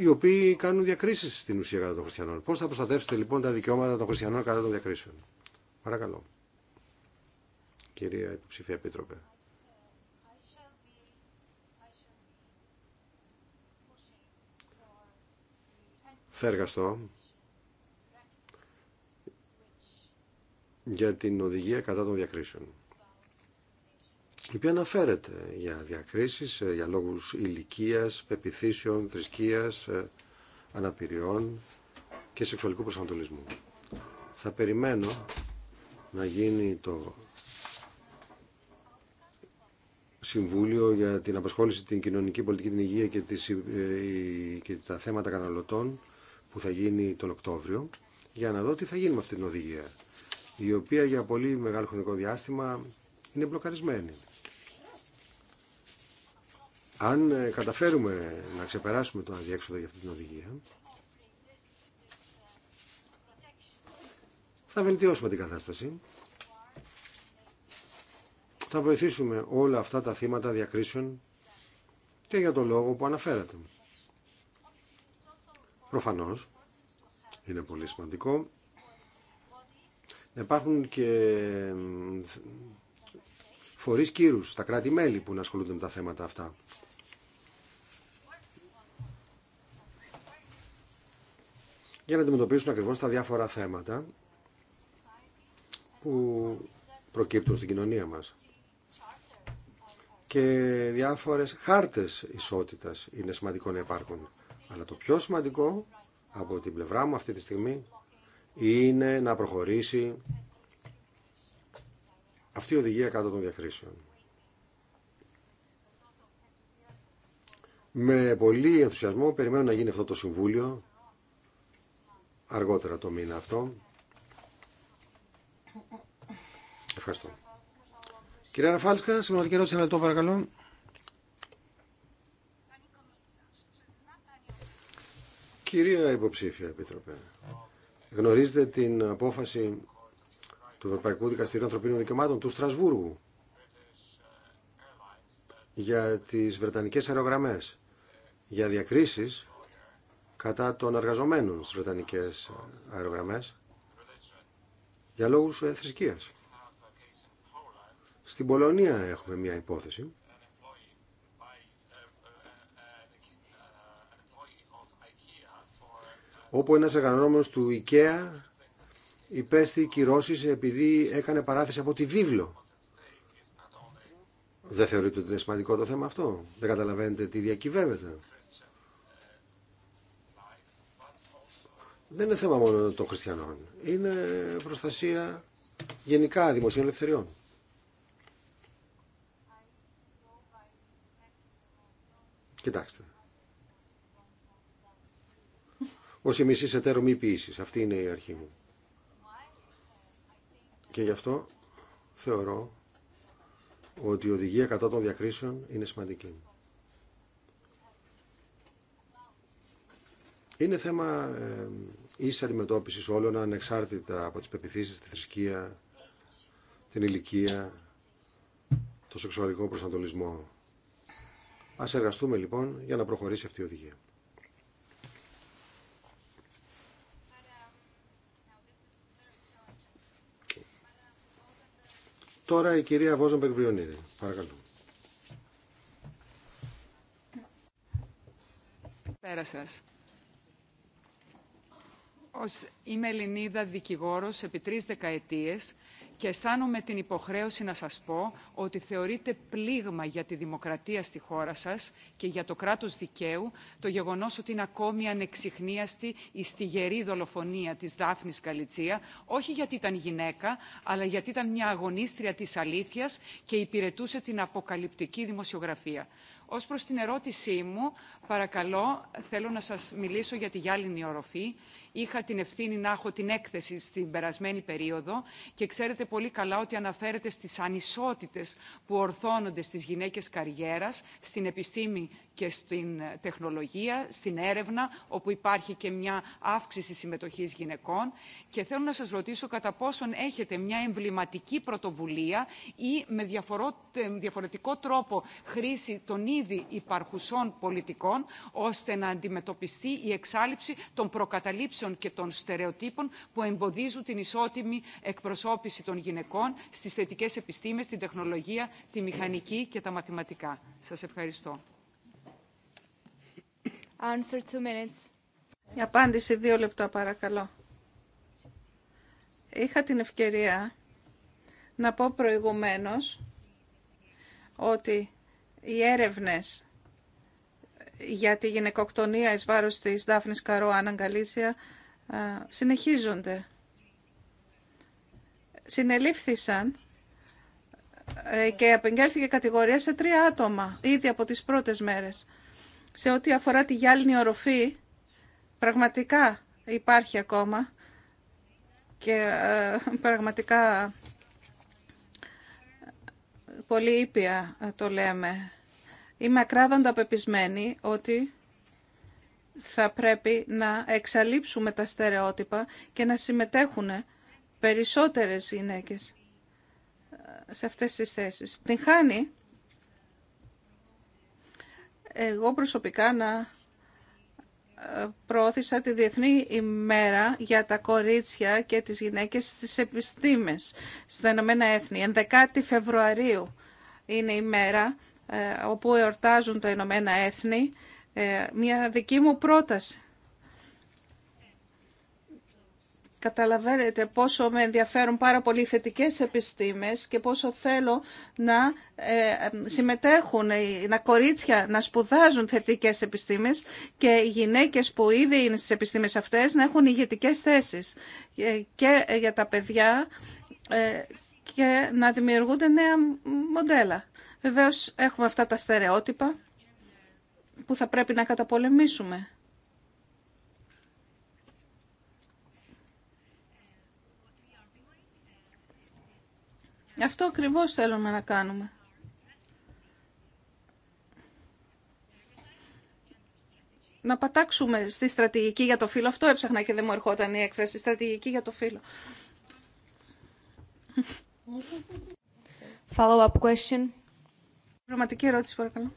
οι οποίοι κάνουν διακρίσεις στην ουσία κατά των χριστιανών. Πώς θα προστατεύσετε λοιπόν τα δικαιώματα των χριστιανών κατά των διακρίσεων. Παρακαλώ. Κυρία Υποψηφία Επίτροπε. Θα εργαστώ για την οδηγία κατά των διακρίσεων η οποία αναφέρεται για διακρίσεις, ε, για λόγους ηλικίας, πεπιθήσεων, θρησκείας, ε, αναπηριών και σεξουαλικού προσανατολισμού. Θα περιμένω να γίνει το Συμβούλιο για την απασχόληση, την κοινωνική πολιτική, την υγεία και, ε, και τα θέματα καταναλωτών που θα γίνει τον Οκτώβριο για να δω τι θα γίνει με αυτή την οδηγία η οποία για πολύ μεγάλο χρονικό διάστημα είναι μπλοκαρισμένη. Αν ε, καταφέρουμε να ξεπεράσουμε το αδιέξοδο για αυτή την οδηγία, θα βελτιώσουμε την κατάσταση. Θα βοηθήσουμε όλα αυτά τα θύματα διακρίσεων και για το λόγο που αναφέρατε. Προφανώς, είναι πολύ σημαντικό, να υπάρχουν και φορείς κύρους στα κράτη-μέλη που να ασχολούνται με τα θέματα αυτά. για να αντιμετωπίσουν ακριβώς τα διάφορα θέματα που προκύπτουν στην κοινωνία μας. Και διάφορες χάρτες ισότητας είναι σημαντικό να υπάρχουν. Αλλά το πιο σημαντικό από την πλευρά μου αυτή τη στιγμή είναι να προχωρήσει αυτή η οδηγία κάτω των διακρίσεων. Με πολύ ενθουσιασμό περιμένω να γίνει αυτό το Συμβούλιο αργότερα το μήνα αυτό. Ευχαριστώ. Κυρία Ραφάλσκα, σημαντική ερώτηση, ένα λεπτό παρακαλώ. Κυρία Υποψήφια Επίτροπε, γνωρίζετε την απόφαση του Ευρωπαϊκού Δικαστηρίου Ανθρωπίνων Δικαιωμάτων του Στρασβούργου για τις Βρετανικές αερογραμμές για διακρίσεις κατά των εργαζομένων στις Βρετανικές αερογραμμές για λόγους ε, θρησκείας. Στην Πολωνία έχουμε μια υπόθεση όπου ένας εργαζόμενος του IKEA υπέστη κυρώσεις επειδή έκανε παράθεση από τη βίβλο. Δεν θεωρείτε ότι είναι σημαντικό το θέμα αυτό. Δεν καταλαβαίνετε τι διακυβεύεται. δεν είναι θέμα μόνο των χριστιανών. Είναι προστασία γενικά δημοσίων ελευθεριών. Κοιτάξτε. Ως εμείς είσαι μη ποιήσεις. Αυτή είναι η αρχή μου. Και γι' αυτό θεωρώ ότι η οδηγία κατά των διακρίσεων είναι σημαντική. Είναι θέμα ε, ίση αντιμετώπιση όλων ανεξάρτητα από τις πεπιθήσεις, τη θρησκεία, την ηλικία, το σεξουαλικό προσανατολισμό. Α εργαστούμε λοιπόν για να προχωρήσει αυτή η οδηγία. Τώρα η κυρία Βόζομπερ Βριονίδη. Παρακαλώ. Πέρα σας ως, είμαι Ελληνίδα δικηγόρος επί τρεις δεκαετίες και αισθάνομαι την υποχρέωση να σας πω ότι θεωρείται πλήγμα για τη δημοκρατία στη χώρα σας και για το κράτος δικαίου το γεγονός ότι είναι ακόμη ανεξιχνίαστη η στιγερή δολοφονία της Δάφνης Καλιτσία, όχι γιατί ήταν γυναίκα, αλλά γιατί ήταν μια αγωνίστρια της αλήθειας και υπηρετούσε την αποκαλυπτική δημοσιογραφία. Ως προς την ερώτησή μου, παρακαλώ, θέλω να σας μιλήσω για τη γυάλινη οροφή είχα την ευθύνη να έχω την έκθεση στην περασμένη περίοδο και ξέρετε πολύ καλά ότι αναφέρεται στις ανισότητες που ορθώνονται στις γυναίκες καριέρας, στην επιστήμη και στην ε, τεχνολογία, στην έρευνα, όπου υπάρχει και μια αύξηση συμμετοχής γυναικών. Και θέλω να σας ρωτήσω κατά πόσον έχετε μια εμβληματική πρωτοβουλία ή με διαφορετικό τρόπο χρήση των ήδη υπαρχουσών πολιτικών, ώστε να αντιμετωπιστεί η εξάλληψη των προκαταλήψεων αντιλήψεων και των στερεοτύπων που εμποδίζουν την ισότιμη εκπροσώπηση των γυναικών στις θετικές επιστήμες, την τεχνολογία, τη μηχανική και τα μαθηματικά. Σας ευχαριστώ. Answer two minutes. Η απάντηση δύο λεπτά παρακαλώ. Είχα την ευκαιρία να πω προηγουμένως ότι οι έρευνες για τη γυναικοκτονία εις βάρος της Δάφνης Καρό Αναγκαλίσια συνεχίζονται. Συνελήφθησαν ε, και απεγγέλθηκε κατηγορία σε τρία άτομα ήδη από τις πρώτες μέρες. Σε ό,τι αφορά τη γυάλινη οροφή, πραγματικά υπάρχει ακόμα και ε, πραγματικά πολύ ήπια ε, το λέμε Είμαι ακράδαντα πεπισμένη ότι θα πρέπει να εξαλείψουμε τα στερεότυπα και να συμμετέχουν περισσότερες γυναίκες ε, σε αυτές τις θέσεις. Την χάνει εγώ προσωπικά να ε, προώθησα τη Διεθνή ημέρα για τα κορίτσια και τις γυναίκες στις επιστήμες στα Ηνωμένα Έθνη. 11 Φεβρουαρίου είναι η μέρα ε, όπου εορτάζουν τα Ηνωμένα Έθνη, ε, μια δική μου πρόταση. Καταλαβαίνετε πόσο με ενδιαφέρουν πάρα πολύ οι θετικές επιστήμες και πόσο θέλω να ε, συμμετέχουν, να κορίτσια να σπουδάζουν θετικές επιστήμες και οι γυναίκες που ήδη είναι στις επιστήμες αυτές να έχουν ηγετικές θέσεις και για τα παιδιά και να δημιουργούνται νέα μοντέλα. Βεβαίως έχουμε αυτά τα στερεότυπα που θα πρέπει να καταπολεμήσουμε. Αυτό ακριβώς θέλουμε να κάνουμε. Να πατάξουμε στη στρατηγική για το φύλλο. Αυτό έψαχνα και δεν μου ερχόταν η έκφραση. Στρατηγική για το φύλλο. Follow-up question. Ρωματική ερώτηση παρακαλώ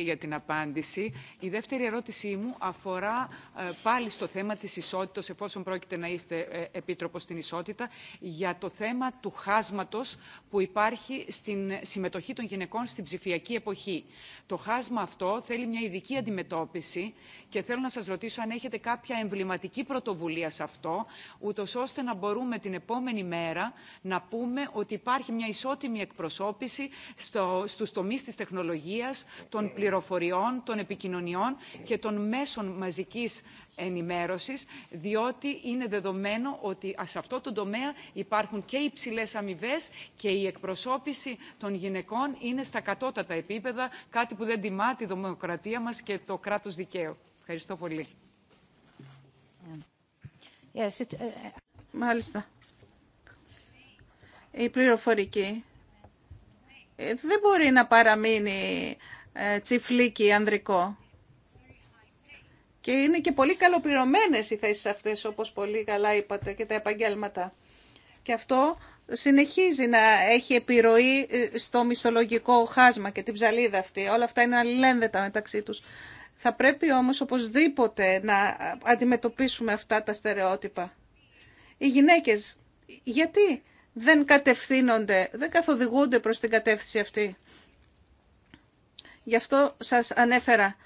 για την απάντηση. Η δεύτερη ερώτησή μου αφορά ε, πάλι στο θέμα της ισότητας, εφόσον πρόκειται να είστε ε, επίτροπος στην ισότητα, για το θέμα του χάσματος που υπάρχει στην συμμετοχή των γυναικών στην ψηφιακή εποχή. Το χάσμα αυτό θέλει μια ειδική αντιμετώπιση και θέλω να σας ρωτήσω αν έχετε κάποια εμβληματική πρωτοβουλία σε αυτό, ούτω ώστε να μπορούμε την επόμενη μέρα να πούμε ότι υπάρχει μια ισότιμη εκπροσώπηση στο, στους τομείς της τεχνολογίας, των πληροφοριών πληροφοριών, των επικοινωνιών και των μέσων μαζικής ενημέρωσης, διότι είναι δεδομένο ότι σε αυτό το τομέα υπάρχουν και υψηλέ αμοιβέ και η εκπροσώπηση των γυναικών είναι στα κατώτατα επίπεδα, κάτι που δεν τιμά τη δημοκρατία μας και το κράτος δικαίου. Ευχαριστώ πολύ. Yes, uh, uh, Μάλιστα. Η πληροφορική ε, δεν μπορεί να παραμείνει ε, τσιφλίκι ανδρικό. Και είναι και πολύ καλοπληρωμένες οι θέσεις αυτές, όπως πολύ καλά είπατε, και τα επαγγέλματα. Και αυτό συνεχίζει να έχει επιρροή ε, στο μισολογικό χάσμα και την ψαλίδα αυτή. Όλα αυτά είναι αλληλένδετα μεταξύ τους. Θα πρέπει όμως οπωσδήποτε να αντιμετωπίσουμε αυτά τα στερεότυπα. Οι γυναίκες γιατί δεν κατευθύνονται, δεν καθοδηγούνται προς την κατεύθυνση αυτή. Γι' αυτό σας ανέφερα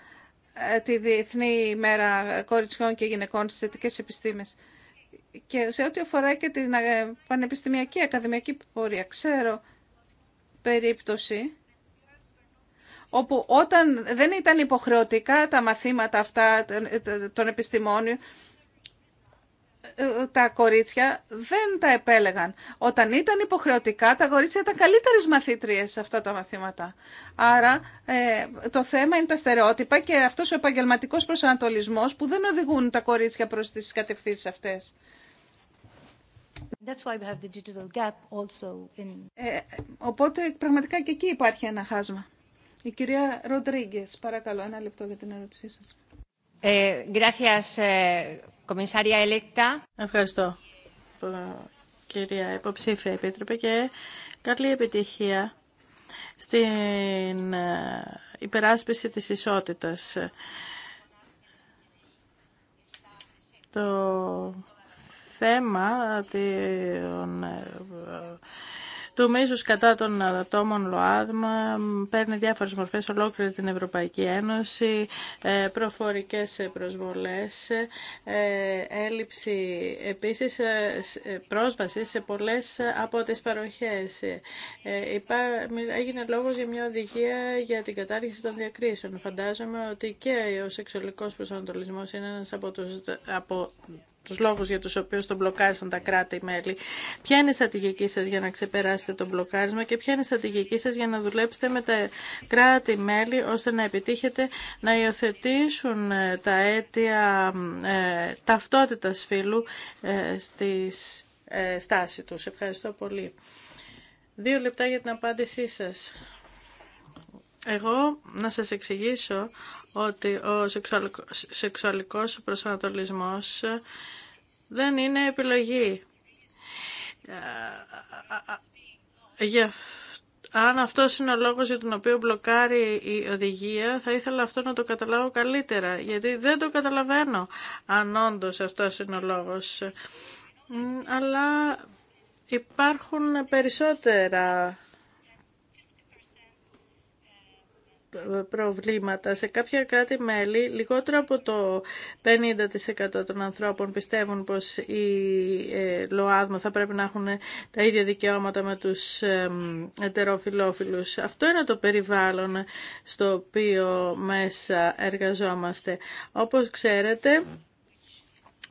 ε, τη Διεθνή ημέρα κοριτσιών και γυναικών στις θετικές επιστήμες. Και σε ό,τι αφορά και την ε, πανεπιστημιακή ακαδημιακή πορεία, ξέρω περίπτωση όπου όταν δεν ήταν υποχρεωτικά τα μαθήματα αυτά των ε, επιστημόνιων, ε, ε, τα κορίτσια δεν τα επέλεγαν. Όταν ήταν υποχρεωτικά, τα κορίτσια ήταν καλύτερες μαθήτριες σε αυτά τα μαθήματα. Άρα ε, το θέμα είναι τα στερεότυπα και αυτός ο επαγγελματικός προσανατολισμός που δεν οδηγούν τα κορίτσια προς τις κατευθύνσεις αυτές. That's why we have the digital gap also in... οπότε πραγματικά και εκεί υπάρχει ένα χάσμα. Η κυρία Ροντρίγκε, παρακαλώ, ένα λεπτό για την ερώτησή σας. Ε, gracias, Ελέκτα. Ευχαριστώ, κυρία υποψήφια επίτροπε και καλή επιτυχία στην ε, υπεράσπιση της ισότητας. Το θέμα των ε, του μίσου κατά των ατόμων ΛΟΑΔΜΑ, παίρνει διάφορες μορφές ολόκληρη την Ευρωπαϊκή Ένωση, ε, προφορικές προσβολές, ε, έλλειψη επίσης ε, πρόσβαση σε πολλές από τις παροχές. Έγινε λόγος για μια οδηγία για την κατάργηση των διακρίσεων. Φαντάζομαι ότι και ο σεξουαλικός προσανατολισμός είναι ένας από, τους, από τους λόγους για τους οποίους τον μπλοκάρισαν τα κράτη-μέλη. Ποια είναι η στρατηγική σας για να ξεπεράσετε τον μπλοκάρισμα και ποια είναι η στρατηγική σας για να δουλέψετε με τα κράτη-μέλη ώστε να επιτύχετε να υιοθετήσουν ε, τα αίτια ε, ταυτότητας φύλου ε, στη ε, στάση τους. Ευχαριστώ πολύ. Δύο λεπτά για την απάντησή σας. Εγώ να σας εξηγήσω ότι ο σεξουαλικός προσανατολισμός δεν είναι επιλογή. Αν αυτό είναι ο λόγος για τον οποίο μπλοκάρει η οδηγία, θα ήθελα αυτό να το καταλάβω καλύτερα, γιατί δεν το καταλαβαίνω αν όντω αυτό είναι ο λόγος. Αλλά υπάρχουν περισσότερα προβλήματα. Σε κάποια κράτη-μέλη, λιγότερο από το 50% των ανθρώπων πιστεύουν πως οι ε, ΛΟΑΔΜΑ θα πρέπει να έχουν τα ίδια δικαιώματα με τους ετεροφιλόφιλους. Αυτό είναι το περιβάλλον στο οποίο μέσα εργαζόμαστε. Όπως ξέρετε,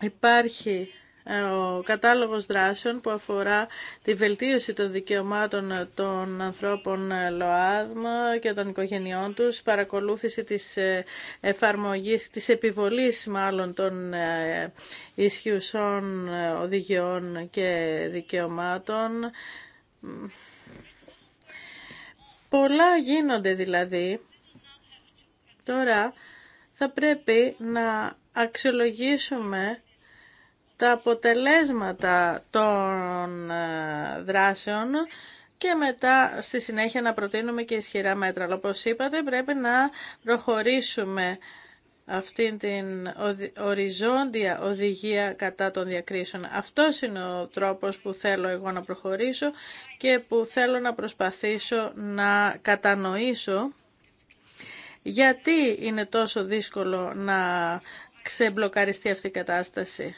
υπάρχει ε, ο κατάλογος δράσεων που αφορά τη βελτίωση των δικαιωμάτων των ανθρώπων ε, ΛΟΑΔΜ και των οικογενειών τους, παρακολούθηση της ε, εφαρμογής, της επιβολής μάλλον των ισχυουσών οδηγιών και δικαιωμάτων. Πολλά γίνονται δηλαδή. Τώρα θα πρέπει να αξιολογήσουμε τα αποτελέσματα των ε, δράσεων και μετά στη συνέχεια να προτείνουμε και ισχυρά μέτρα. Αλλά όπως είπατε πρέπει να προχωρήσουμε αυτή την οριζόντια οδηγία κατά των διακρίσεων. Αυτό είναι ο τρόπος που θέλω εγώ να προχωρήσω και που θέλω να προσπαθήσω να κατανοήσω γιατί είναι τόσο δύσκολο να ξεμπλοκαριστεί αυτή η κατάσταση.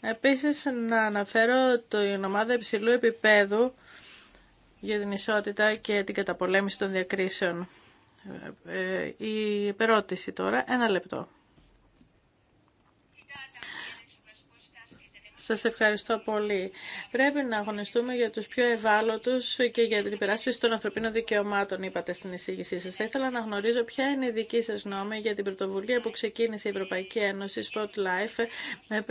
Επίσης να αναφέρω την ομάδα υψηλού επίπεδου για την ισότητα και την καταπολέμηση των διακρίσεων. Ε, ε, η υπερώτηση τώρα, ένα λεπτό. Σας ευχαριστώ πολύ. Πρέπει να αγωνιστούμε για τους πιο ευάλωτους και για την υπεράσπιση των ανθρωπίνων δικαιωμάτων, είπατε στην εισήγησή σας. Θα ήθελα να γνωρίζω ποια είναι η δική σας νόμη για την πρωτοβουλία που ξεκίνησε η Ευρωπαϊκή Ένωση Spot με 50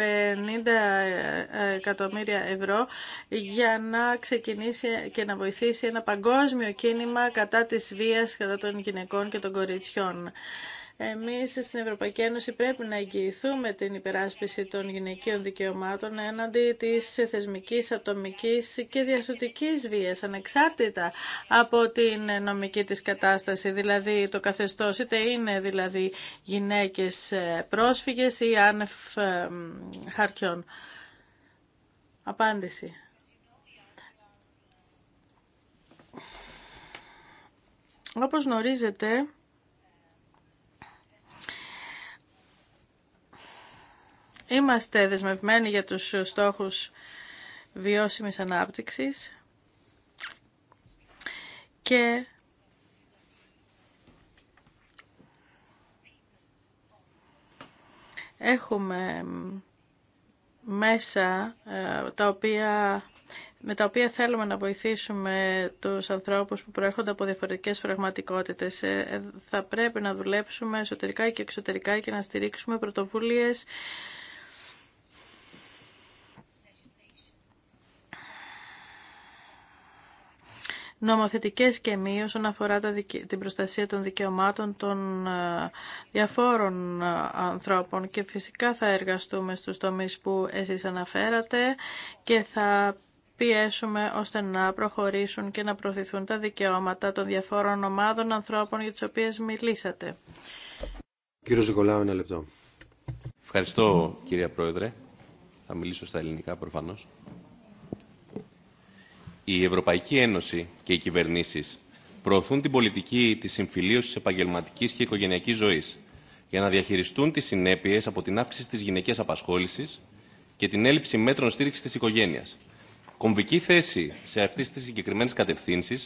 εκατομμύρια ευρώ για να ξεκινήσει και να βοηθήσει ένα παγκόσμιο κίνημα κατά της βίας κατά των γυναικών και των κοριτσιών. Εμείς στην Ευρωπαϊκή Ένωση πρέπει να εγγυηθούμε την υπεράσπιση των γυναικείων δικαιωμάτων έναντι της θεσμικής, ατομικής και διαθρωτικής βίας, ανεξάρτητα από την νομική της κατάσταση, δηλαδή το καθεστώς, είτε είναι δηλαδή γυναίκες ε, πρόσφυγες ή άνευ ε, χαρτιών. Απάντηση. Όπως γνωρίζετε, Είμαστε δεσμευμένοι για τους στόχους βιώσιμης ανάπτυξης και έχουμε μέσα ε, τα οποία, με τα οποία θέλουμε να βοηθήσουμε τους ανθρώπους που προέρχονται από διαφορετικές πραγματικότητες. Ε, ε, θα πρέπει να δουλέψουμε εσωτερικά και εξωτερικά και να στηρίξουμε πρωτοβουλίες νομοθετικές και μη όσον αφορά την προστασία των δικαιωμάτων των ε, διαφόρων ε, ανθρώπων και φυσικά θα εργαστούμε στους τομείς που εσείς αναφέρατε και θα πιέσουμε ώστε να προχωρήσουν και να προωθηθούν τα δικαιώματα των διαφόρων ομάδων ανθρώπων για τις οποίες μιλήσατε. Κύριος Νικολάου, ένα λεπτό. Ευχαριστώ, κυρία Πρόεδρε. Θα μιλήσω στα ελληνικά, προφανώς η Ευρωπαϊκή Ένωση και οι κυβερνήσει προωθούν την πολιτική τη συμφιλίωση επαγγελματική και οικογενειακή ζωή για να διαχειριστούν τι συνέπειε από την αύξηση τη γυναική απασχόληση και την έλλειψη μέτρων στήριξη τη οικογένεια. Κομβική θέση σε αυτέ τι συγκεκριμένε κατευθύνσει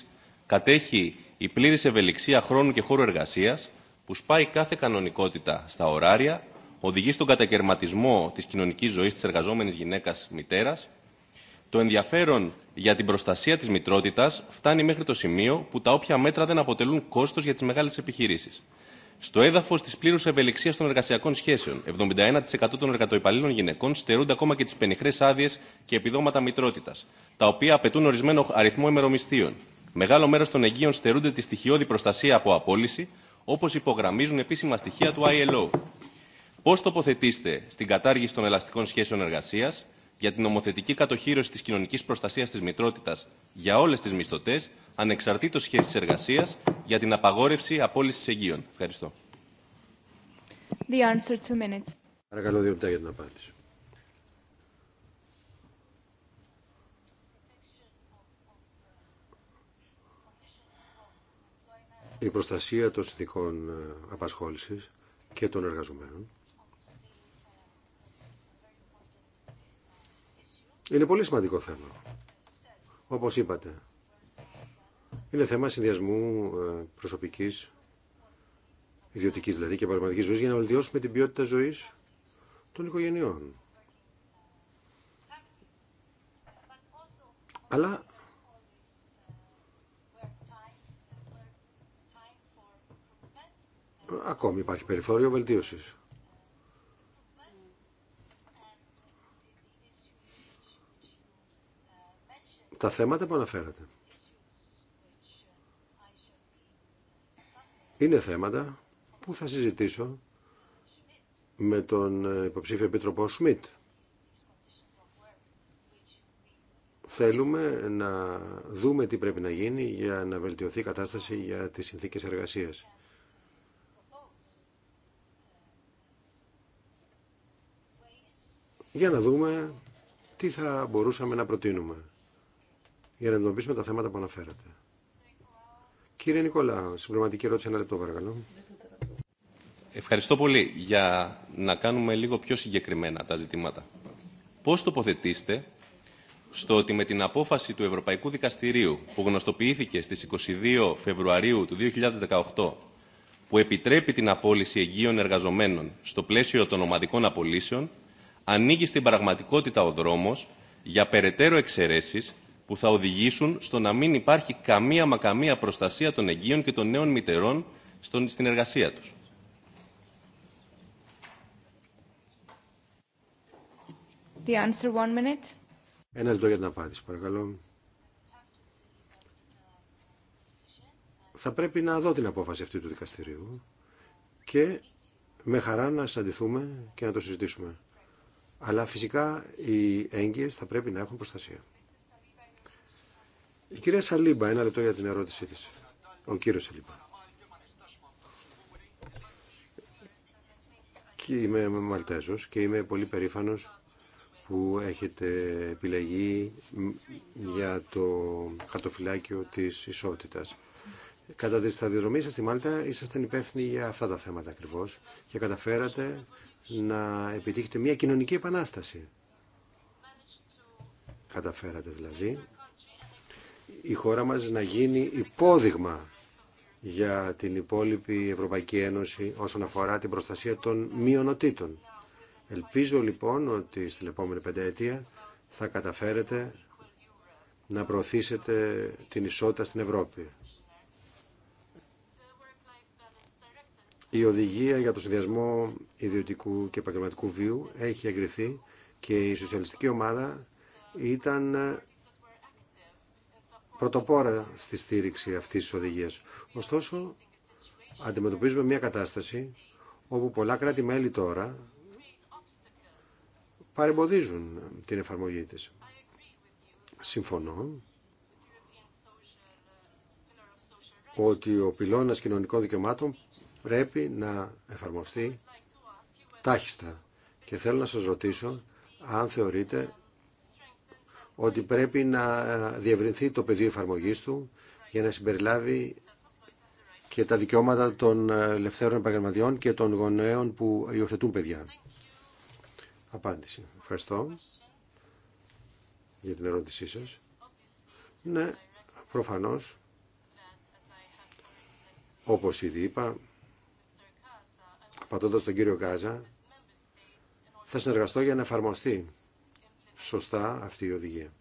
κατέχει η πλήρη ευελιξία χρόνου και χώρου εργασία που σπάει κάθε κανονικότητα στα ωράρια, οδηγεί στον κατακαιρματισμό τη κοινωνική ζωή τη εργαζόμενη γυναίκα μητέρα το ενδιαφέρον για την προστασία τη μητρότητα φτάνει μέχρι το σημείο που τα όποια μέτρα δεν αποτελούν κόστο για τι μεγάλε επιχειρήσει. Στο έδαφο τη πλήρου ευελιξία των εργασιακών σχέσεων, 71% των εργατοϊπαλλήλων γυναικών στερούνται ακόμα και τι πενιχρέ άδειε και επιδόματα μητρότητα, τα οποία απαιτούν ορισμένο αριθμό ημερομισθείων. Μεγάλο μέρο των εγγύων στερούνται τη στοιχειώδη προστασία από απόλυση, όπω υπογραμμίζουν επίσημα στοιχεία του ILO. Πώ τοποθετήστε στην κατάργηση των ελαστικών σχέσεων εργασία, για την νομοθετική κατοχήρωση τη κοινωνική προστασία τη μητρότητα για όλε τι μισθωτέ, ανεξαρτήτω σχέση εργασία, για την απαγόρευση απόλυση εγγύων. Ευχαριστώ. The answer, two minutes. Παρακαλώ δύο για την απάντηση. Η προστασία των συνθηκών ε, απασχόλησης και των εργαζομένων Είναι πολύ σημαντικό θέμα. Όπως είπατε. Είναι θέμα συνδυασμού ε, προσωπικής, ιδιωτικής δηλαδή και πραγματικής ζωής για να βελτιώσουμε την ποιότητα ζωής των οικογενειών. Αλλά ακόμη υπάρχει περιθώριο βελτίωσης. τα θέματα που αναφέρατε. Είναι θέματα που θα συζητήσω με τον ε, υποψήφιο επίτροπο Σμιτ. Θέλουμε να δούμε τι πρέπει να γίνει για να βελτιωθεί η κατάσταση για τις συνθήκες εργασίας. Για να δούμε τι θα μπορούσαμε να προτείνουμε για να εντοπίσουμε τα θέματα που αναφέρατε. Κύριε Νικολά, συμπληρωματική ερώτηση, ένα λεπτό παρακαλώ. Ευχαριστώ πολύ για να κάνουμε λίγο πιο συγκεκριμένα τα ζητήματα. Πώς τοποθετήστε στο ότι με την απόφαση του Ευρωπαϊκού Δικαστηρίου που γνωστοποιήθηκε στις 22 Φεβρουαρίου του 2018 που επιτρέπει την απόλυση εγγύων εργαζομένων στο πλαίσιο των ομαδικών απολύσεων ανοίγει στην πραγματικότητα ο δρόμος για περαιτέρω εξαιρέσεις που θα οδηγήσουν στο να μην υπάρχει καμία μα καμία προστασία των εγγύων και των νέων μητερών στον, στην εργασία τους. The answer, one minute. Ένα λεπτό για την απάντηση, παρακαλώ. Θα πρέπει να δω την απόφαση αυτή του δικαστηρίου και με χαρά να συναντηθούμε και να το συζητήσουμε. Αλλά φυσικά οι έγκυες θα πρέπει να έχουν προστασία. Η κυρία Σαλίμπα, ένα λεπτό για την ερώτησή της. Ο κύριος Σαλίμπα. Και είμαι Μαλτέζος και είμαι πολύ περήφανος που έχετε επιλεγεί για το χαρτοφυλάκιο της ισότητας. Κατά τη σταδιοδρομή σας στη Μάλτα ήσασταν υπεύθυνοι για αυτά τα θέματα ακριβώς και καταφέρατε να επιτύχετε μια κοινωνική επανάσταση. Καταφέρατε δηλαδή η χώρα μας να γίνει υπόδειγμα για την υπόλοιπη Ευρωπαϊκή Ένωση όσον αφορά την προστασία των μειονοτήτων. Ελπίζω λοιπόν ότι στην επόμενη πενταετία θα καταφέρετε να προωθήσετε την ισότητα στην Ευρώπη. Η οδηγία για το συνδυασμό ιδιωτικού και επαγγελματικού βίου έχει εγκριθεί και η σοσιαλιστική ομάδα ήταν πρωτοπόρα στη στήριξη αυτής τη οδηγίας. Ωστόσο, αντιμετωπίζουμε μια κατάσταση όπου πολλά κράτη-μέλη τώρα παρεμποδίζουν την εφαρμογή της. Συμφωνώ ότι ο πυλώνας κοινωνικών δικαιωμάτων πρέπει να εφαρμοστεί τάχιστα. Και θέλω να σας ρωτήσω αν θεωρείτε ότι πρέπει να ε, διευρυνθεί το πεδίο εφαρμογής του για να συμπεριλάβει και τα δικαιώματα των ε, ελευθέρων επαγγελματιών και των γονέων που υιοθετούν παιδιά. Απάντηση. Ευχαριστώ για την ερώτησή σας. Ναι, προφανώς, όπως ήδη είπα, απαντώντας τον κύριο Κάζα, θα συνεργαστώ για να εφαρμοστεί σωστά αυτή η οδηγία.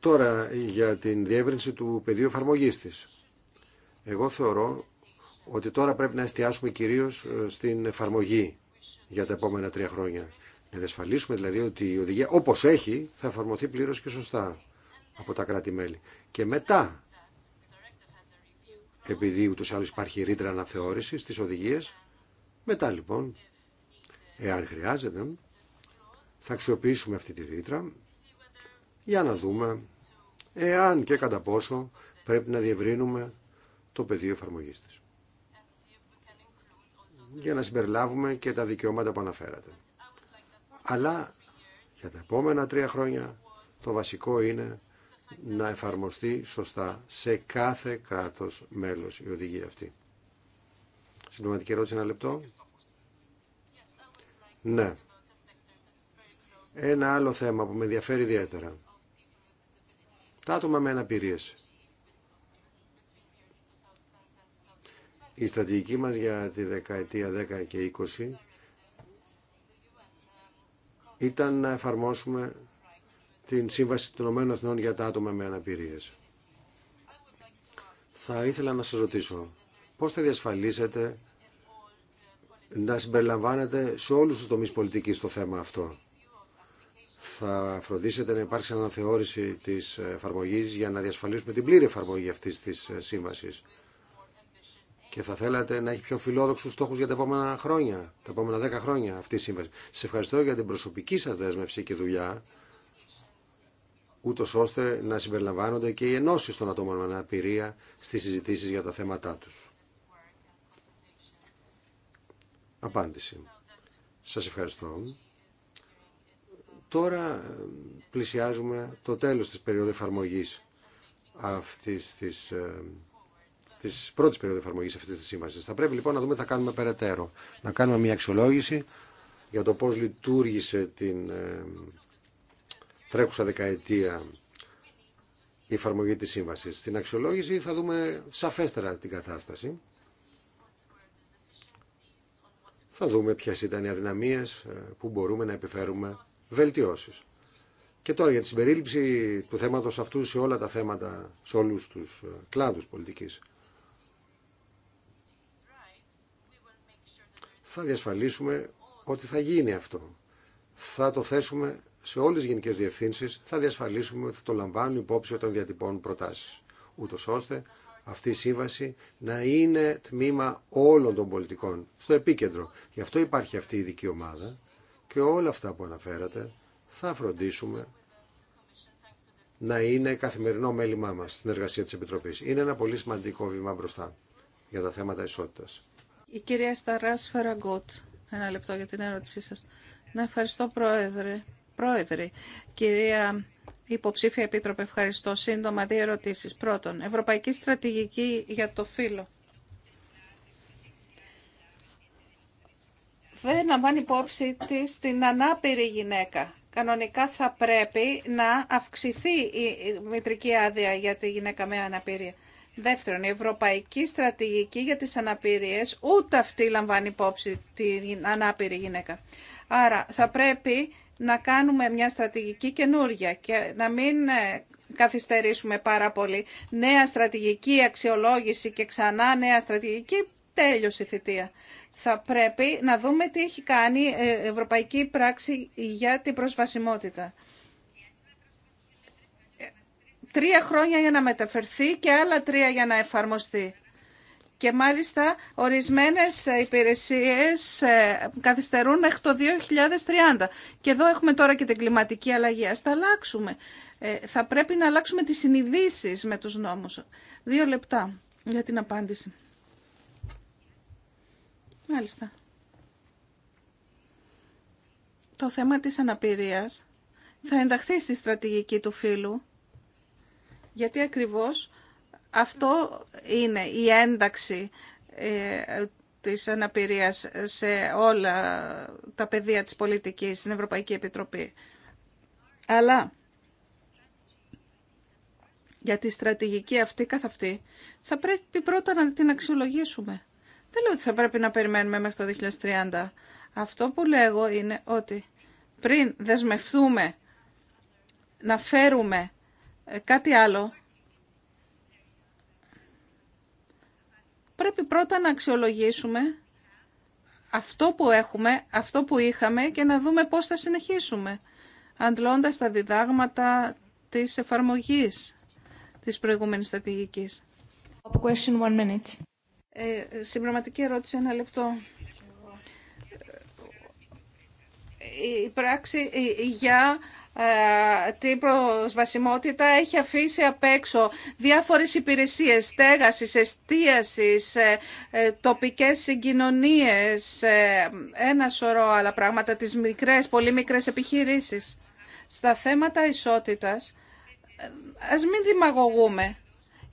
Τώρα για την διεύρυνση του πεδίου εφαρμογή τη. Εγώ θεωρώ ότι τώρα πρέπει να εστιάσουμε κυρίως ε, στην εφαρμογή για τα επόμενα τρία χρόνια. Να διασφαλίσουμε δηλαδή ότι η οδηγία όπως έχει θα εφαρμοθεί πλήρως και σωστά από τα κράτη-μέλη. Και μετά, επειδή ούτω ή άλλω υπάρχει ρήτρα αναθεώρηση τη οδηγίες, μετά λοιπόν, εάν χρειάζεται, θα αξιοποιήσουμε αυτή τη ρήτρα για να δούμε εάν και κατά πόσο πρέπει να διευρύνουμε το πεδίο εφαρμογής της. Για να συμπεριλάβουμε και τα δικαιώματα που αναφέρατε. Αλλά για τα επόμενα τρία χρόνια το βασικό είναι να εφαρμοστεί σωστά σε κάθε κράτος μέλος η οδηγία αυτή. Συμπληρωματική ερώτηση, ένα λεπτό. Ναι. Ένα άλλο θέμα που με ενδιαφέρει ιδιαίτερα. Τα άτομα με αναπηρίες. Η στρατηγική μας για τη δεκαετία 10 και 20 ήταν να εφαρμόσουμε την Σύμβαση των Ηνωμένων για τα άτομα με αναπηρίες. Θα ήθελα να σας ρωτήσω, Πώς θα διασφαλίσετε να συμπεριλαμβάνετε σε όλους τους τομείς πολιτικής το θέμα αυτό. Θα φροντίσετε να υπάρξει αναθεώρηση της εφαρμογή για να διασφαλίσουμε την πλήρη εφαρμογή αυτής της ε, σύμβασης. Και θα θέλατε να έχει πιο φιλόδοξου στόχου για τα επόμενα χρόνια, τα επόμενα δέκα χρόνια αυτή η σύμβαση. Σε ευχαριστώ για την προσωπική σα δέσμευση και δουλειά, ούτω ώστε να συμπεριλαμβάνονται και οι ενώσει των ατόμων με αναπηρία στι συζητήσει για τα θέματά του. απάντηση. Σας ευχαριστώ. Τώρα ε, πλησιάζουμε το τέλος της περίοδου εφαρμογή αυτής της, ε, της πρώτης περίοδου εφαρμογή αυτής της σύμβασης. Θα πρέπει λοιπόν να δούμε τι θα κάνουμε περαιτέρω. Να κάνουμε μια αξιολόγηση για το πώς λειτουργήσε την ε, τρέχουσα δεκαετία η εφαρμογή της σύμβασης. Στην αξιολόγηση θα δούμε σαφέστερα την κατάσταση θα δούμε ποιες ήταν οι αδυναμίες ε, που μπορούμε να επιφέρουμε βελτιώσεις. Και τώρα για τη συμπερίληψη του θέματος αυτού σε όλα τα θέματα, σε όλους τους ε, κλάδους πολιτικής. Θα διασφαλίσουμε ότι θα γίνει αυτό. Θα το θέσουμε σε όλες τις γενικές διευθύνσεις, θα διασφαλίσουμε ότι θα το λαμβάνουν υπόψη όταν διατυπώνουν προτάσεις. Ούτως ώστε αυτή η σύμβαση να είναι τμήμα όλων των πολιτικών, στο επίκεντρο. Γι' αυτό υπάρχει αυτή η ειδική ομάδα και όλα αυτά που αναφέρατε θα φροντίσουμε να είναι καθημερινό μέλημά μας στην εργασία της Επιτροπής. Είναι ένα πολύ σημαντικό βήμα μπροστά για τα θέματα ισότητα. Η κυρία Σταρά Φεραγκότ, ένα λεπτό για την ερώτησή σα. Να ευχαριστώ Πρόεδρε. Πρόεδρε, κυρία Υποψήφια Επίτροπε, ευχαριστώ. Σύντομα δύο ερωτήσει. Πρώτον, Ευρωπαϊκή Στρατηγική για το Φύλλο. Δεν λαμβάνει υπόψη τη την ανάπηρη γυναίκα. Κανονικά θα πρέπει να αυξηθεί η μητρική άδεια για τη γυναίκα με αναπηρία. Δεύτερον, η Ευρωπαϊκή Στρατηγική για τις Αναπηρίες ούτε αυτή λαμβάνει υπόψη την ανάπηρη γυναίκα. Άρα θα πρέπει να κάνουμε μια στρατηγική καινούργια και να μην ε, καθυστερήσουμε πάρα πολύ. Νέα στρατηγική αξιολόγηση και ξανά νέα στρατηγική, τέλειωσε η θητεία. Θα πρέπει να δούμε τι έχει κάνει η ε, Ευρωπαϊκή Πράξη για την προσβασιμότητα. Ε, τρία χρόνια για να μεταφερθεί και άλλα τρία για να εφαρμοστεί και μάλιστα ορισμένες υπηρεσίες ε, καθυστερούν μέχρι το 2030. Και εδώ έχουμε τώρα και την κλιματική αλλαγή. Ας τα αλλάξουμε. Ε, θα πρέπει να αλλάξουμε τις συνειδήσεις με τους νόμους. Δύο λεπτά για την απάντηση. Μάλιστα. Το θέμα της αναπηρίας θα ενταχθεί στη στρατηγική του φίλου. γιατί ακριβώς αυτό είναι η ένταξη ε, της αναπηρίας σε όλα τα πεδία της πολιτικής στην Ευρωπαϊκή Επιτροπή. Αλλά για τη στρατηγική αυτή καθ' αυτή θα πρέπει πρώτα να την αξιολογήσουμε. Δεν λέω ότι θα πρέπει να περιμένουμε μέχρι το 2030. Αυτό που λέγω είναι ότι πριν δεσμευτούμε να φέρουμε κάτι άλλο, πρέπει πρώτα να αξιολογήσουμε αυτό που έχουμε, αυτό που είχαμε και να δούμε πώς θα συνεχίσουμε, αντλώντας τα διδάγματα της εφαρμογής της προηγούμενης στρατηγικής. Question, one minute. Ε, ερώτηση, ένα λεπτό. Η πράξη για ε, την προσβασιμότητα έχει αφήσει απ' έξω διάφορες υπηρεσίες στέγασης, εστίασης, ε, ε, τοπικές συγκοινωνίες, ένα σωρό άλλα πράγματα, τις μικρές, πολύ μικρές επιχειρήσεις. Στα θέματα ισότητας, ας μην δημαγωγούμε,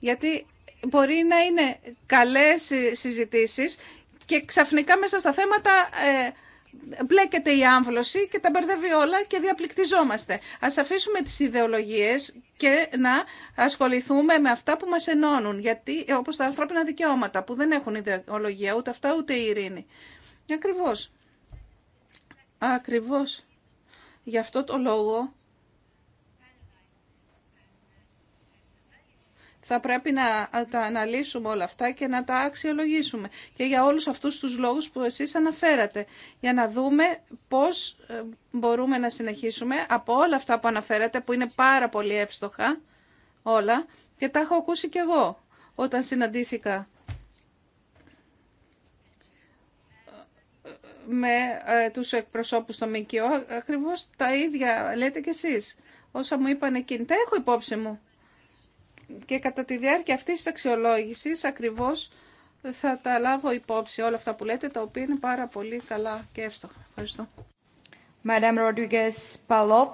γιατί μπορεί να είναι καλές συζητήσεις και ξαφνικά μέσα στα θέματα μπλέκεται η άμβλωση και τα μπερδεύει όλα και διαπληκτιζόμαστε. Ας αφήσουμε τις ιδεολογίες και να ασχοληθούμε με αυτά που μας ενώνουν, γιατί, όπως τα ανθρώπινα δικαιώματα που δεν έχουν ιδεολογία, ούτε αυτά ούτε η ειρήνη. Ακριβώς. Ακριβώς. Γι' αυτό το λόγο Θα πρέπει να τα αναλύσουμε όλα αυτά και να τα αξιολογήσουμε. Και για όλους αυτούς τους λόγους που εσείς αναφέρατε, για να δούμε πώς ε, μπορούμε να συνεχίσουμε από όλα αυτά που αναφέρατε, που είναι πάρα πολύ εύστοχα όλα, και τα έχω ακούσει κι εγώ όταν συναντήθηκα ε, με ε, τους εκπροσώπους στο ΜΚΟ, ακριβώς τα ίδια λέτε κι εσείς. Όσα μου είπαν εκείνη, τα έχω υπόψη μου. Και κατά τη διάρκεια αυτής της αξιολόγησης ακριβώς θα τα λάβω υπόψη όλα αυτά που λέτε, τα οποία είναι πάρα πολύ καλά και εύστοχα. Ευχαριστώ. Madame Rodriguez Palop.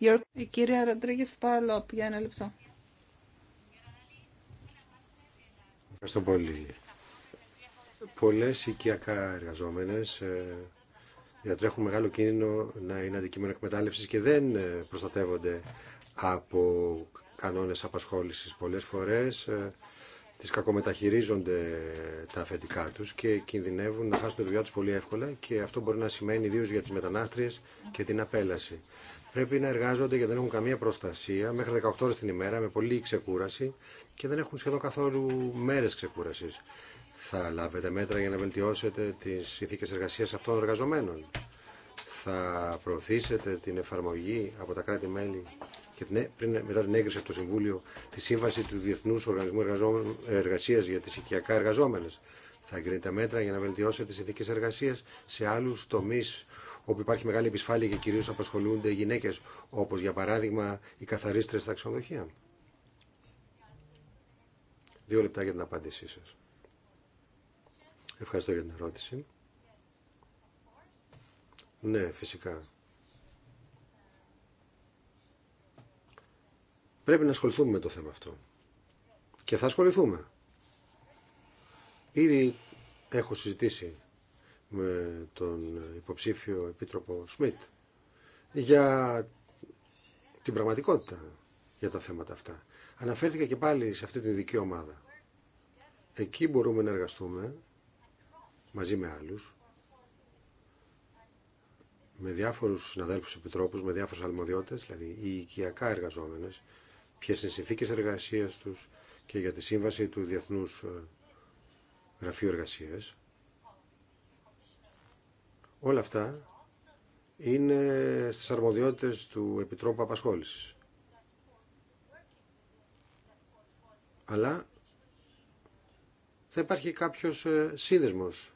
Your... Η κυρία Ροντρίγκεθ Παλόπ, για ένα λεπτό. Ευχαριστώ πολύ. Πολλές οικιακά εργαζόμενες ε, διατρέχουν μεγάλο κίνδυνο να είναι αντικείμενο εκμετάλλευση και δεν ε, προστατεύονται από κανόνες απασχόλησης. Πολλές φορές ε, τις κακομεταχειρίζονται τα αφεντικά τους και κινδυνεύουν να χάσουν τη δουλειά τους πολύ εύκολα και αυτό μπορεί να σημαίνει ιδίω για τις μετανάστριες και την απέλαση. Πρέπει να εργάζονται γιατί δεν έχουν καμία προστασία μέχρι 18 ώρες την ημέρα με πολύ ξεκούραση και δεν έχουν σχεδόν καθόλου μέρες ξεκούρασης. Θα λάβετε μέτρα για να βελτιώσετε τις ηθίκες εργασίας αυτών των εργαζομένων. Θα προωθήσετε την εφαρμογή από τα κράτη-μέλη και ναι, πριν, μετά την έγκριση από το Συμβούλιο τη σύμβαση του Διεθνού Οργανισμού Εργασία για τι οικιακά εργαζόμενε. Θα εγκρίνετε μέτρα για να βελτιώσετε τι ειδικές εργασία σε άλλου τομεί όπου υπάρχει μεγάλη επισφάλεια και κυρίω απασχολούνται οι γυναίκε, όπω για παράδειγμα οι καθαρίστρε στα ξενοδοχεία. Δύο λεπτά για την απάντησή σα. Ευχαριστώ για την ερώτηση. Ναι, φυσικά. Πρέπει να ασχοληθούμε με το θέμα αυτό. Και θα ασχοληθούμε. Ήδη έχω συζητήσει με τον υποψήφιο επίτροπο Σμιτ για την πραγματικότητα για τα θέματα αυτά. Αναφέρθηκα και πάλι σε αυτή την ειδική ομάδα. Εκεί μπορούμε να εργαστούμε μαζί με άλλους, με διάφορους συναδέλφους επιτρόπους, με διάφορους αλμοδιώτες, δηλαδή οι οικιακά εργαζόμενες, ποιες είναι οι συνθήκες εργασίας τους και για τη σύμβαση του Διεθνούς ε, Γραφείου Εργασίας. Όλα αυτά είναι στις αρμοδιότητες του Επιτρόπου Απασχόλησης. Αλλά θα υπάρχει κάποιος ε, σύνδεσμος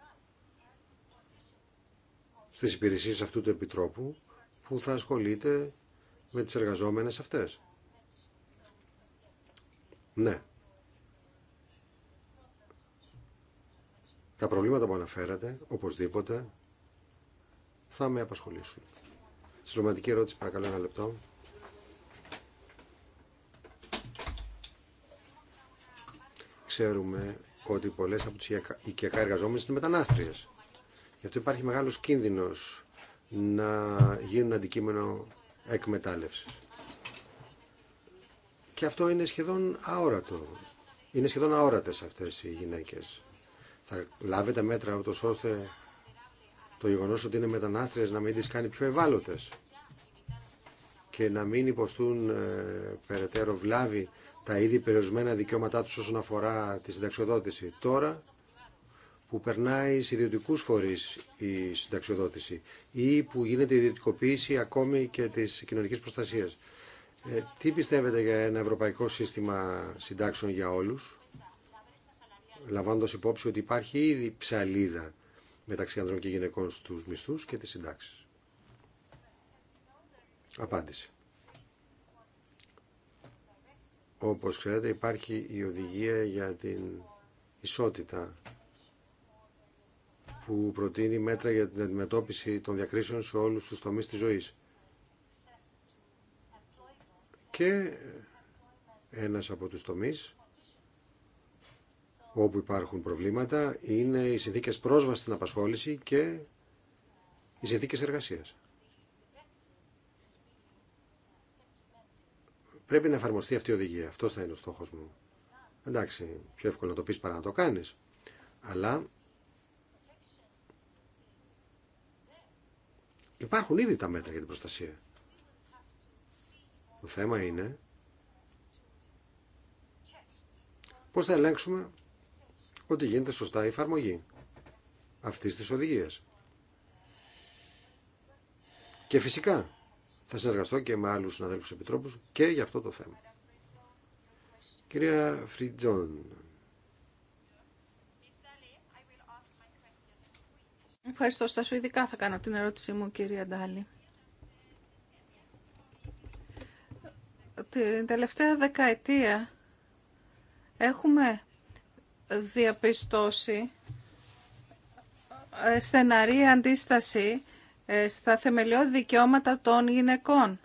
στις υπηρεσίες αυτού του Επιτρόπου που θα ασχολείται με τις εργαζόμενες αυτές. Ναι. Τα προβλήματα που αναφέρατε, οπωσδήποτε, θα με απασχολήσουν. Συλλογματική ερώτηση, παρακαλώ ένα λεπτό. Ξέρουμε ότι πολλές από τις οικιακά εργαζόμενες είναι μετανάστριες. Γι' αυτό υπάρχει μεγάλος κίνδυνος να γίνουν αντικείμενο εκμετάλλευσης και αυτό είναι σχεδόν αόρατο. Είναι σχεδόν αόρατες αυτές οι γυναίκες. Θα λάβετε μέτρα ούτως ώστε το γεγονό ότι είναι μετανάστριες να μην τις κάνει πιο ευάλωτες και να μην υποστούν ε, περαιτέρω βλάβη τα ήδη περιορισμένα δικαιώματά τους όσον αφορά τη συνταξιοδότηση. Τώρα που περνάει σε ιδιωτικούς φορείς η συνταξιοδότηση ή που γίνεται η που γινεται ακόμη και της κοινωνικής προστασίας. Ε, τι πιστεύετε για ένα ευρωπαϊκό σύστημα συντάξεων για όλους, λαμβάνοντας υπόψη ότι υπάρχει ήδη ψαλίδα μεταξύ ανδρών και γυναικών στους μισθούς και τις συντάξεις. Απάντηση. Όπως ξέρετε υπάρχει η οδηγία για την ισότητα που προτείνει μέτρα για την αντιμετώπιση των διακρίσεων σε όλους τους τομείς της ζωής και ένας από τους τομείς όπου υπάρχουν προβλήματα είναι οι συνθήκες πρόσβασης στην απασχόληση και οι συνθήκες εργασίας. Πρέπει να εφαρμοστεί αυτή η οδηγία. Αυτό θα είναι ο στόχος μου. Εντάξει, πιο εύκολο να το πεις παρά να το κάνεις. Αλλά υπάρχουν ήδη τα μέτρα για την προστασία. Το θέμα είναι πώς θα ελέγξουμε ότι γίνεται σωστά η εφαρμογή αυτής της οδηγίας. Και φυσικά θα συνεργαστώ και με άλλους συναδέλφους επιτρόπους και για αυτό το θέμα. Κυρία Φριτζόν. Ευχαριστώ. Στα ειδικά θα κάνω την ερώτησή μου, κυρία Ντάλη. την τελευταία δεκαετία έχουμε διαπιστώσει ε, στεναρή αντίσταση ε, στα θεμελιώδη δικαιώματα των γυναικών.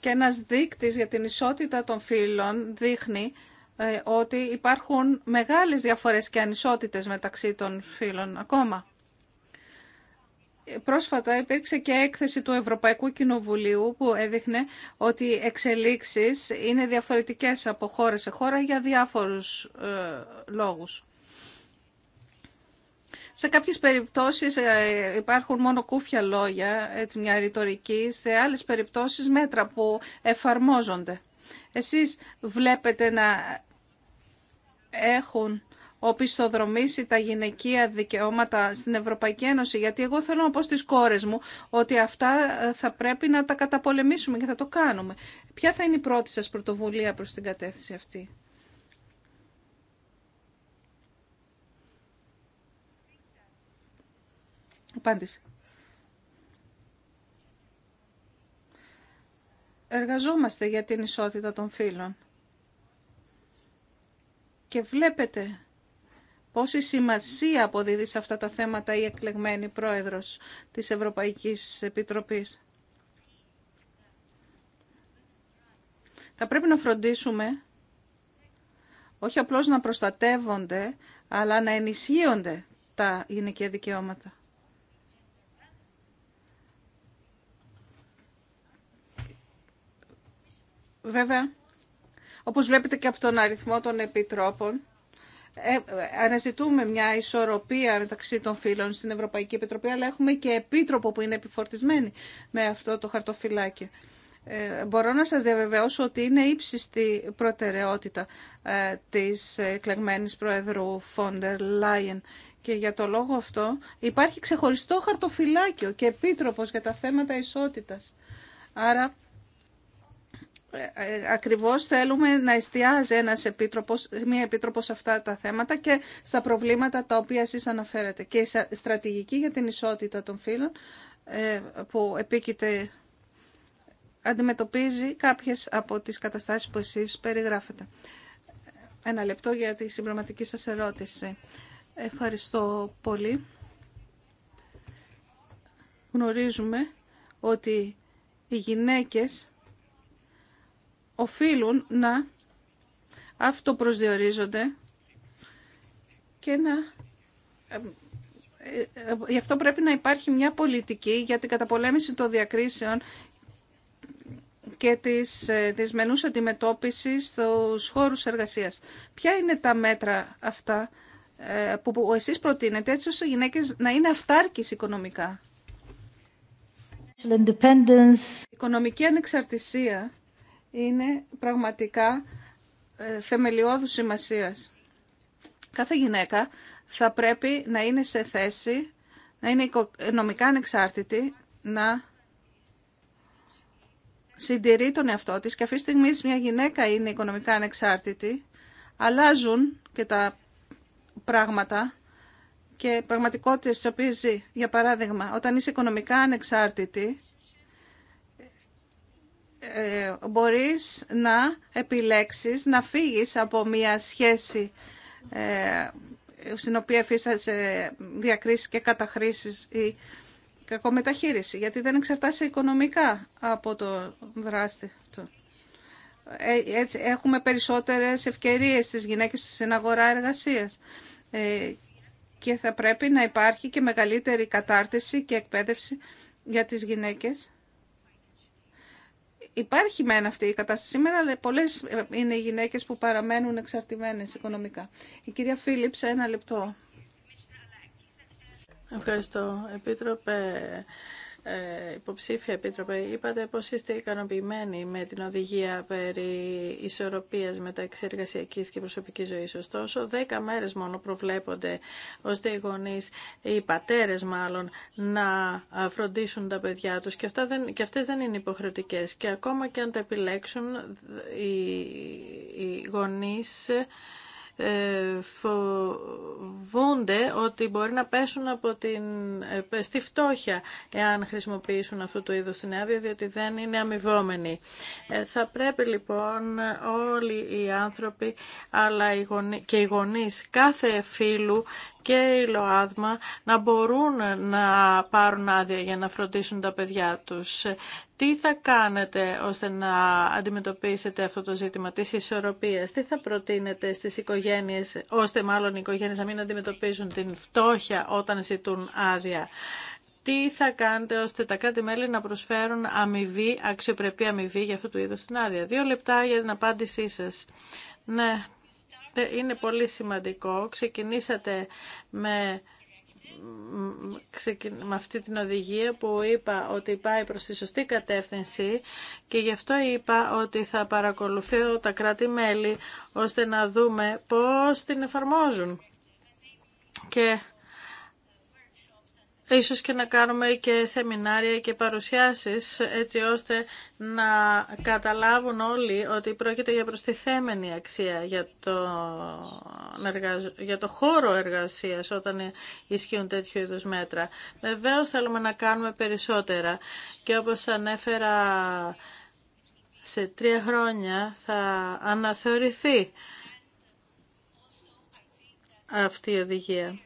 Και ένας δείκτης για την ισότητα των φύλων δείχνει ε, ότι υπάρχουν μεγάλες διαφορές και ανισότητες μεταξύ των φύλων ακόμα. Πρόσφατα υπήρξε και έκθεση του Ευρωπαϊκού Κοινοβουλίου που έδειχνε ότι οι εξελίξεις είναι διαφορετικές από χώρα σε χώρα για διάφορους ε, λόγους. Σε κάποιες περιπτώσεις ε, υπάρχουν μόνο κούφια λόγια, έτσι μια ρητορική, σε άλλες περιπτώσεις μέτρα που εφαρμόζονται. Εσείς βλέπετε να έχουν οπισθοδρομήσει τα γυναικεία δικαιώματα στην Ευρωπαϊκή Ένωση. Γιατί εγώ θέλω να πω στι κόρες μου ότι αυτά ε, θα πρέπει να τα καταπολεμήσουμε και θα το κάνουμε. Ποια θα είναι η πρώτη σας πρωτοβουλία προς την κατεύθυνση αυτή. Απάντηση. Εργαζόμαστε για την ισότητα των φύλων. Και βλέπετε πόση σημασία αποδίδει σε αυτά τα θέματα η εκλεγμένη πρόεδρος της Ευρωπαϊκής Επιτροπής. Θα πρέπει να φροντίσουμε όχι απλώς να προστατεύονται, αλλά να ενισχύονται τα γυναικεία δικαιώματα. Βέβαια, όπως βλέπετε και από τον αριθμό των επιτρόπων, ε, ε, αναζητούμε μια ισορροπία μεταξύ των φύλων στην Ευρωπαϊκή Επιτροπή, αλλά έχουμε και επίτροπο που είναι επιφορτισμένη με αυτό το χαρτοφυλάκι. Ε, μπορώ να σας διαβεβαιώσω ότι είναι ύψιστη προτεραιότητα της εκλεγμένης Προεδρού Φόντερ Λάιεν και για το λόγο αυτό υπάρχει ξεχωριστό χαρτοφυλάκιο και επίτροπος για τα θέματα ισότητας. Άρα ε, ε, ακριβώς θέλουμε να εστιάζει ένας επίτροπος, μία επίτροπος σε αυτά τα θέματα και στα προβλήματα τα οποία εσείς αναφέρατε. Και η στρατηγική για την ισότητα των φύλων ε, που επίκειται αντιμετωπίζει κάποιες από τις καταστάσεις που εσείς περιγράφετε. Ένα λεπτό για τη συμπληρωματική σας ερώτηση. Ευχαριστώ πολύ. Γνωρίζουμε ότι οι γυναίκες οφείλουν να αυτοπροσδιορίζονται και να... Ε, ε, ε, γι' αυτό πρέπει να υπάρχει μια πολιτική για την καταπολέμηση των διακρίσεων και της δυσμενούς αντιμετώπισης στους χώρους εργασίας. Ποια είναι τα μέτρα αυτά που εσείς προτείνετε έτσι ώστε οι γυναίκες να είναι αυτάρκεις οικονομικά. Οικονομική ανεξαρτησία είναι πραγματικά ε, θεμελιώδους σημασίας. Κάθε γυναίκα θα πρέπει να είναι σε θέση, να είναι νομικά ανεξάρτητη, να συντηρεί τον εαυτό της και αυτή τη στιγμή μια γυναίκα είναι οικονομικά ανεξάρτητη, αλλάζουν και τα πράγματα και πραγματικότητες τις οποίες ζει. Για παράδειγμα, όταν είσαι οικονομικά ανεξάρτητη, ε, μπορείς να επιλέξεις να φύγεις από μια σχέση ε, στην οποία εφίστασε διακρίσεις και καταχρήσεις ή κακομεταχείριση, γιατί δεν εξαρτάσαι οικονομικά από το δράστη ε, Έτσι, έχουμε περισσότερες ευκαιρίες στις γυναίκες στην αγορά εργασίας και θα πρέπει να υπάρχει και μεγαλύτερη κατάρτιση και εκπαίδευση για τις γυναίκες Υπάρχει μεν αυτή η κατάσταση σήμερα, αλλά πολλέ ε, είναι οι γυναίκες που παραμένουν εξαρτημένες οικονομικά. Η κυρία Φίλιψ, ένα λεπτό. Ευχαριστώ. Επίτροπε, ε, υποψήφια επίτροπε, είπατε πως είστε ικανοποιημένοι με την οδηγία περί ισορροπίας μεταξύ εργασιακής και προσωπικής ζωής. Ωστόσο, δέκα μέρες μόνο προβλέπονται ώστε οι γονείς, οι πατέρες μάλλον, να φροντίσουν τα παιδιά τους και, αυτά δεν, και αυτές δεν είναι υποχρεωτικές. Και ακόμα και αν το επιλέξουν οι, οι γονείς ε, φοβούνται ότι μπορεί να πέσουν από την, ε, στη φτώχεια εάν χρησιμοποιήσουν αυτό το είδους την άδεια, διότι δεν είναι αμοιβόμενοι. Ε, θα πρέπει λοιπόν όλοι οι άνθρωποι αλλά και οι γονείς κάθε φίλου και η ΛΟΑΔΜΑ να μπορούν να πάρουν άδεια για να φροντίσουν τα παιδιά τους. Τι θα κάνετε ώστε να αντιμετωπίσετε αυτό το ζήτημα της ισορροπίας, τι θα προτείνετε στις οικογένειες, ώστε μάλλον οι οικογένειες να μην αντιμετωπίζουν την φτώχεια όταν ζητούν άδεια. Τι θα κάνετε ώστε τα κράτη-μέλη να προσφέρουν αμοιβή, αξιοπρεπή αμοιβή για αυτό του είδος την άδεια. Δύο λεπτά για την απάντησή σας. Ναι, ε, είναι πολύ σημαντικό. Ξεκινήσατε με με αυτή την οδηγία που είπα ότι πάει προς τη σωστή κατεύθυνση και γι' αυτό είπα ότι θα παρακολουθώ τα κράτη-μέλη ώστε να δούμε πώς την εφαρμόζουν. Και Ίσως και να κάνουμε και σεμινάρια και παρουσιάσεις έτσι ώστε να καταλάβουν όλοι ότι πρόκειται για προστιθέμενη αξία για το, για το χώρο εργασίας όταν ισχύουν τέτοιου είδους μέτρα. Βεβαίως θέλουμε να κάνουμε περισσότερα και όπως ανέφερα σε τρία χρόνια θα αναθεωρηθεί αυτή η οδηγία.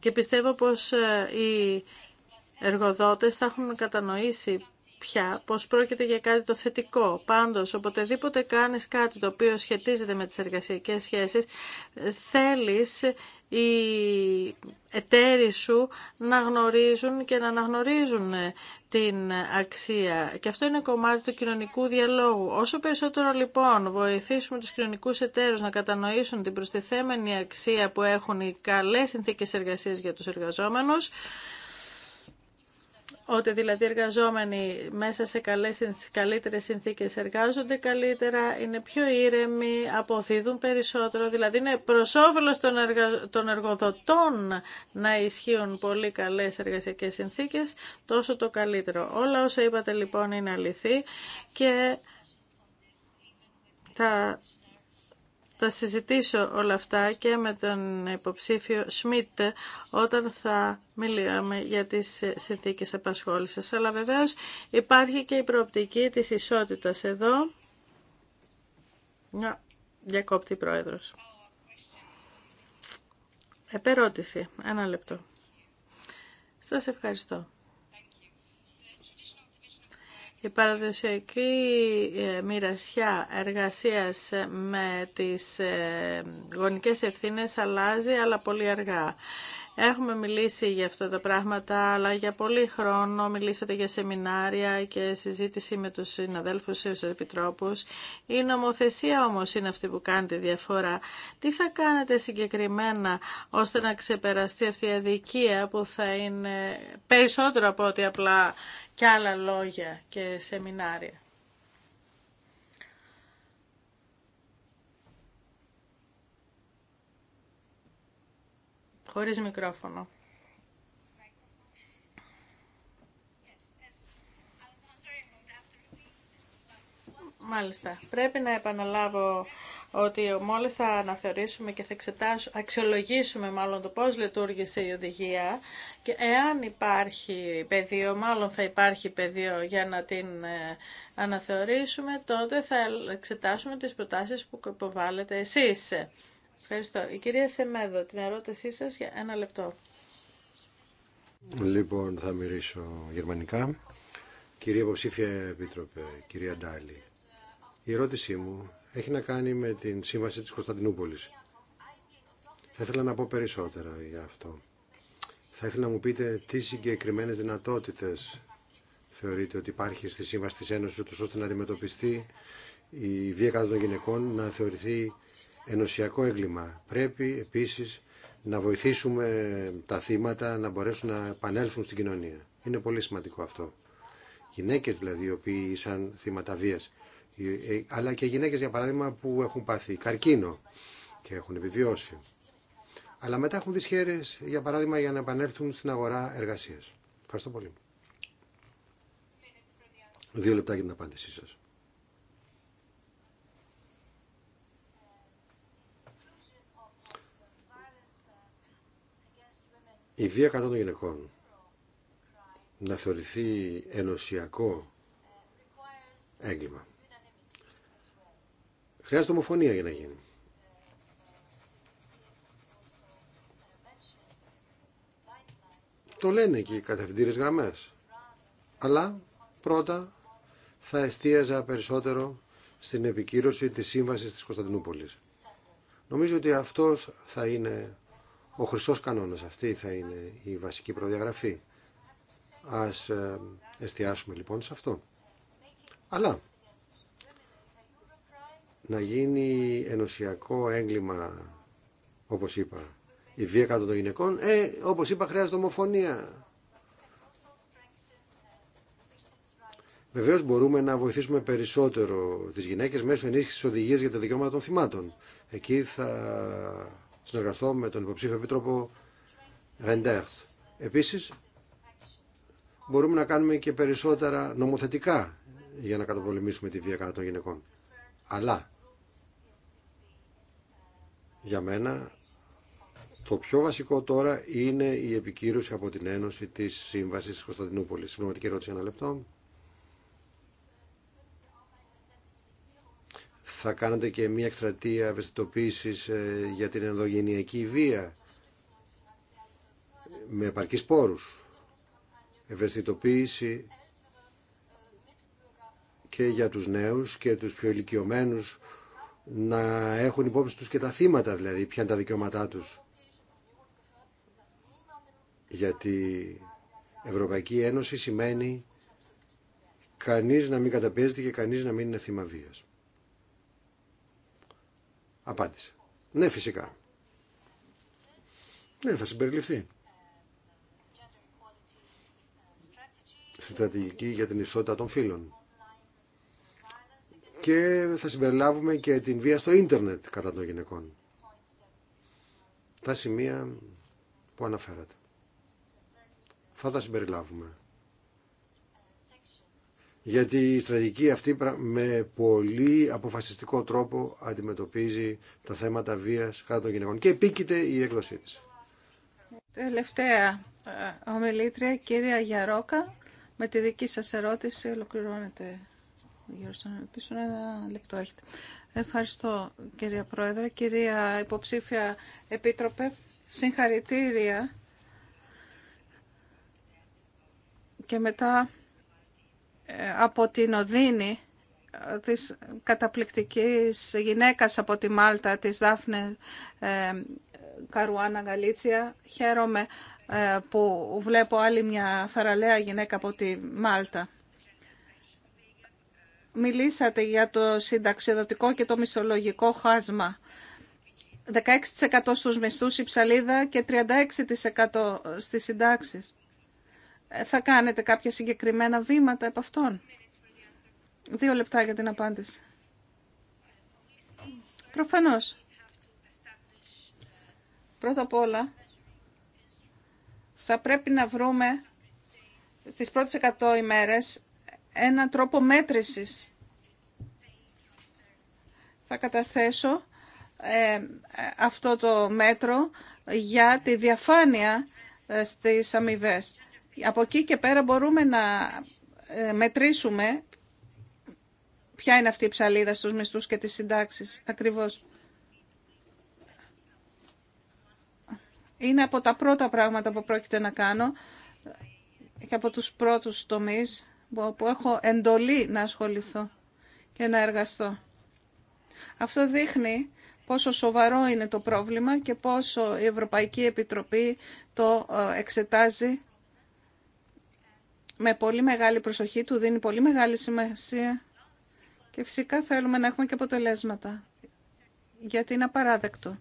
Και πιστεύω πως ε, οι εργοδότες θα έχουν κατανοήσει πια πως πρόκειται για κάτι το θετικό. Πάντως, οποτεδήποτε κάνεις κάτι το οποίο σχετίζεται με τις εργασιακές σχέσεις, θέλεις οι εταίροι σου να γνωρίζουν και να αναγνωρίζουν την αξία. Και αυτό είναι κομμάτι του κοινωνικού διαλόγου. Όσο περισσότερο λοιπόν βοηθήσουμε τους κοινωνικούς εταίρους να κατανοήσουν την προστιθέμενη αξία που έχουν οι καλές συνθήκες εργασίας για τους εργαζόμενους, ότι δηλαδή εργαζόμενοι μέσα σε καλές, καλύτερες συνθήκες εργάζονται καλύτερα, είναι πιο ήρεμοι, αποδίδουν περισσότερο, δηλαδή είναι προς όφελος των, εργοδοτών να ισχύουν πολύ καλές εργασιακές συνθήκες, τόσο το καλύτερο. Όλα όσα είπατε λοιπόν είναι αληθή και θα θα συζητήσω όλα αυτά και με τον υποψήφιο Σμιτ όταν θα μιλάμε για τις συνθήκες απασχόλησης. Αλλά βεβαίως υπάρχει και η προοπτική της ισότητας εδώ. Να, διακόπτη πρόεδρος. Επερώτηση. Ένα λεπτό. Σας ευχαριστώ. Η παραδοσιακή ε, μοιρασιά εργασίας ε, με τις ε, γονικές ευθύνες αλλάζει, αλλά πολύ αργά. Έχουμε μιλήσει για αυτά τα πράγματα, αλλά για πολύ χρόνο μιλήσατε για σεμινάρια και συζήτηση με τους συναδέλφους τους επιτρόπους. Η νομοθεσία όμως είναι αυτή που κάνει τη διαφορά. Τι θα κάνετε συγκεκριμένα ώστε να ξεπεραστεί αυτή η αδικία που θα είναι περισσότερο από ότι απλά και άλλα λόγια και σεμινάρια. Χωρίς μικρόφωνο. Μάλιστα. Πρέπει να επαναλάβω ότι μόλις θα αναθεωρήσουμε και θα εξετάσουμε, αξιολογήσουμε μάλλον το πώς λειτουργήσε η οδηγία και εάν υπάρχει πεδίο, μάλλον θα υπάρχει πεδίο για να την ε, αναθεωρήσουμε, τότε θα εξετάσουμε τις προτάσεις που υποβάλλετε εσείς. Ευχαριστώ. Η κυρία Σεμέδο, την ερώτησή σας για ένα λεπτό. Λοιπόν, θα μιλήσω γερμανικά. Κυρία Υποψήφια Επίτροπε, κυρία Ντάλη, η ερώτησή μου έχει να κάνει με την σύμβαση της Κωνσταντινούπολης. Θα ήθελα να πω περισσότερα για αυτό. Θα ήθελα να μου πείτε τι συγκεκριμένε δυνατότητε. θεωρείτε ότι υπάρχει στη Σύμβαση τη Ένωση, ώστε να αντιμετωπιστεί η βία κατά των γυναικών να θεωρηθεί ενωσιακό έγκλημα. Πρέπει επίση να βοηθήσουμε τα θύματα να μπορέσουν να επανέλθουν στην κοινωνία. Είναι πολύ σημαντικό αυτό. Γυναίκε δηλαδή οι οποίοι ήσαν θύματα βίας ε, ε, αλλά και γυναίκες για παράδειγμα που έχουν πάθει καρκίνο και έχουν επιβιώσει. Αλλά μετά έχουν χέρες, για παράδειγμα για να επανέλθουν στην αγορά εργασίας. Ευχαριστώ πολύ. Δύο λεπτά για την απάντησή σας. Η βία κατά των γυναικών να θεωρηθεί ενωσιακό έγκλημα Χρειάζεται ομοφωνία για να γίνει. Το λένε και οι κατευθυντήρες γραμμές. Αλλά πρώτα θα εστίαζα περισσότερο στην επικύρωση της σύμβασης της Κωνσταντινούπολης. Νομίζω ότι αυτός θα είναι ο χρυσός κανόνας, αυτή θα είναι η βασική προδιαγραφή. Ας ε, εστιάσουμε λοιπόν σε αυτό. Αλλά να γίνει ενωσιακό έγκλημα, όπως είπα, η βία κάτω των γυναικών, ε, όπως είπα, χρειάζεται ομοφωνία. Βεβαίως μπορούμε να βοηθήσουμε περισσότερο τις γυναίκες μέσω ενίσχυσης οδηγίες για τα δικαιώματα των θυμάτων. Εκεί θα συνεργαστώ με τον υποψήφιο επίτροπο Ρεντέρθ. Επίσης, μπορούμε να κάνουμε και περισσότερα νομοθετικά για να καταπολεμήσουμε τη βία κατά των γυναικών. Αλλά για μένα το πιο βασικό τώρα είναι η επικύρωση από την Ένωση της Σύμβασης της Κωνσταντινούπολης. Συμπληρωματική ερώτηση ένα λεπτό. Θα κάνετε και μια εκστρατεία ευαισθητοποίησης ε, για την ενδογενειακή βία με επαρκείς πόρους. Ευαισθητοποίηση και για τους νέους και τους πιο ηλικιωμένους να έχουν υπόψη τους και τα θύματα δηλαδή, ποια είναι τα δικαιώματά τους. Γιατί Ευρωπαϊκή Ένωση σημαίνει κανείς να μην καταπιέζεται και κανείς να μην είναι θύμα βίας. Απάντησε. Ναι, φυσικά. Ναι, θα συμπεριληφθεί. Στη στρατηγική για την ισότητα των φύλων και θα συμπεριλάβουμε και την βία στο ίντερνετ κατά των γυναικών. Τα σημεία που αναφέρατε. Θα τα συμπεριλάβουμε. Γιατί η στρατηγική αυτή με πολύ αποφασιστικό τρόπο αντιμετωπίζει τα θέματα βίας κατά των γυναικών και επίκειται η έκδοσή της. Τελευταία ε, ομιλήτρια, κυρία Γιαρόκα, με τη δική σας ερώτηση ολοκληρώνεται γύρω στον Ένα Ευχαριστώ κυρία Πρόεδρε. Κυρία Υποψήφια Επίτροπε, συγχαρητήρια. Και μετά ε, από την Οδύνη ε, της καταπληκτικής γυναίκας από τη Μάλτα, της Δάφνε ε, Καρουάνα Γαλίτσια. Χαίρομαι που βλέπω άλλη μια θαραλέα γυναίκα από τη Μάλτα. Μιλήσατε για το συνταξιοδοτικό και το μισολογικό χάσμα. 16% στους μισθούς η ψαλίδα και 36% στις συντάξεις. Ε, θα κάνετε κάποια συγκεκριμένα βήματα από αυτόν. Δύο λεπτά για την απάντηση. Προφανώς. Πρώτα απ' όλα, θα πρέπει να βρούμε στις πρώτες 100 ημέρες ένα τρόπο μέτρησης. Θα καταθέσω ε, αυτό το μέτρο για τη διαφάνεια ε, στις αμοιβέ. Από εκεί και πέρα μπορούμε να ε, μετρήσουμε ποια είναι αυτή η ψαλίδα στους μισθούς και τις συντάξεις ακριβώς. Είναι από τα πρώτα πράγματα που πρόκειται να κάνω και από τους πρώτους τομείς που έχω εντολή να ασχοληθώ και να εργαστώ. Αυτό δείχνει πόσο σοβαρό είναι το πρόβλημα και πόσο η Ευρωπαϊκή Επιτροπή το ε, εξετάζει με πολύ μεγάλη προσοχή, του δίνει πολύ μεγάλη σημασία και φυσικά θέλουμε να έχουμε και αποτελέσματα. Γιατί είναι απαράδεκτο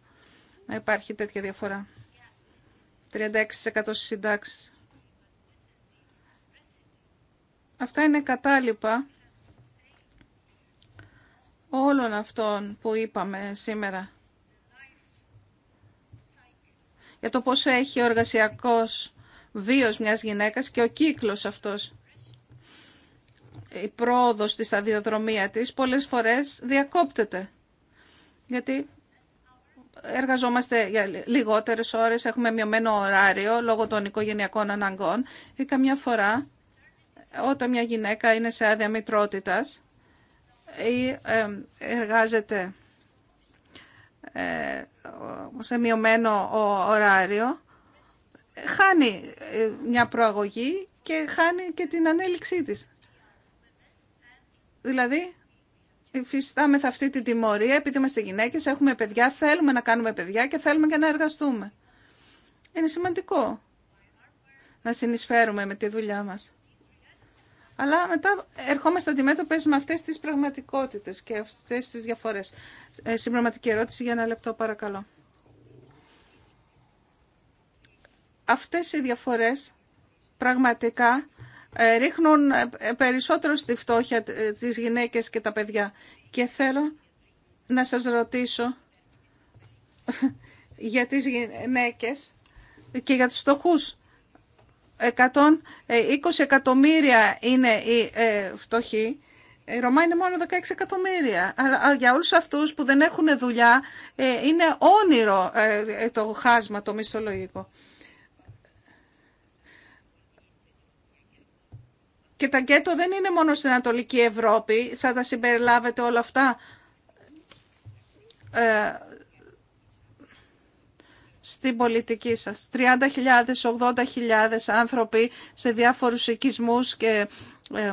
να υπάρχει τέτοια διαφορά. 36% συντάξει. Αυτά είναι κατάλοιπα όλων αυτών που είπαμε σήμερα. Για το πόσο έχει ο εργασιακός βίος μιας γυναίκας και ο κύκλος αυτός. Η πρόοδος της σταδιοδρομία της πολλές φορές διακόπτεται. Γιατί εργαζόμαστε για λιγότερες ώρες, έχουμε μειωμένο ωράριο λόγω των οικογενειακών αναγκών ή καμιά φορά όταν μια γυναίκα είναι σε άδεια μητρότητας ή εργάζεται ε, σε μειωμένο ωράριο, χάνει ε, μια προαγωγή και χάνει και την ανέλυξή της. Δηλαδή, υφιστάμεθα αυτή τη τιμωρία, επειδή είμαστε γυναίκες, έχουμε παιδιά, θέλουμε να κάνουμε παιδιά και θέλουμε και να εργαστούμε. Είναι σημαντικό να συνεισφέρουμε με τη δουλειά μας. Αλλά μετά ερχόμαστε αντιμέτωπες με αυτές τις πραγματικότητες και αυτές τις διαφορές. Ε, συμπληρωματική ερώτηση για ένα λεπτό παρακαλώ. Αυτές οι διαφορές πραγματικά ε, ρίχνουν ε, περισσότερο στη φτώχεια ε, τις γυναίκες και τα παιδιά. Και θέλω να σας ρωτήσω για τις γυναίκες και για τους φτωχούς. 120 ε, εκατομμύρια είναι οι ε, φτωχοί. η Ρωμά είναι μόνο 16 εκατομμύρια. Αλλά για όλους αυτούς που δεν έχουν δουλειά ε, είναι όνειρο το χάσμα το μισθολογικό. Και τα γκέτο δεν είναι μόνο στην Ανατολική Ευρώπη. Θα τα συμπεριλάβετε όλα αυτά στην πολιτική σας. 30.000, 80.000 άνθρωποι σε διάφορους οικισμούς και ε,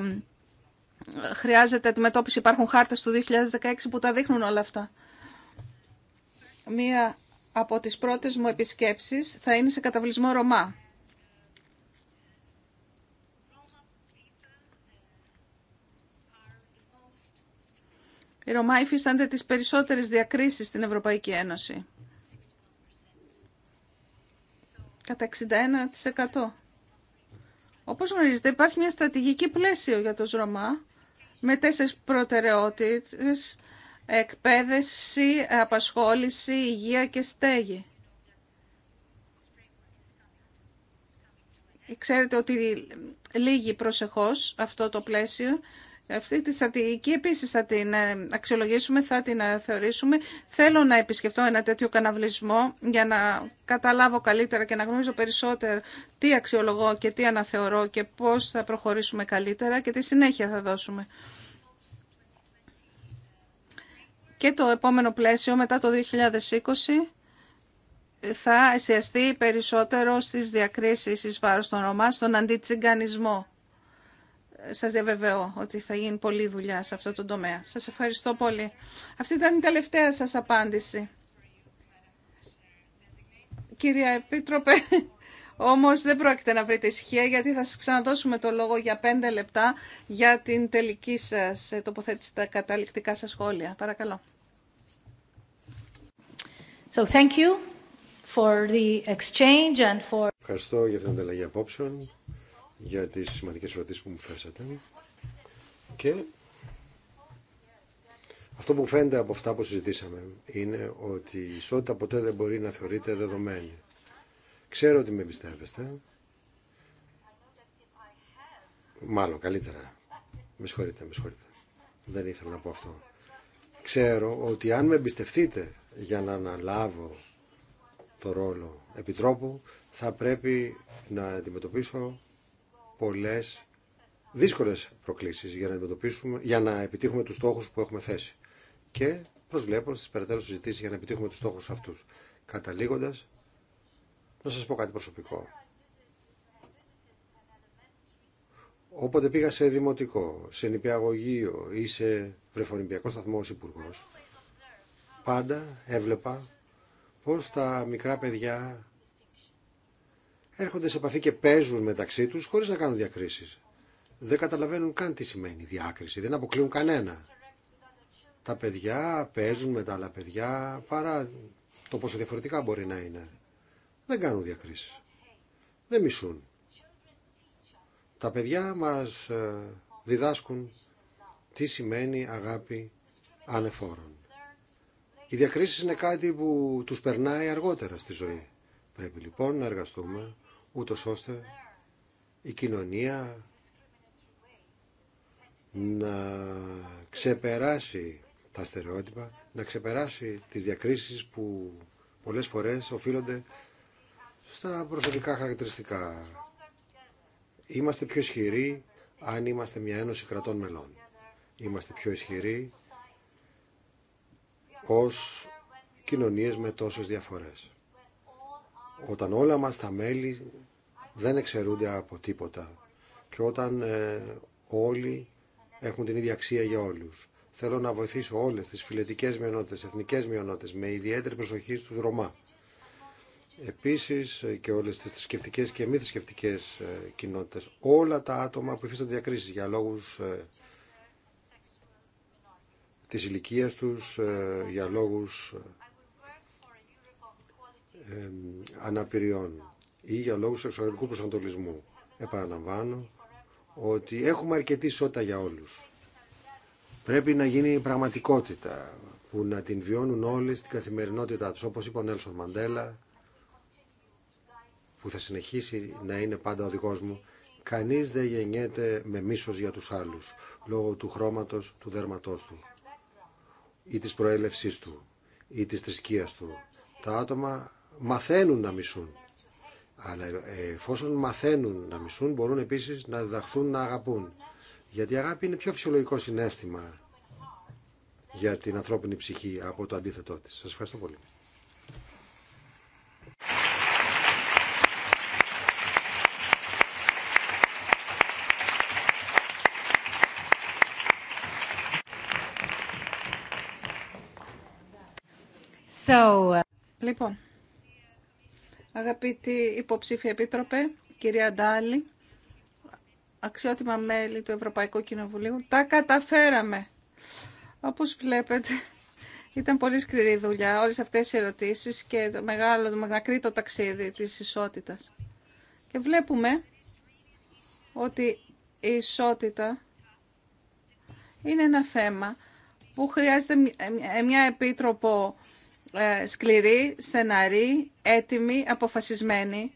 χρειάζεται αντιμετώπιση. Υπάρχουν χάρτες του 2016 που τα δείχνουν όλα αυτά. Μία από τις πρώτες μου επισκέψεις θα είναι σε καταβλισμό Ρωμά. Οι Ρωμά υφίστανται τις περισσότερες διακρίσεις στην Ευρωπαϊκή Ένωση κατά 61%. Όπως γνωρίζετε υπάρχει μια στρατηγική πλαίσιο για τους Ρωμά με τέσσερις προτεραιότητες, εκπαίδευση, απασχόληση, υγεία και στέγη. Ξέρετε ότι λύγει προσεχώς αυτό το πλαίσιο αυτή τη στρατηγική επίσης θα την ε, αξιολογήσουμε, θα την αναθεωρήσουμε. Ε, Θέλω να επισκεφτώ ένα τέτοιο καναβλισμό για να καταλάβω καλύτερα και να γνωρίζω περισσότερο τι αξιολογώ και τι αναθεωρώ και πώς θα προχωρήσουμε καλύτερα και τι συνέχεια θα δώσουμε. Και το επόμενο πλαίσιο μετά το 2020 θα εστιαστεί περισσότερο στις διακρίσεις εις βάρος των Ρωμά, στον αντιτσιγκανισμό σας διαβεβαιώ ότι θα γίνει πολλή δουλειά σε αυτό το τομέα. Σας ευχαριστώ πολύ. Αυτή ήταν η τελευταία σας απάντηση. Κυρία Επίτροπε, όμως δεν πρόκειται να βρείτε ησυχία γιατί θα σας ξαναδώσουμε το λόγο για πέντε λεπτά για την τελική σας ε, τοποθέτηση, τα καταληκτικά σας σχόλια. Παρακαλώ. So thank you for the exchange and for... Ευχαριστώ για αυτήν την ανταλλαγή απόψεων για τις σημαντικές ερωτήσεις που μου θέσατε. Και αυτό που φαίνεται από αυτά που συζητήσαμε είναι ότι η ισότητα ποτέ δεν μπορεί να θεωρείται δεδομένη. Ξέρω ότι με εμπιστεύεστε. Μάλλον καλύτερα. Με συγχωρείτε, με συγχωρείτε. Δεν ήθελα να πω αυτό. Ξέρω ότι αν με εμπιστευτείτε για να αναλάβω το ρόλο επιτρόπου θα πρέπει να αντιμετωπίσω πολλές δύσκολες προκλήσεις για να, για να επιτύχουμε τους στόχους που έχουμε θέσει. Και προσβλέπω στις περαιτέρω συζητήσεις για να επιτύχουμε τους στόχους αυτούς. Καταλήγοντας, να σας πω κάτι προσωπικό. Όποτε πήγα σε δημοτικό, σε νηπιαγωγείο ή σε βρεφονιπιακό σταθμό ως υπουργό, πάντα έβλεπα πως τα μικρά παιδιά έρχονται σε επαφή και παίζουν μεταξύ τους χωρίς να κάνουν διακρίσεις. Δεν καταλαβαίνουν καν τι σημαίνει διάκριση, δεν αποκλείουν κανένα. Τα παιδιά παίζουν με τα άλλα παιδιά παρά το πόσο διαφορετικά μπορεί να είναι. Δεν κάνουν διακρίσεις. Δεν μισούν. Τα παιδιά μας ε, διδάσκουν τι σημαίνει αγάπη ανεφόρων. Οι διακρίσεις είναι κάτι που τους περνάει αργότερα στη ζωή. Πρέπει λοιπόν να εργαστούμε ούτω ώστε η κοινωνία να ξεπεράσει τα στερεότυπα, να ξεπεράσει τις διακρίσεις που πολλές φορές οφείλονται στα προσωπικά χαρακτηριστικά. Είμαστε πιο ισχυροί αν είμαστε μια ένωση κρατών μελών. Είμαστε πιο ισχυροί ως κοινωνίες με τόσες διαφορές όταν όλα μας τα μέλη δεν εξαιρούνται από τίποτα και όταν ε, όλοι έχουν την ίδια αξία για όλους. Θέλω να βοηθήσω όλες τις φιλετικές μειονότητες, εθνικές μειονότητες, με ιδιαίτερη προσοχή στους Ρωμά. Επίσης ε, και όλες τις θρησκευτικέ και μη θρησκευτικέ ε, κοινότητες. Όλα τα άτομα που υφίστανται διακρίσεις για λόγους ε, της ηλικίας τους, για λόγους αναπηριών ή για λόγους εξωτερικού προσανατολισμού. Επαναλαμβάνω ότι έχουμε αρκετή ισότητα για όλους. Πρέπει να γίνει πραγματικότητα που να την βιώνουν όλοι στην καθημερινότητά τους. Όπως είπε ο Νέλσον Μαντέλα, που θα συνεχίσει να είναι πάντα ο δικός μου, κανείς δεν γεννιέται με μίσος για τους άλλους, λόγω του χρώματος, του δέρματός του, ή της προέλευσής του, ή της θρησκείας του. Τα άτομα μαθαίνουν να μισούν. Αλλά ε, εφόσον μαθαίνουν να μισούν μπορούν επίσης να διδαχθούν να αγαπούν. Γιατί η αγάπη είναι πιο φυσιολογικό συνέστημα για την ανθρώπινη ψυχή από το αντίθετό της. Σας ευχαριστώ πολύ. So, uh, Λοιπόν, Αγαπητή υποψήφοι επίτροπε, κυρία Ντάλη, αξιότιμα μέλη του Ευρωπαϊκού Κοινοβουλίου, τα καταφέραμε. Όπως βλέπετε, ήταν πολύ σκληρή δουλειά όλες αυτές οι ερωτήσεις και το μεγάλο, το μακρύ το ταξίδι της ισότητας. Και βλέπουμε ότι η ισότητα είναι ένα θέμα που χρειάζεται μια επίτροπο ε, σκληρή, στεναρή, έτοιμη, αποφασισμένη,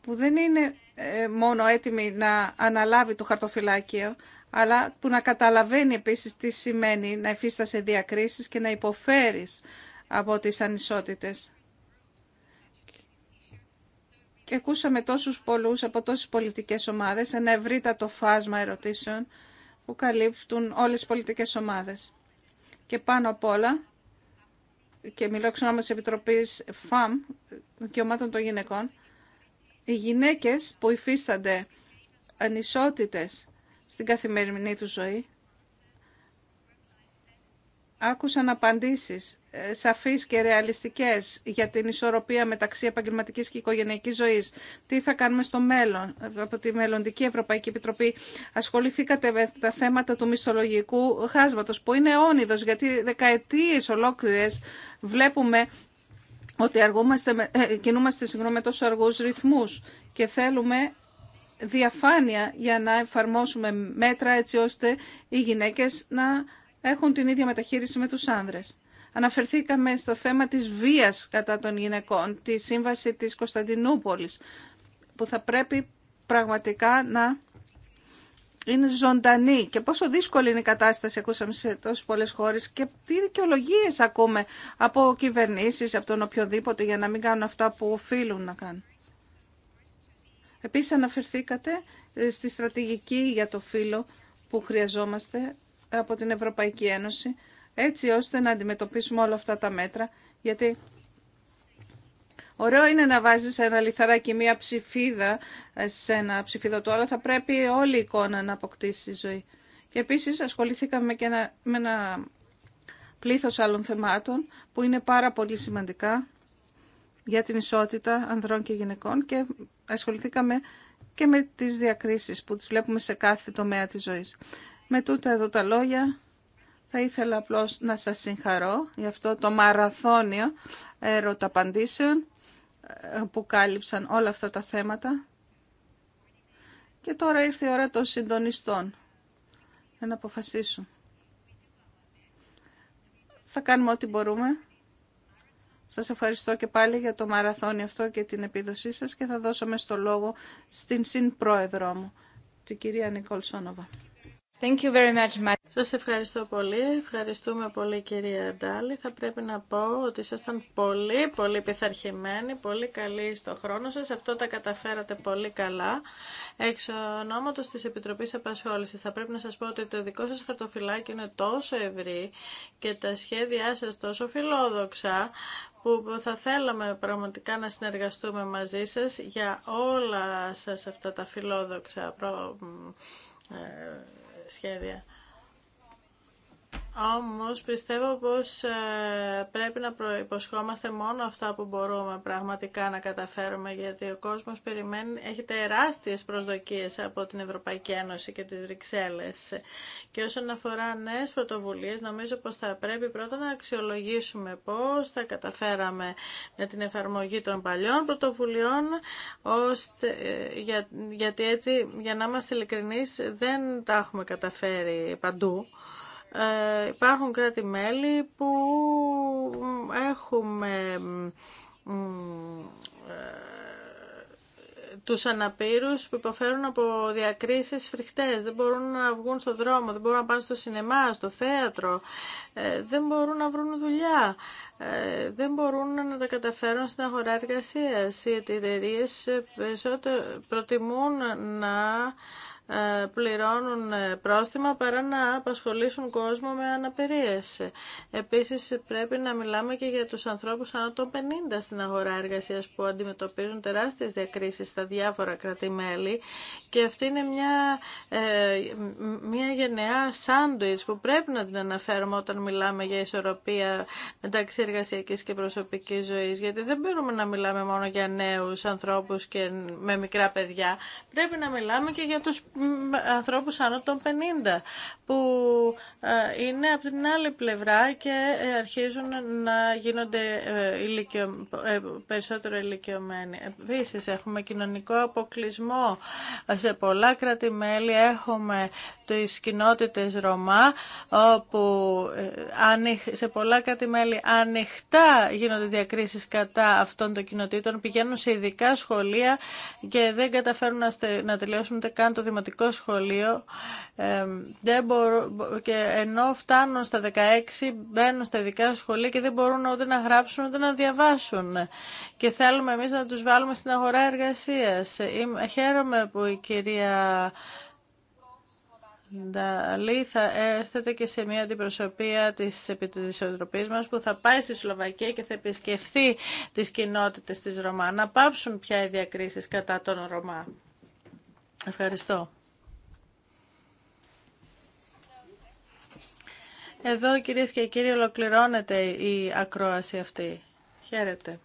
που δεν είναι ε, μόνο έτοιμη να αναλάβει το χαρτοφυλάκιο, αλλά που να καταλαβαίνει επίσης τι σημαίνει να εφίστασε διακρίσεις και να υποφέρεις από τις ανισότητες. Και ακούσαμε τόσους πολλούς από τόσες πολιτικές ομάδες, ένα ευρύτατο φάσμα ερωτήσεων που καλύπτουν όλες τις πολιτικές ομάδες. Και πάνω απ' όλα και μιλώ εξ ονόμα της Επιτροπής ΦΑΜ, Δικαιωμάτων των Γυναικών, οι γυναίκες που υφίστανται ανισότητες στην καθημερινή τους ζωή, άκουσαν απαντήσεις ε, σαφείς και ρεαλιστικές για την ισορροπία μεταξύ επαγγελματικής και οικογενειακής ζωής. Τι θα κάνουμε στο μέλλον. Από τη Μελλοντική Ευρωπαϊκή Επιτροπή ασχοληθήκατε με τα θέματα του μισθολογικού χάσματος που είναι όνειδος γιατί δεκαετίες ολόκληρες βλέπουμε ότι αργούμαστε, ε, κινούμαστε συγγνώμη, με τόσο αργούς ρυθμούς και θέλουμε διαφάνεια για να εφαρμόσουμε μέτρα έτσι ώστε οι γυναίκες να έχουν την ίδια μεταχείριση με τους άνδρες. Αναφερθήκαμε στο θέμα της βίας κατά των γυναικών, τη σύμβαση της Κωνσταντινούπολης, που θα πρέπει πραγματικά να είναι ζωντανή και πόσο δύσκολη είναι η κατάσταση ακούσαμε σε τόσες πολλές χώρες και τι δικαιολογίε ακούμε από κυβερνήσεις, από τον οποιοδήποτε για να μην κάνουν αυτά που οφείλουν να κάνουν. Επίσης αναφερθήκατε ε, στη στρατηγική για το φύλλο που χρειαζόμαστε από την Ευρωπαϊκή Ένωση έτσι ώστε να αντιμετωπίσουμε όλα αυτά τα μέτρα, γιατί Ωραίο είναι να βάζεις ένα λιθαράκι, μία ψηφίδα σε ένα του... αλλά θα πρέπει όλη η εικόνα να αποκτήσει η ζωή. Και επίσης ασχοληθήκαμε και με ένα πλήθος άλλων θεμάτων που είναι πάρα πολύ σημαντικά για την ισότητα ανδρών και γυναικών και ασχοληθήκαμε και με τις διακρίσεις που τις βλέπουμε σε κάθε τομέα της ζωής. Με τούτα εδώ τα λόγια θα ήθελα απλώς να σας συγχαρώ για αυτό το μαραθώνιο ερωταπαντήσεων ε, που κάλυψαν όλα αυτά τα θέματα. Και τώρα ήρθε η ώρα των συντονιστών να αποφασίσουν. Θα κάνουμε ό,τι μπορούμε. Σας ευχαριστώ και πάλι για το μαραθώνιο αυτό και την επίδοσή σας και θα δώσω μες το λόγο στην συνπρόεδρό μου, την κυρία Νικόλ Σόνοβα. Thank Σας ευχαριστώ πολύ. Ευχαριστούμε πολύ κυρία Ντάλη. Θα πρέπει να πω ότι ήσασταν πολύ, πολύ πειθαρχημένοι, πολύ καλοί στο χρόνο σας. Αυτό τα καταφέρατε πολύ καλά. Εξ ονόματος της Επιτροπής Απασχόλησης θα πρέπει να σας πω ότι το δικό σας χαρτοφυλάκι είναι τόσο ευρύ και τα σχέδιά σας τόσο φιλόδοξα που θα θέλαμε πραγματικά να συνεργαστούμε μαζί σας για όλα σας αυτά τα φιλόδοξα ε, σχέδια. Όμως πιστεύω πως ε, πρέπει να υποσχόμαστε μόνο αυτά που μπορούμε πραγματικά να καταφέρουμε γιατί ο κόσμος περιμένει, έχει τεράστιες προσδοκίες από την Ευρωπαϊκή Ένωση και τις Βρυξέλλες. Και όσον αφορά νέες πρωτοβουλίες νομίζω πως θα πρέπει πρώτα να αξιολογήσουμε πώς θα καταφέραμε με την εφαρμογή των παλιών πρωτοβουλειών ώστε, ε, γιατί έτσι για να είμαστε ειλικρινείς δεν τα έχουμε καταφέρει παντού ε, υπάρχουν κράτη-μέλη που έχουμε ε, τους αναπήρους που υποφέρουν από διακρίσεις φρικτές. Δεν μπορούν να βγουν στο δρόμο, δεν μπορούν να πάνε στο σινεμά, στο θέατρο, ε, δεν μπορούν να βρουν δουλειά, ε, δεν μπορούν να τα καταφέρουν στην αγορά εργασίας. Οι εταιρείε προτιμούν να ε, πληρώνουν ε, πρόστιμα παρά να απασχολήσουν κόσμο με αναπηρίες. Επίσης πρέπει να μιλάμε και για τους ανθρώπους ανά των 50 στην αγορά εργασίας που αντιμετωπίζουν τεράστιες διακρίσεις στα διάφορα κρατημέλη και αυτή είναι μια, ε, μια γενεά σάντουιτς που πρέπει να την αναφέρουμε όταν μιλάμε για ισορροπία μεταξύ εργασιακής και προσωπικής ζωής γιατί δεν μπορούμε να μιλάμε μόνο για νέους ανθρώπους και με μικρά παιδιά. Πρέπει να μιλάμε και για τους ανθρώπους άνω των 50 που ε, είναι από την άλλη πλευρά και ε, αρχίζουν να γίνονται ε, ηλικιο... περισσότερο ηλικιωμένοι. Επίσης έχουμε κοινωνικό αποκλεισμό σε πολλά κράτη-μέλη, έχουμε τις κοινότητες Ρωμά όπου σε πολλά κράτη-μέλη ανοιχτά γίνονται διακρίσεις κατά αυτών των κοινοτήτων, πηγαίνουν σε ειδικά σχολεία και δεν καταφέρουν να τελειώσουν ούτε καν το δημοτικό δημοτικό σχολείο ε, δεν μπορούν, και ενώ φτάνουν στα 16 μπαίνουν στα ειδικά σχολεία και δεν μπορούν ούτε να γράψουν ούτε να διαβάσουν και θέλουμε εμείς να τους βάλουμε στην αγορά εργασίας. Είμαι, χαίρομαι που η κυρία Νταλή θα έρθετε και σε μια αντιπροσωπεία της επιτροπής μας που θα πάει στη Σλοβακία και θα επισκεφθεί τις κοινότητες της Ρωμά να πάψουν πια οι διακρίσεις κατά τον Ρωμά. Ευχαριστώ. Εδώ κυρίες και κύριοι ολοκληρώνεται η ακρόαση αυτή. Χαίρετε.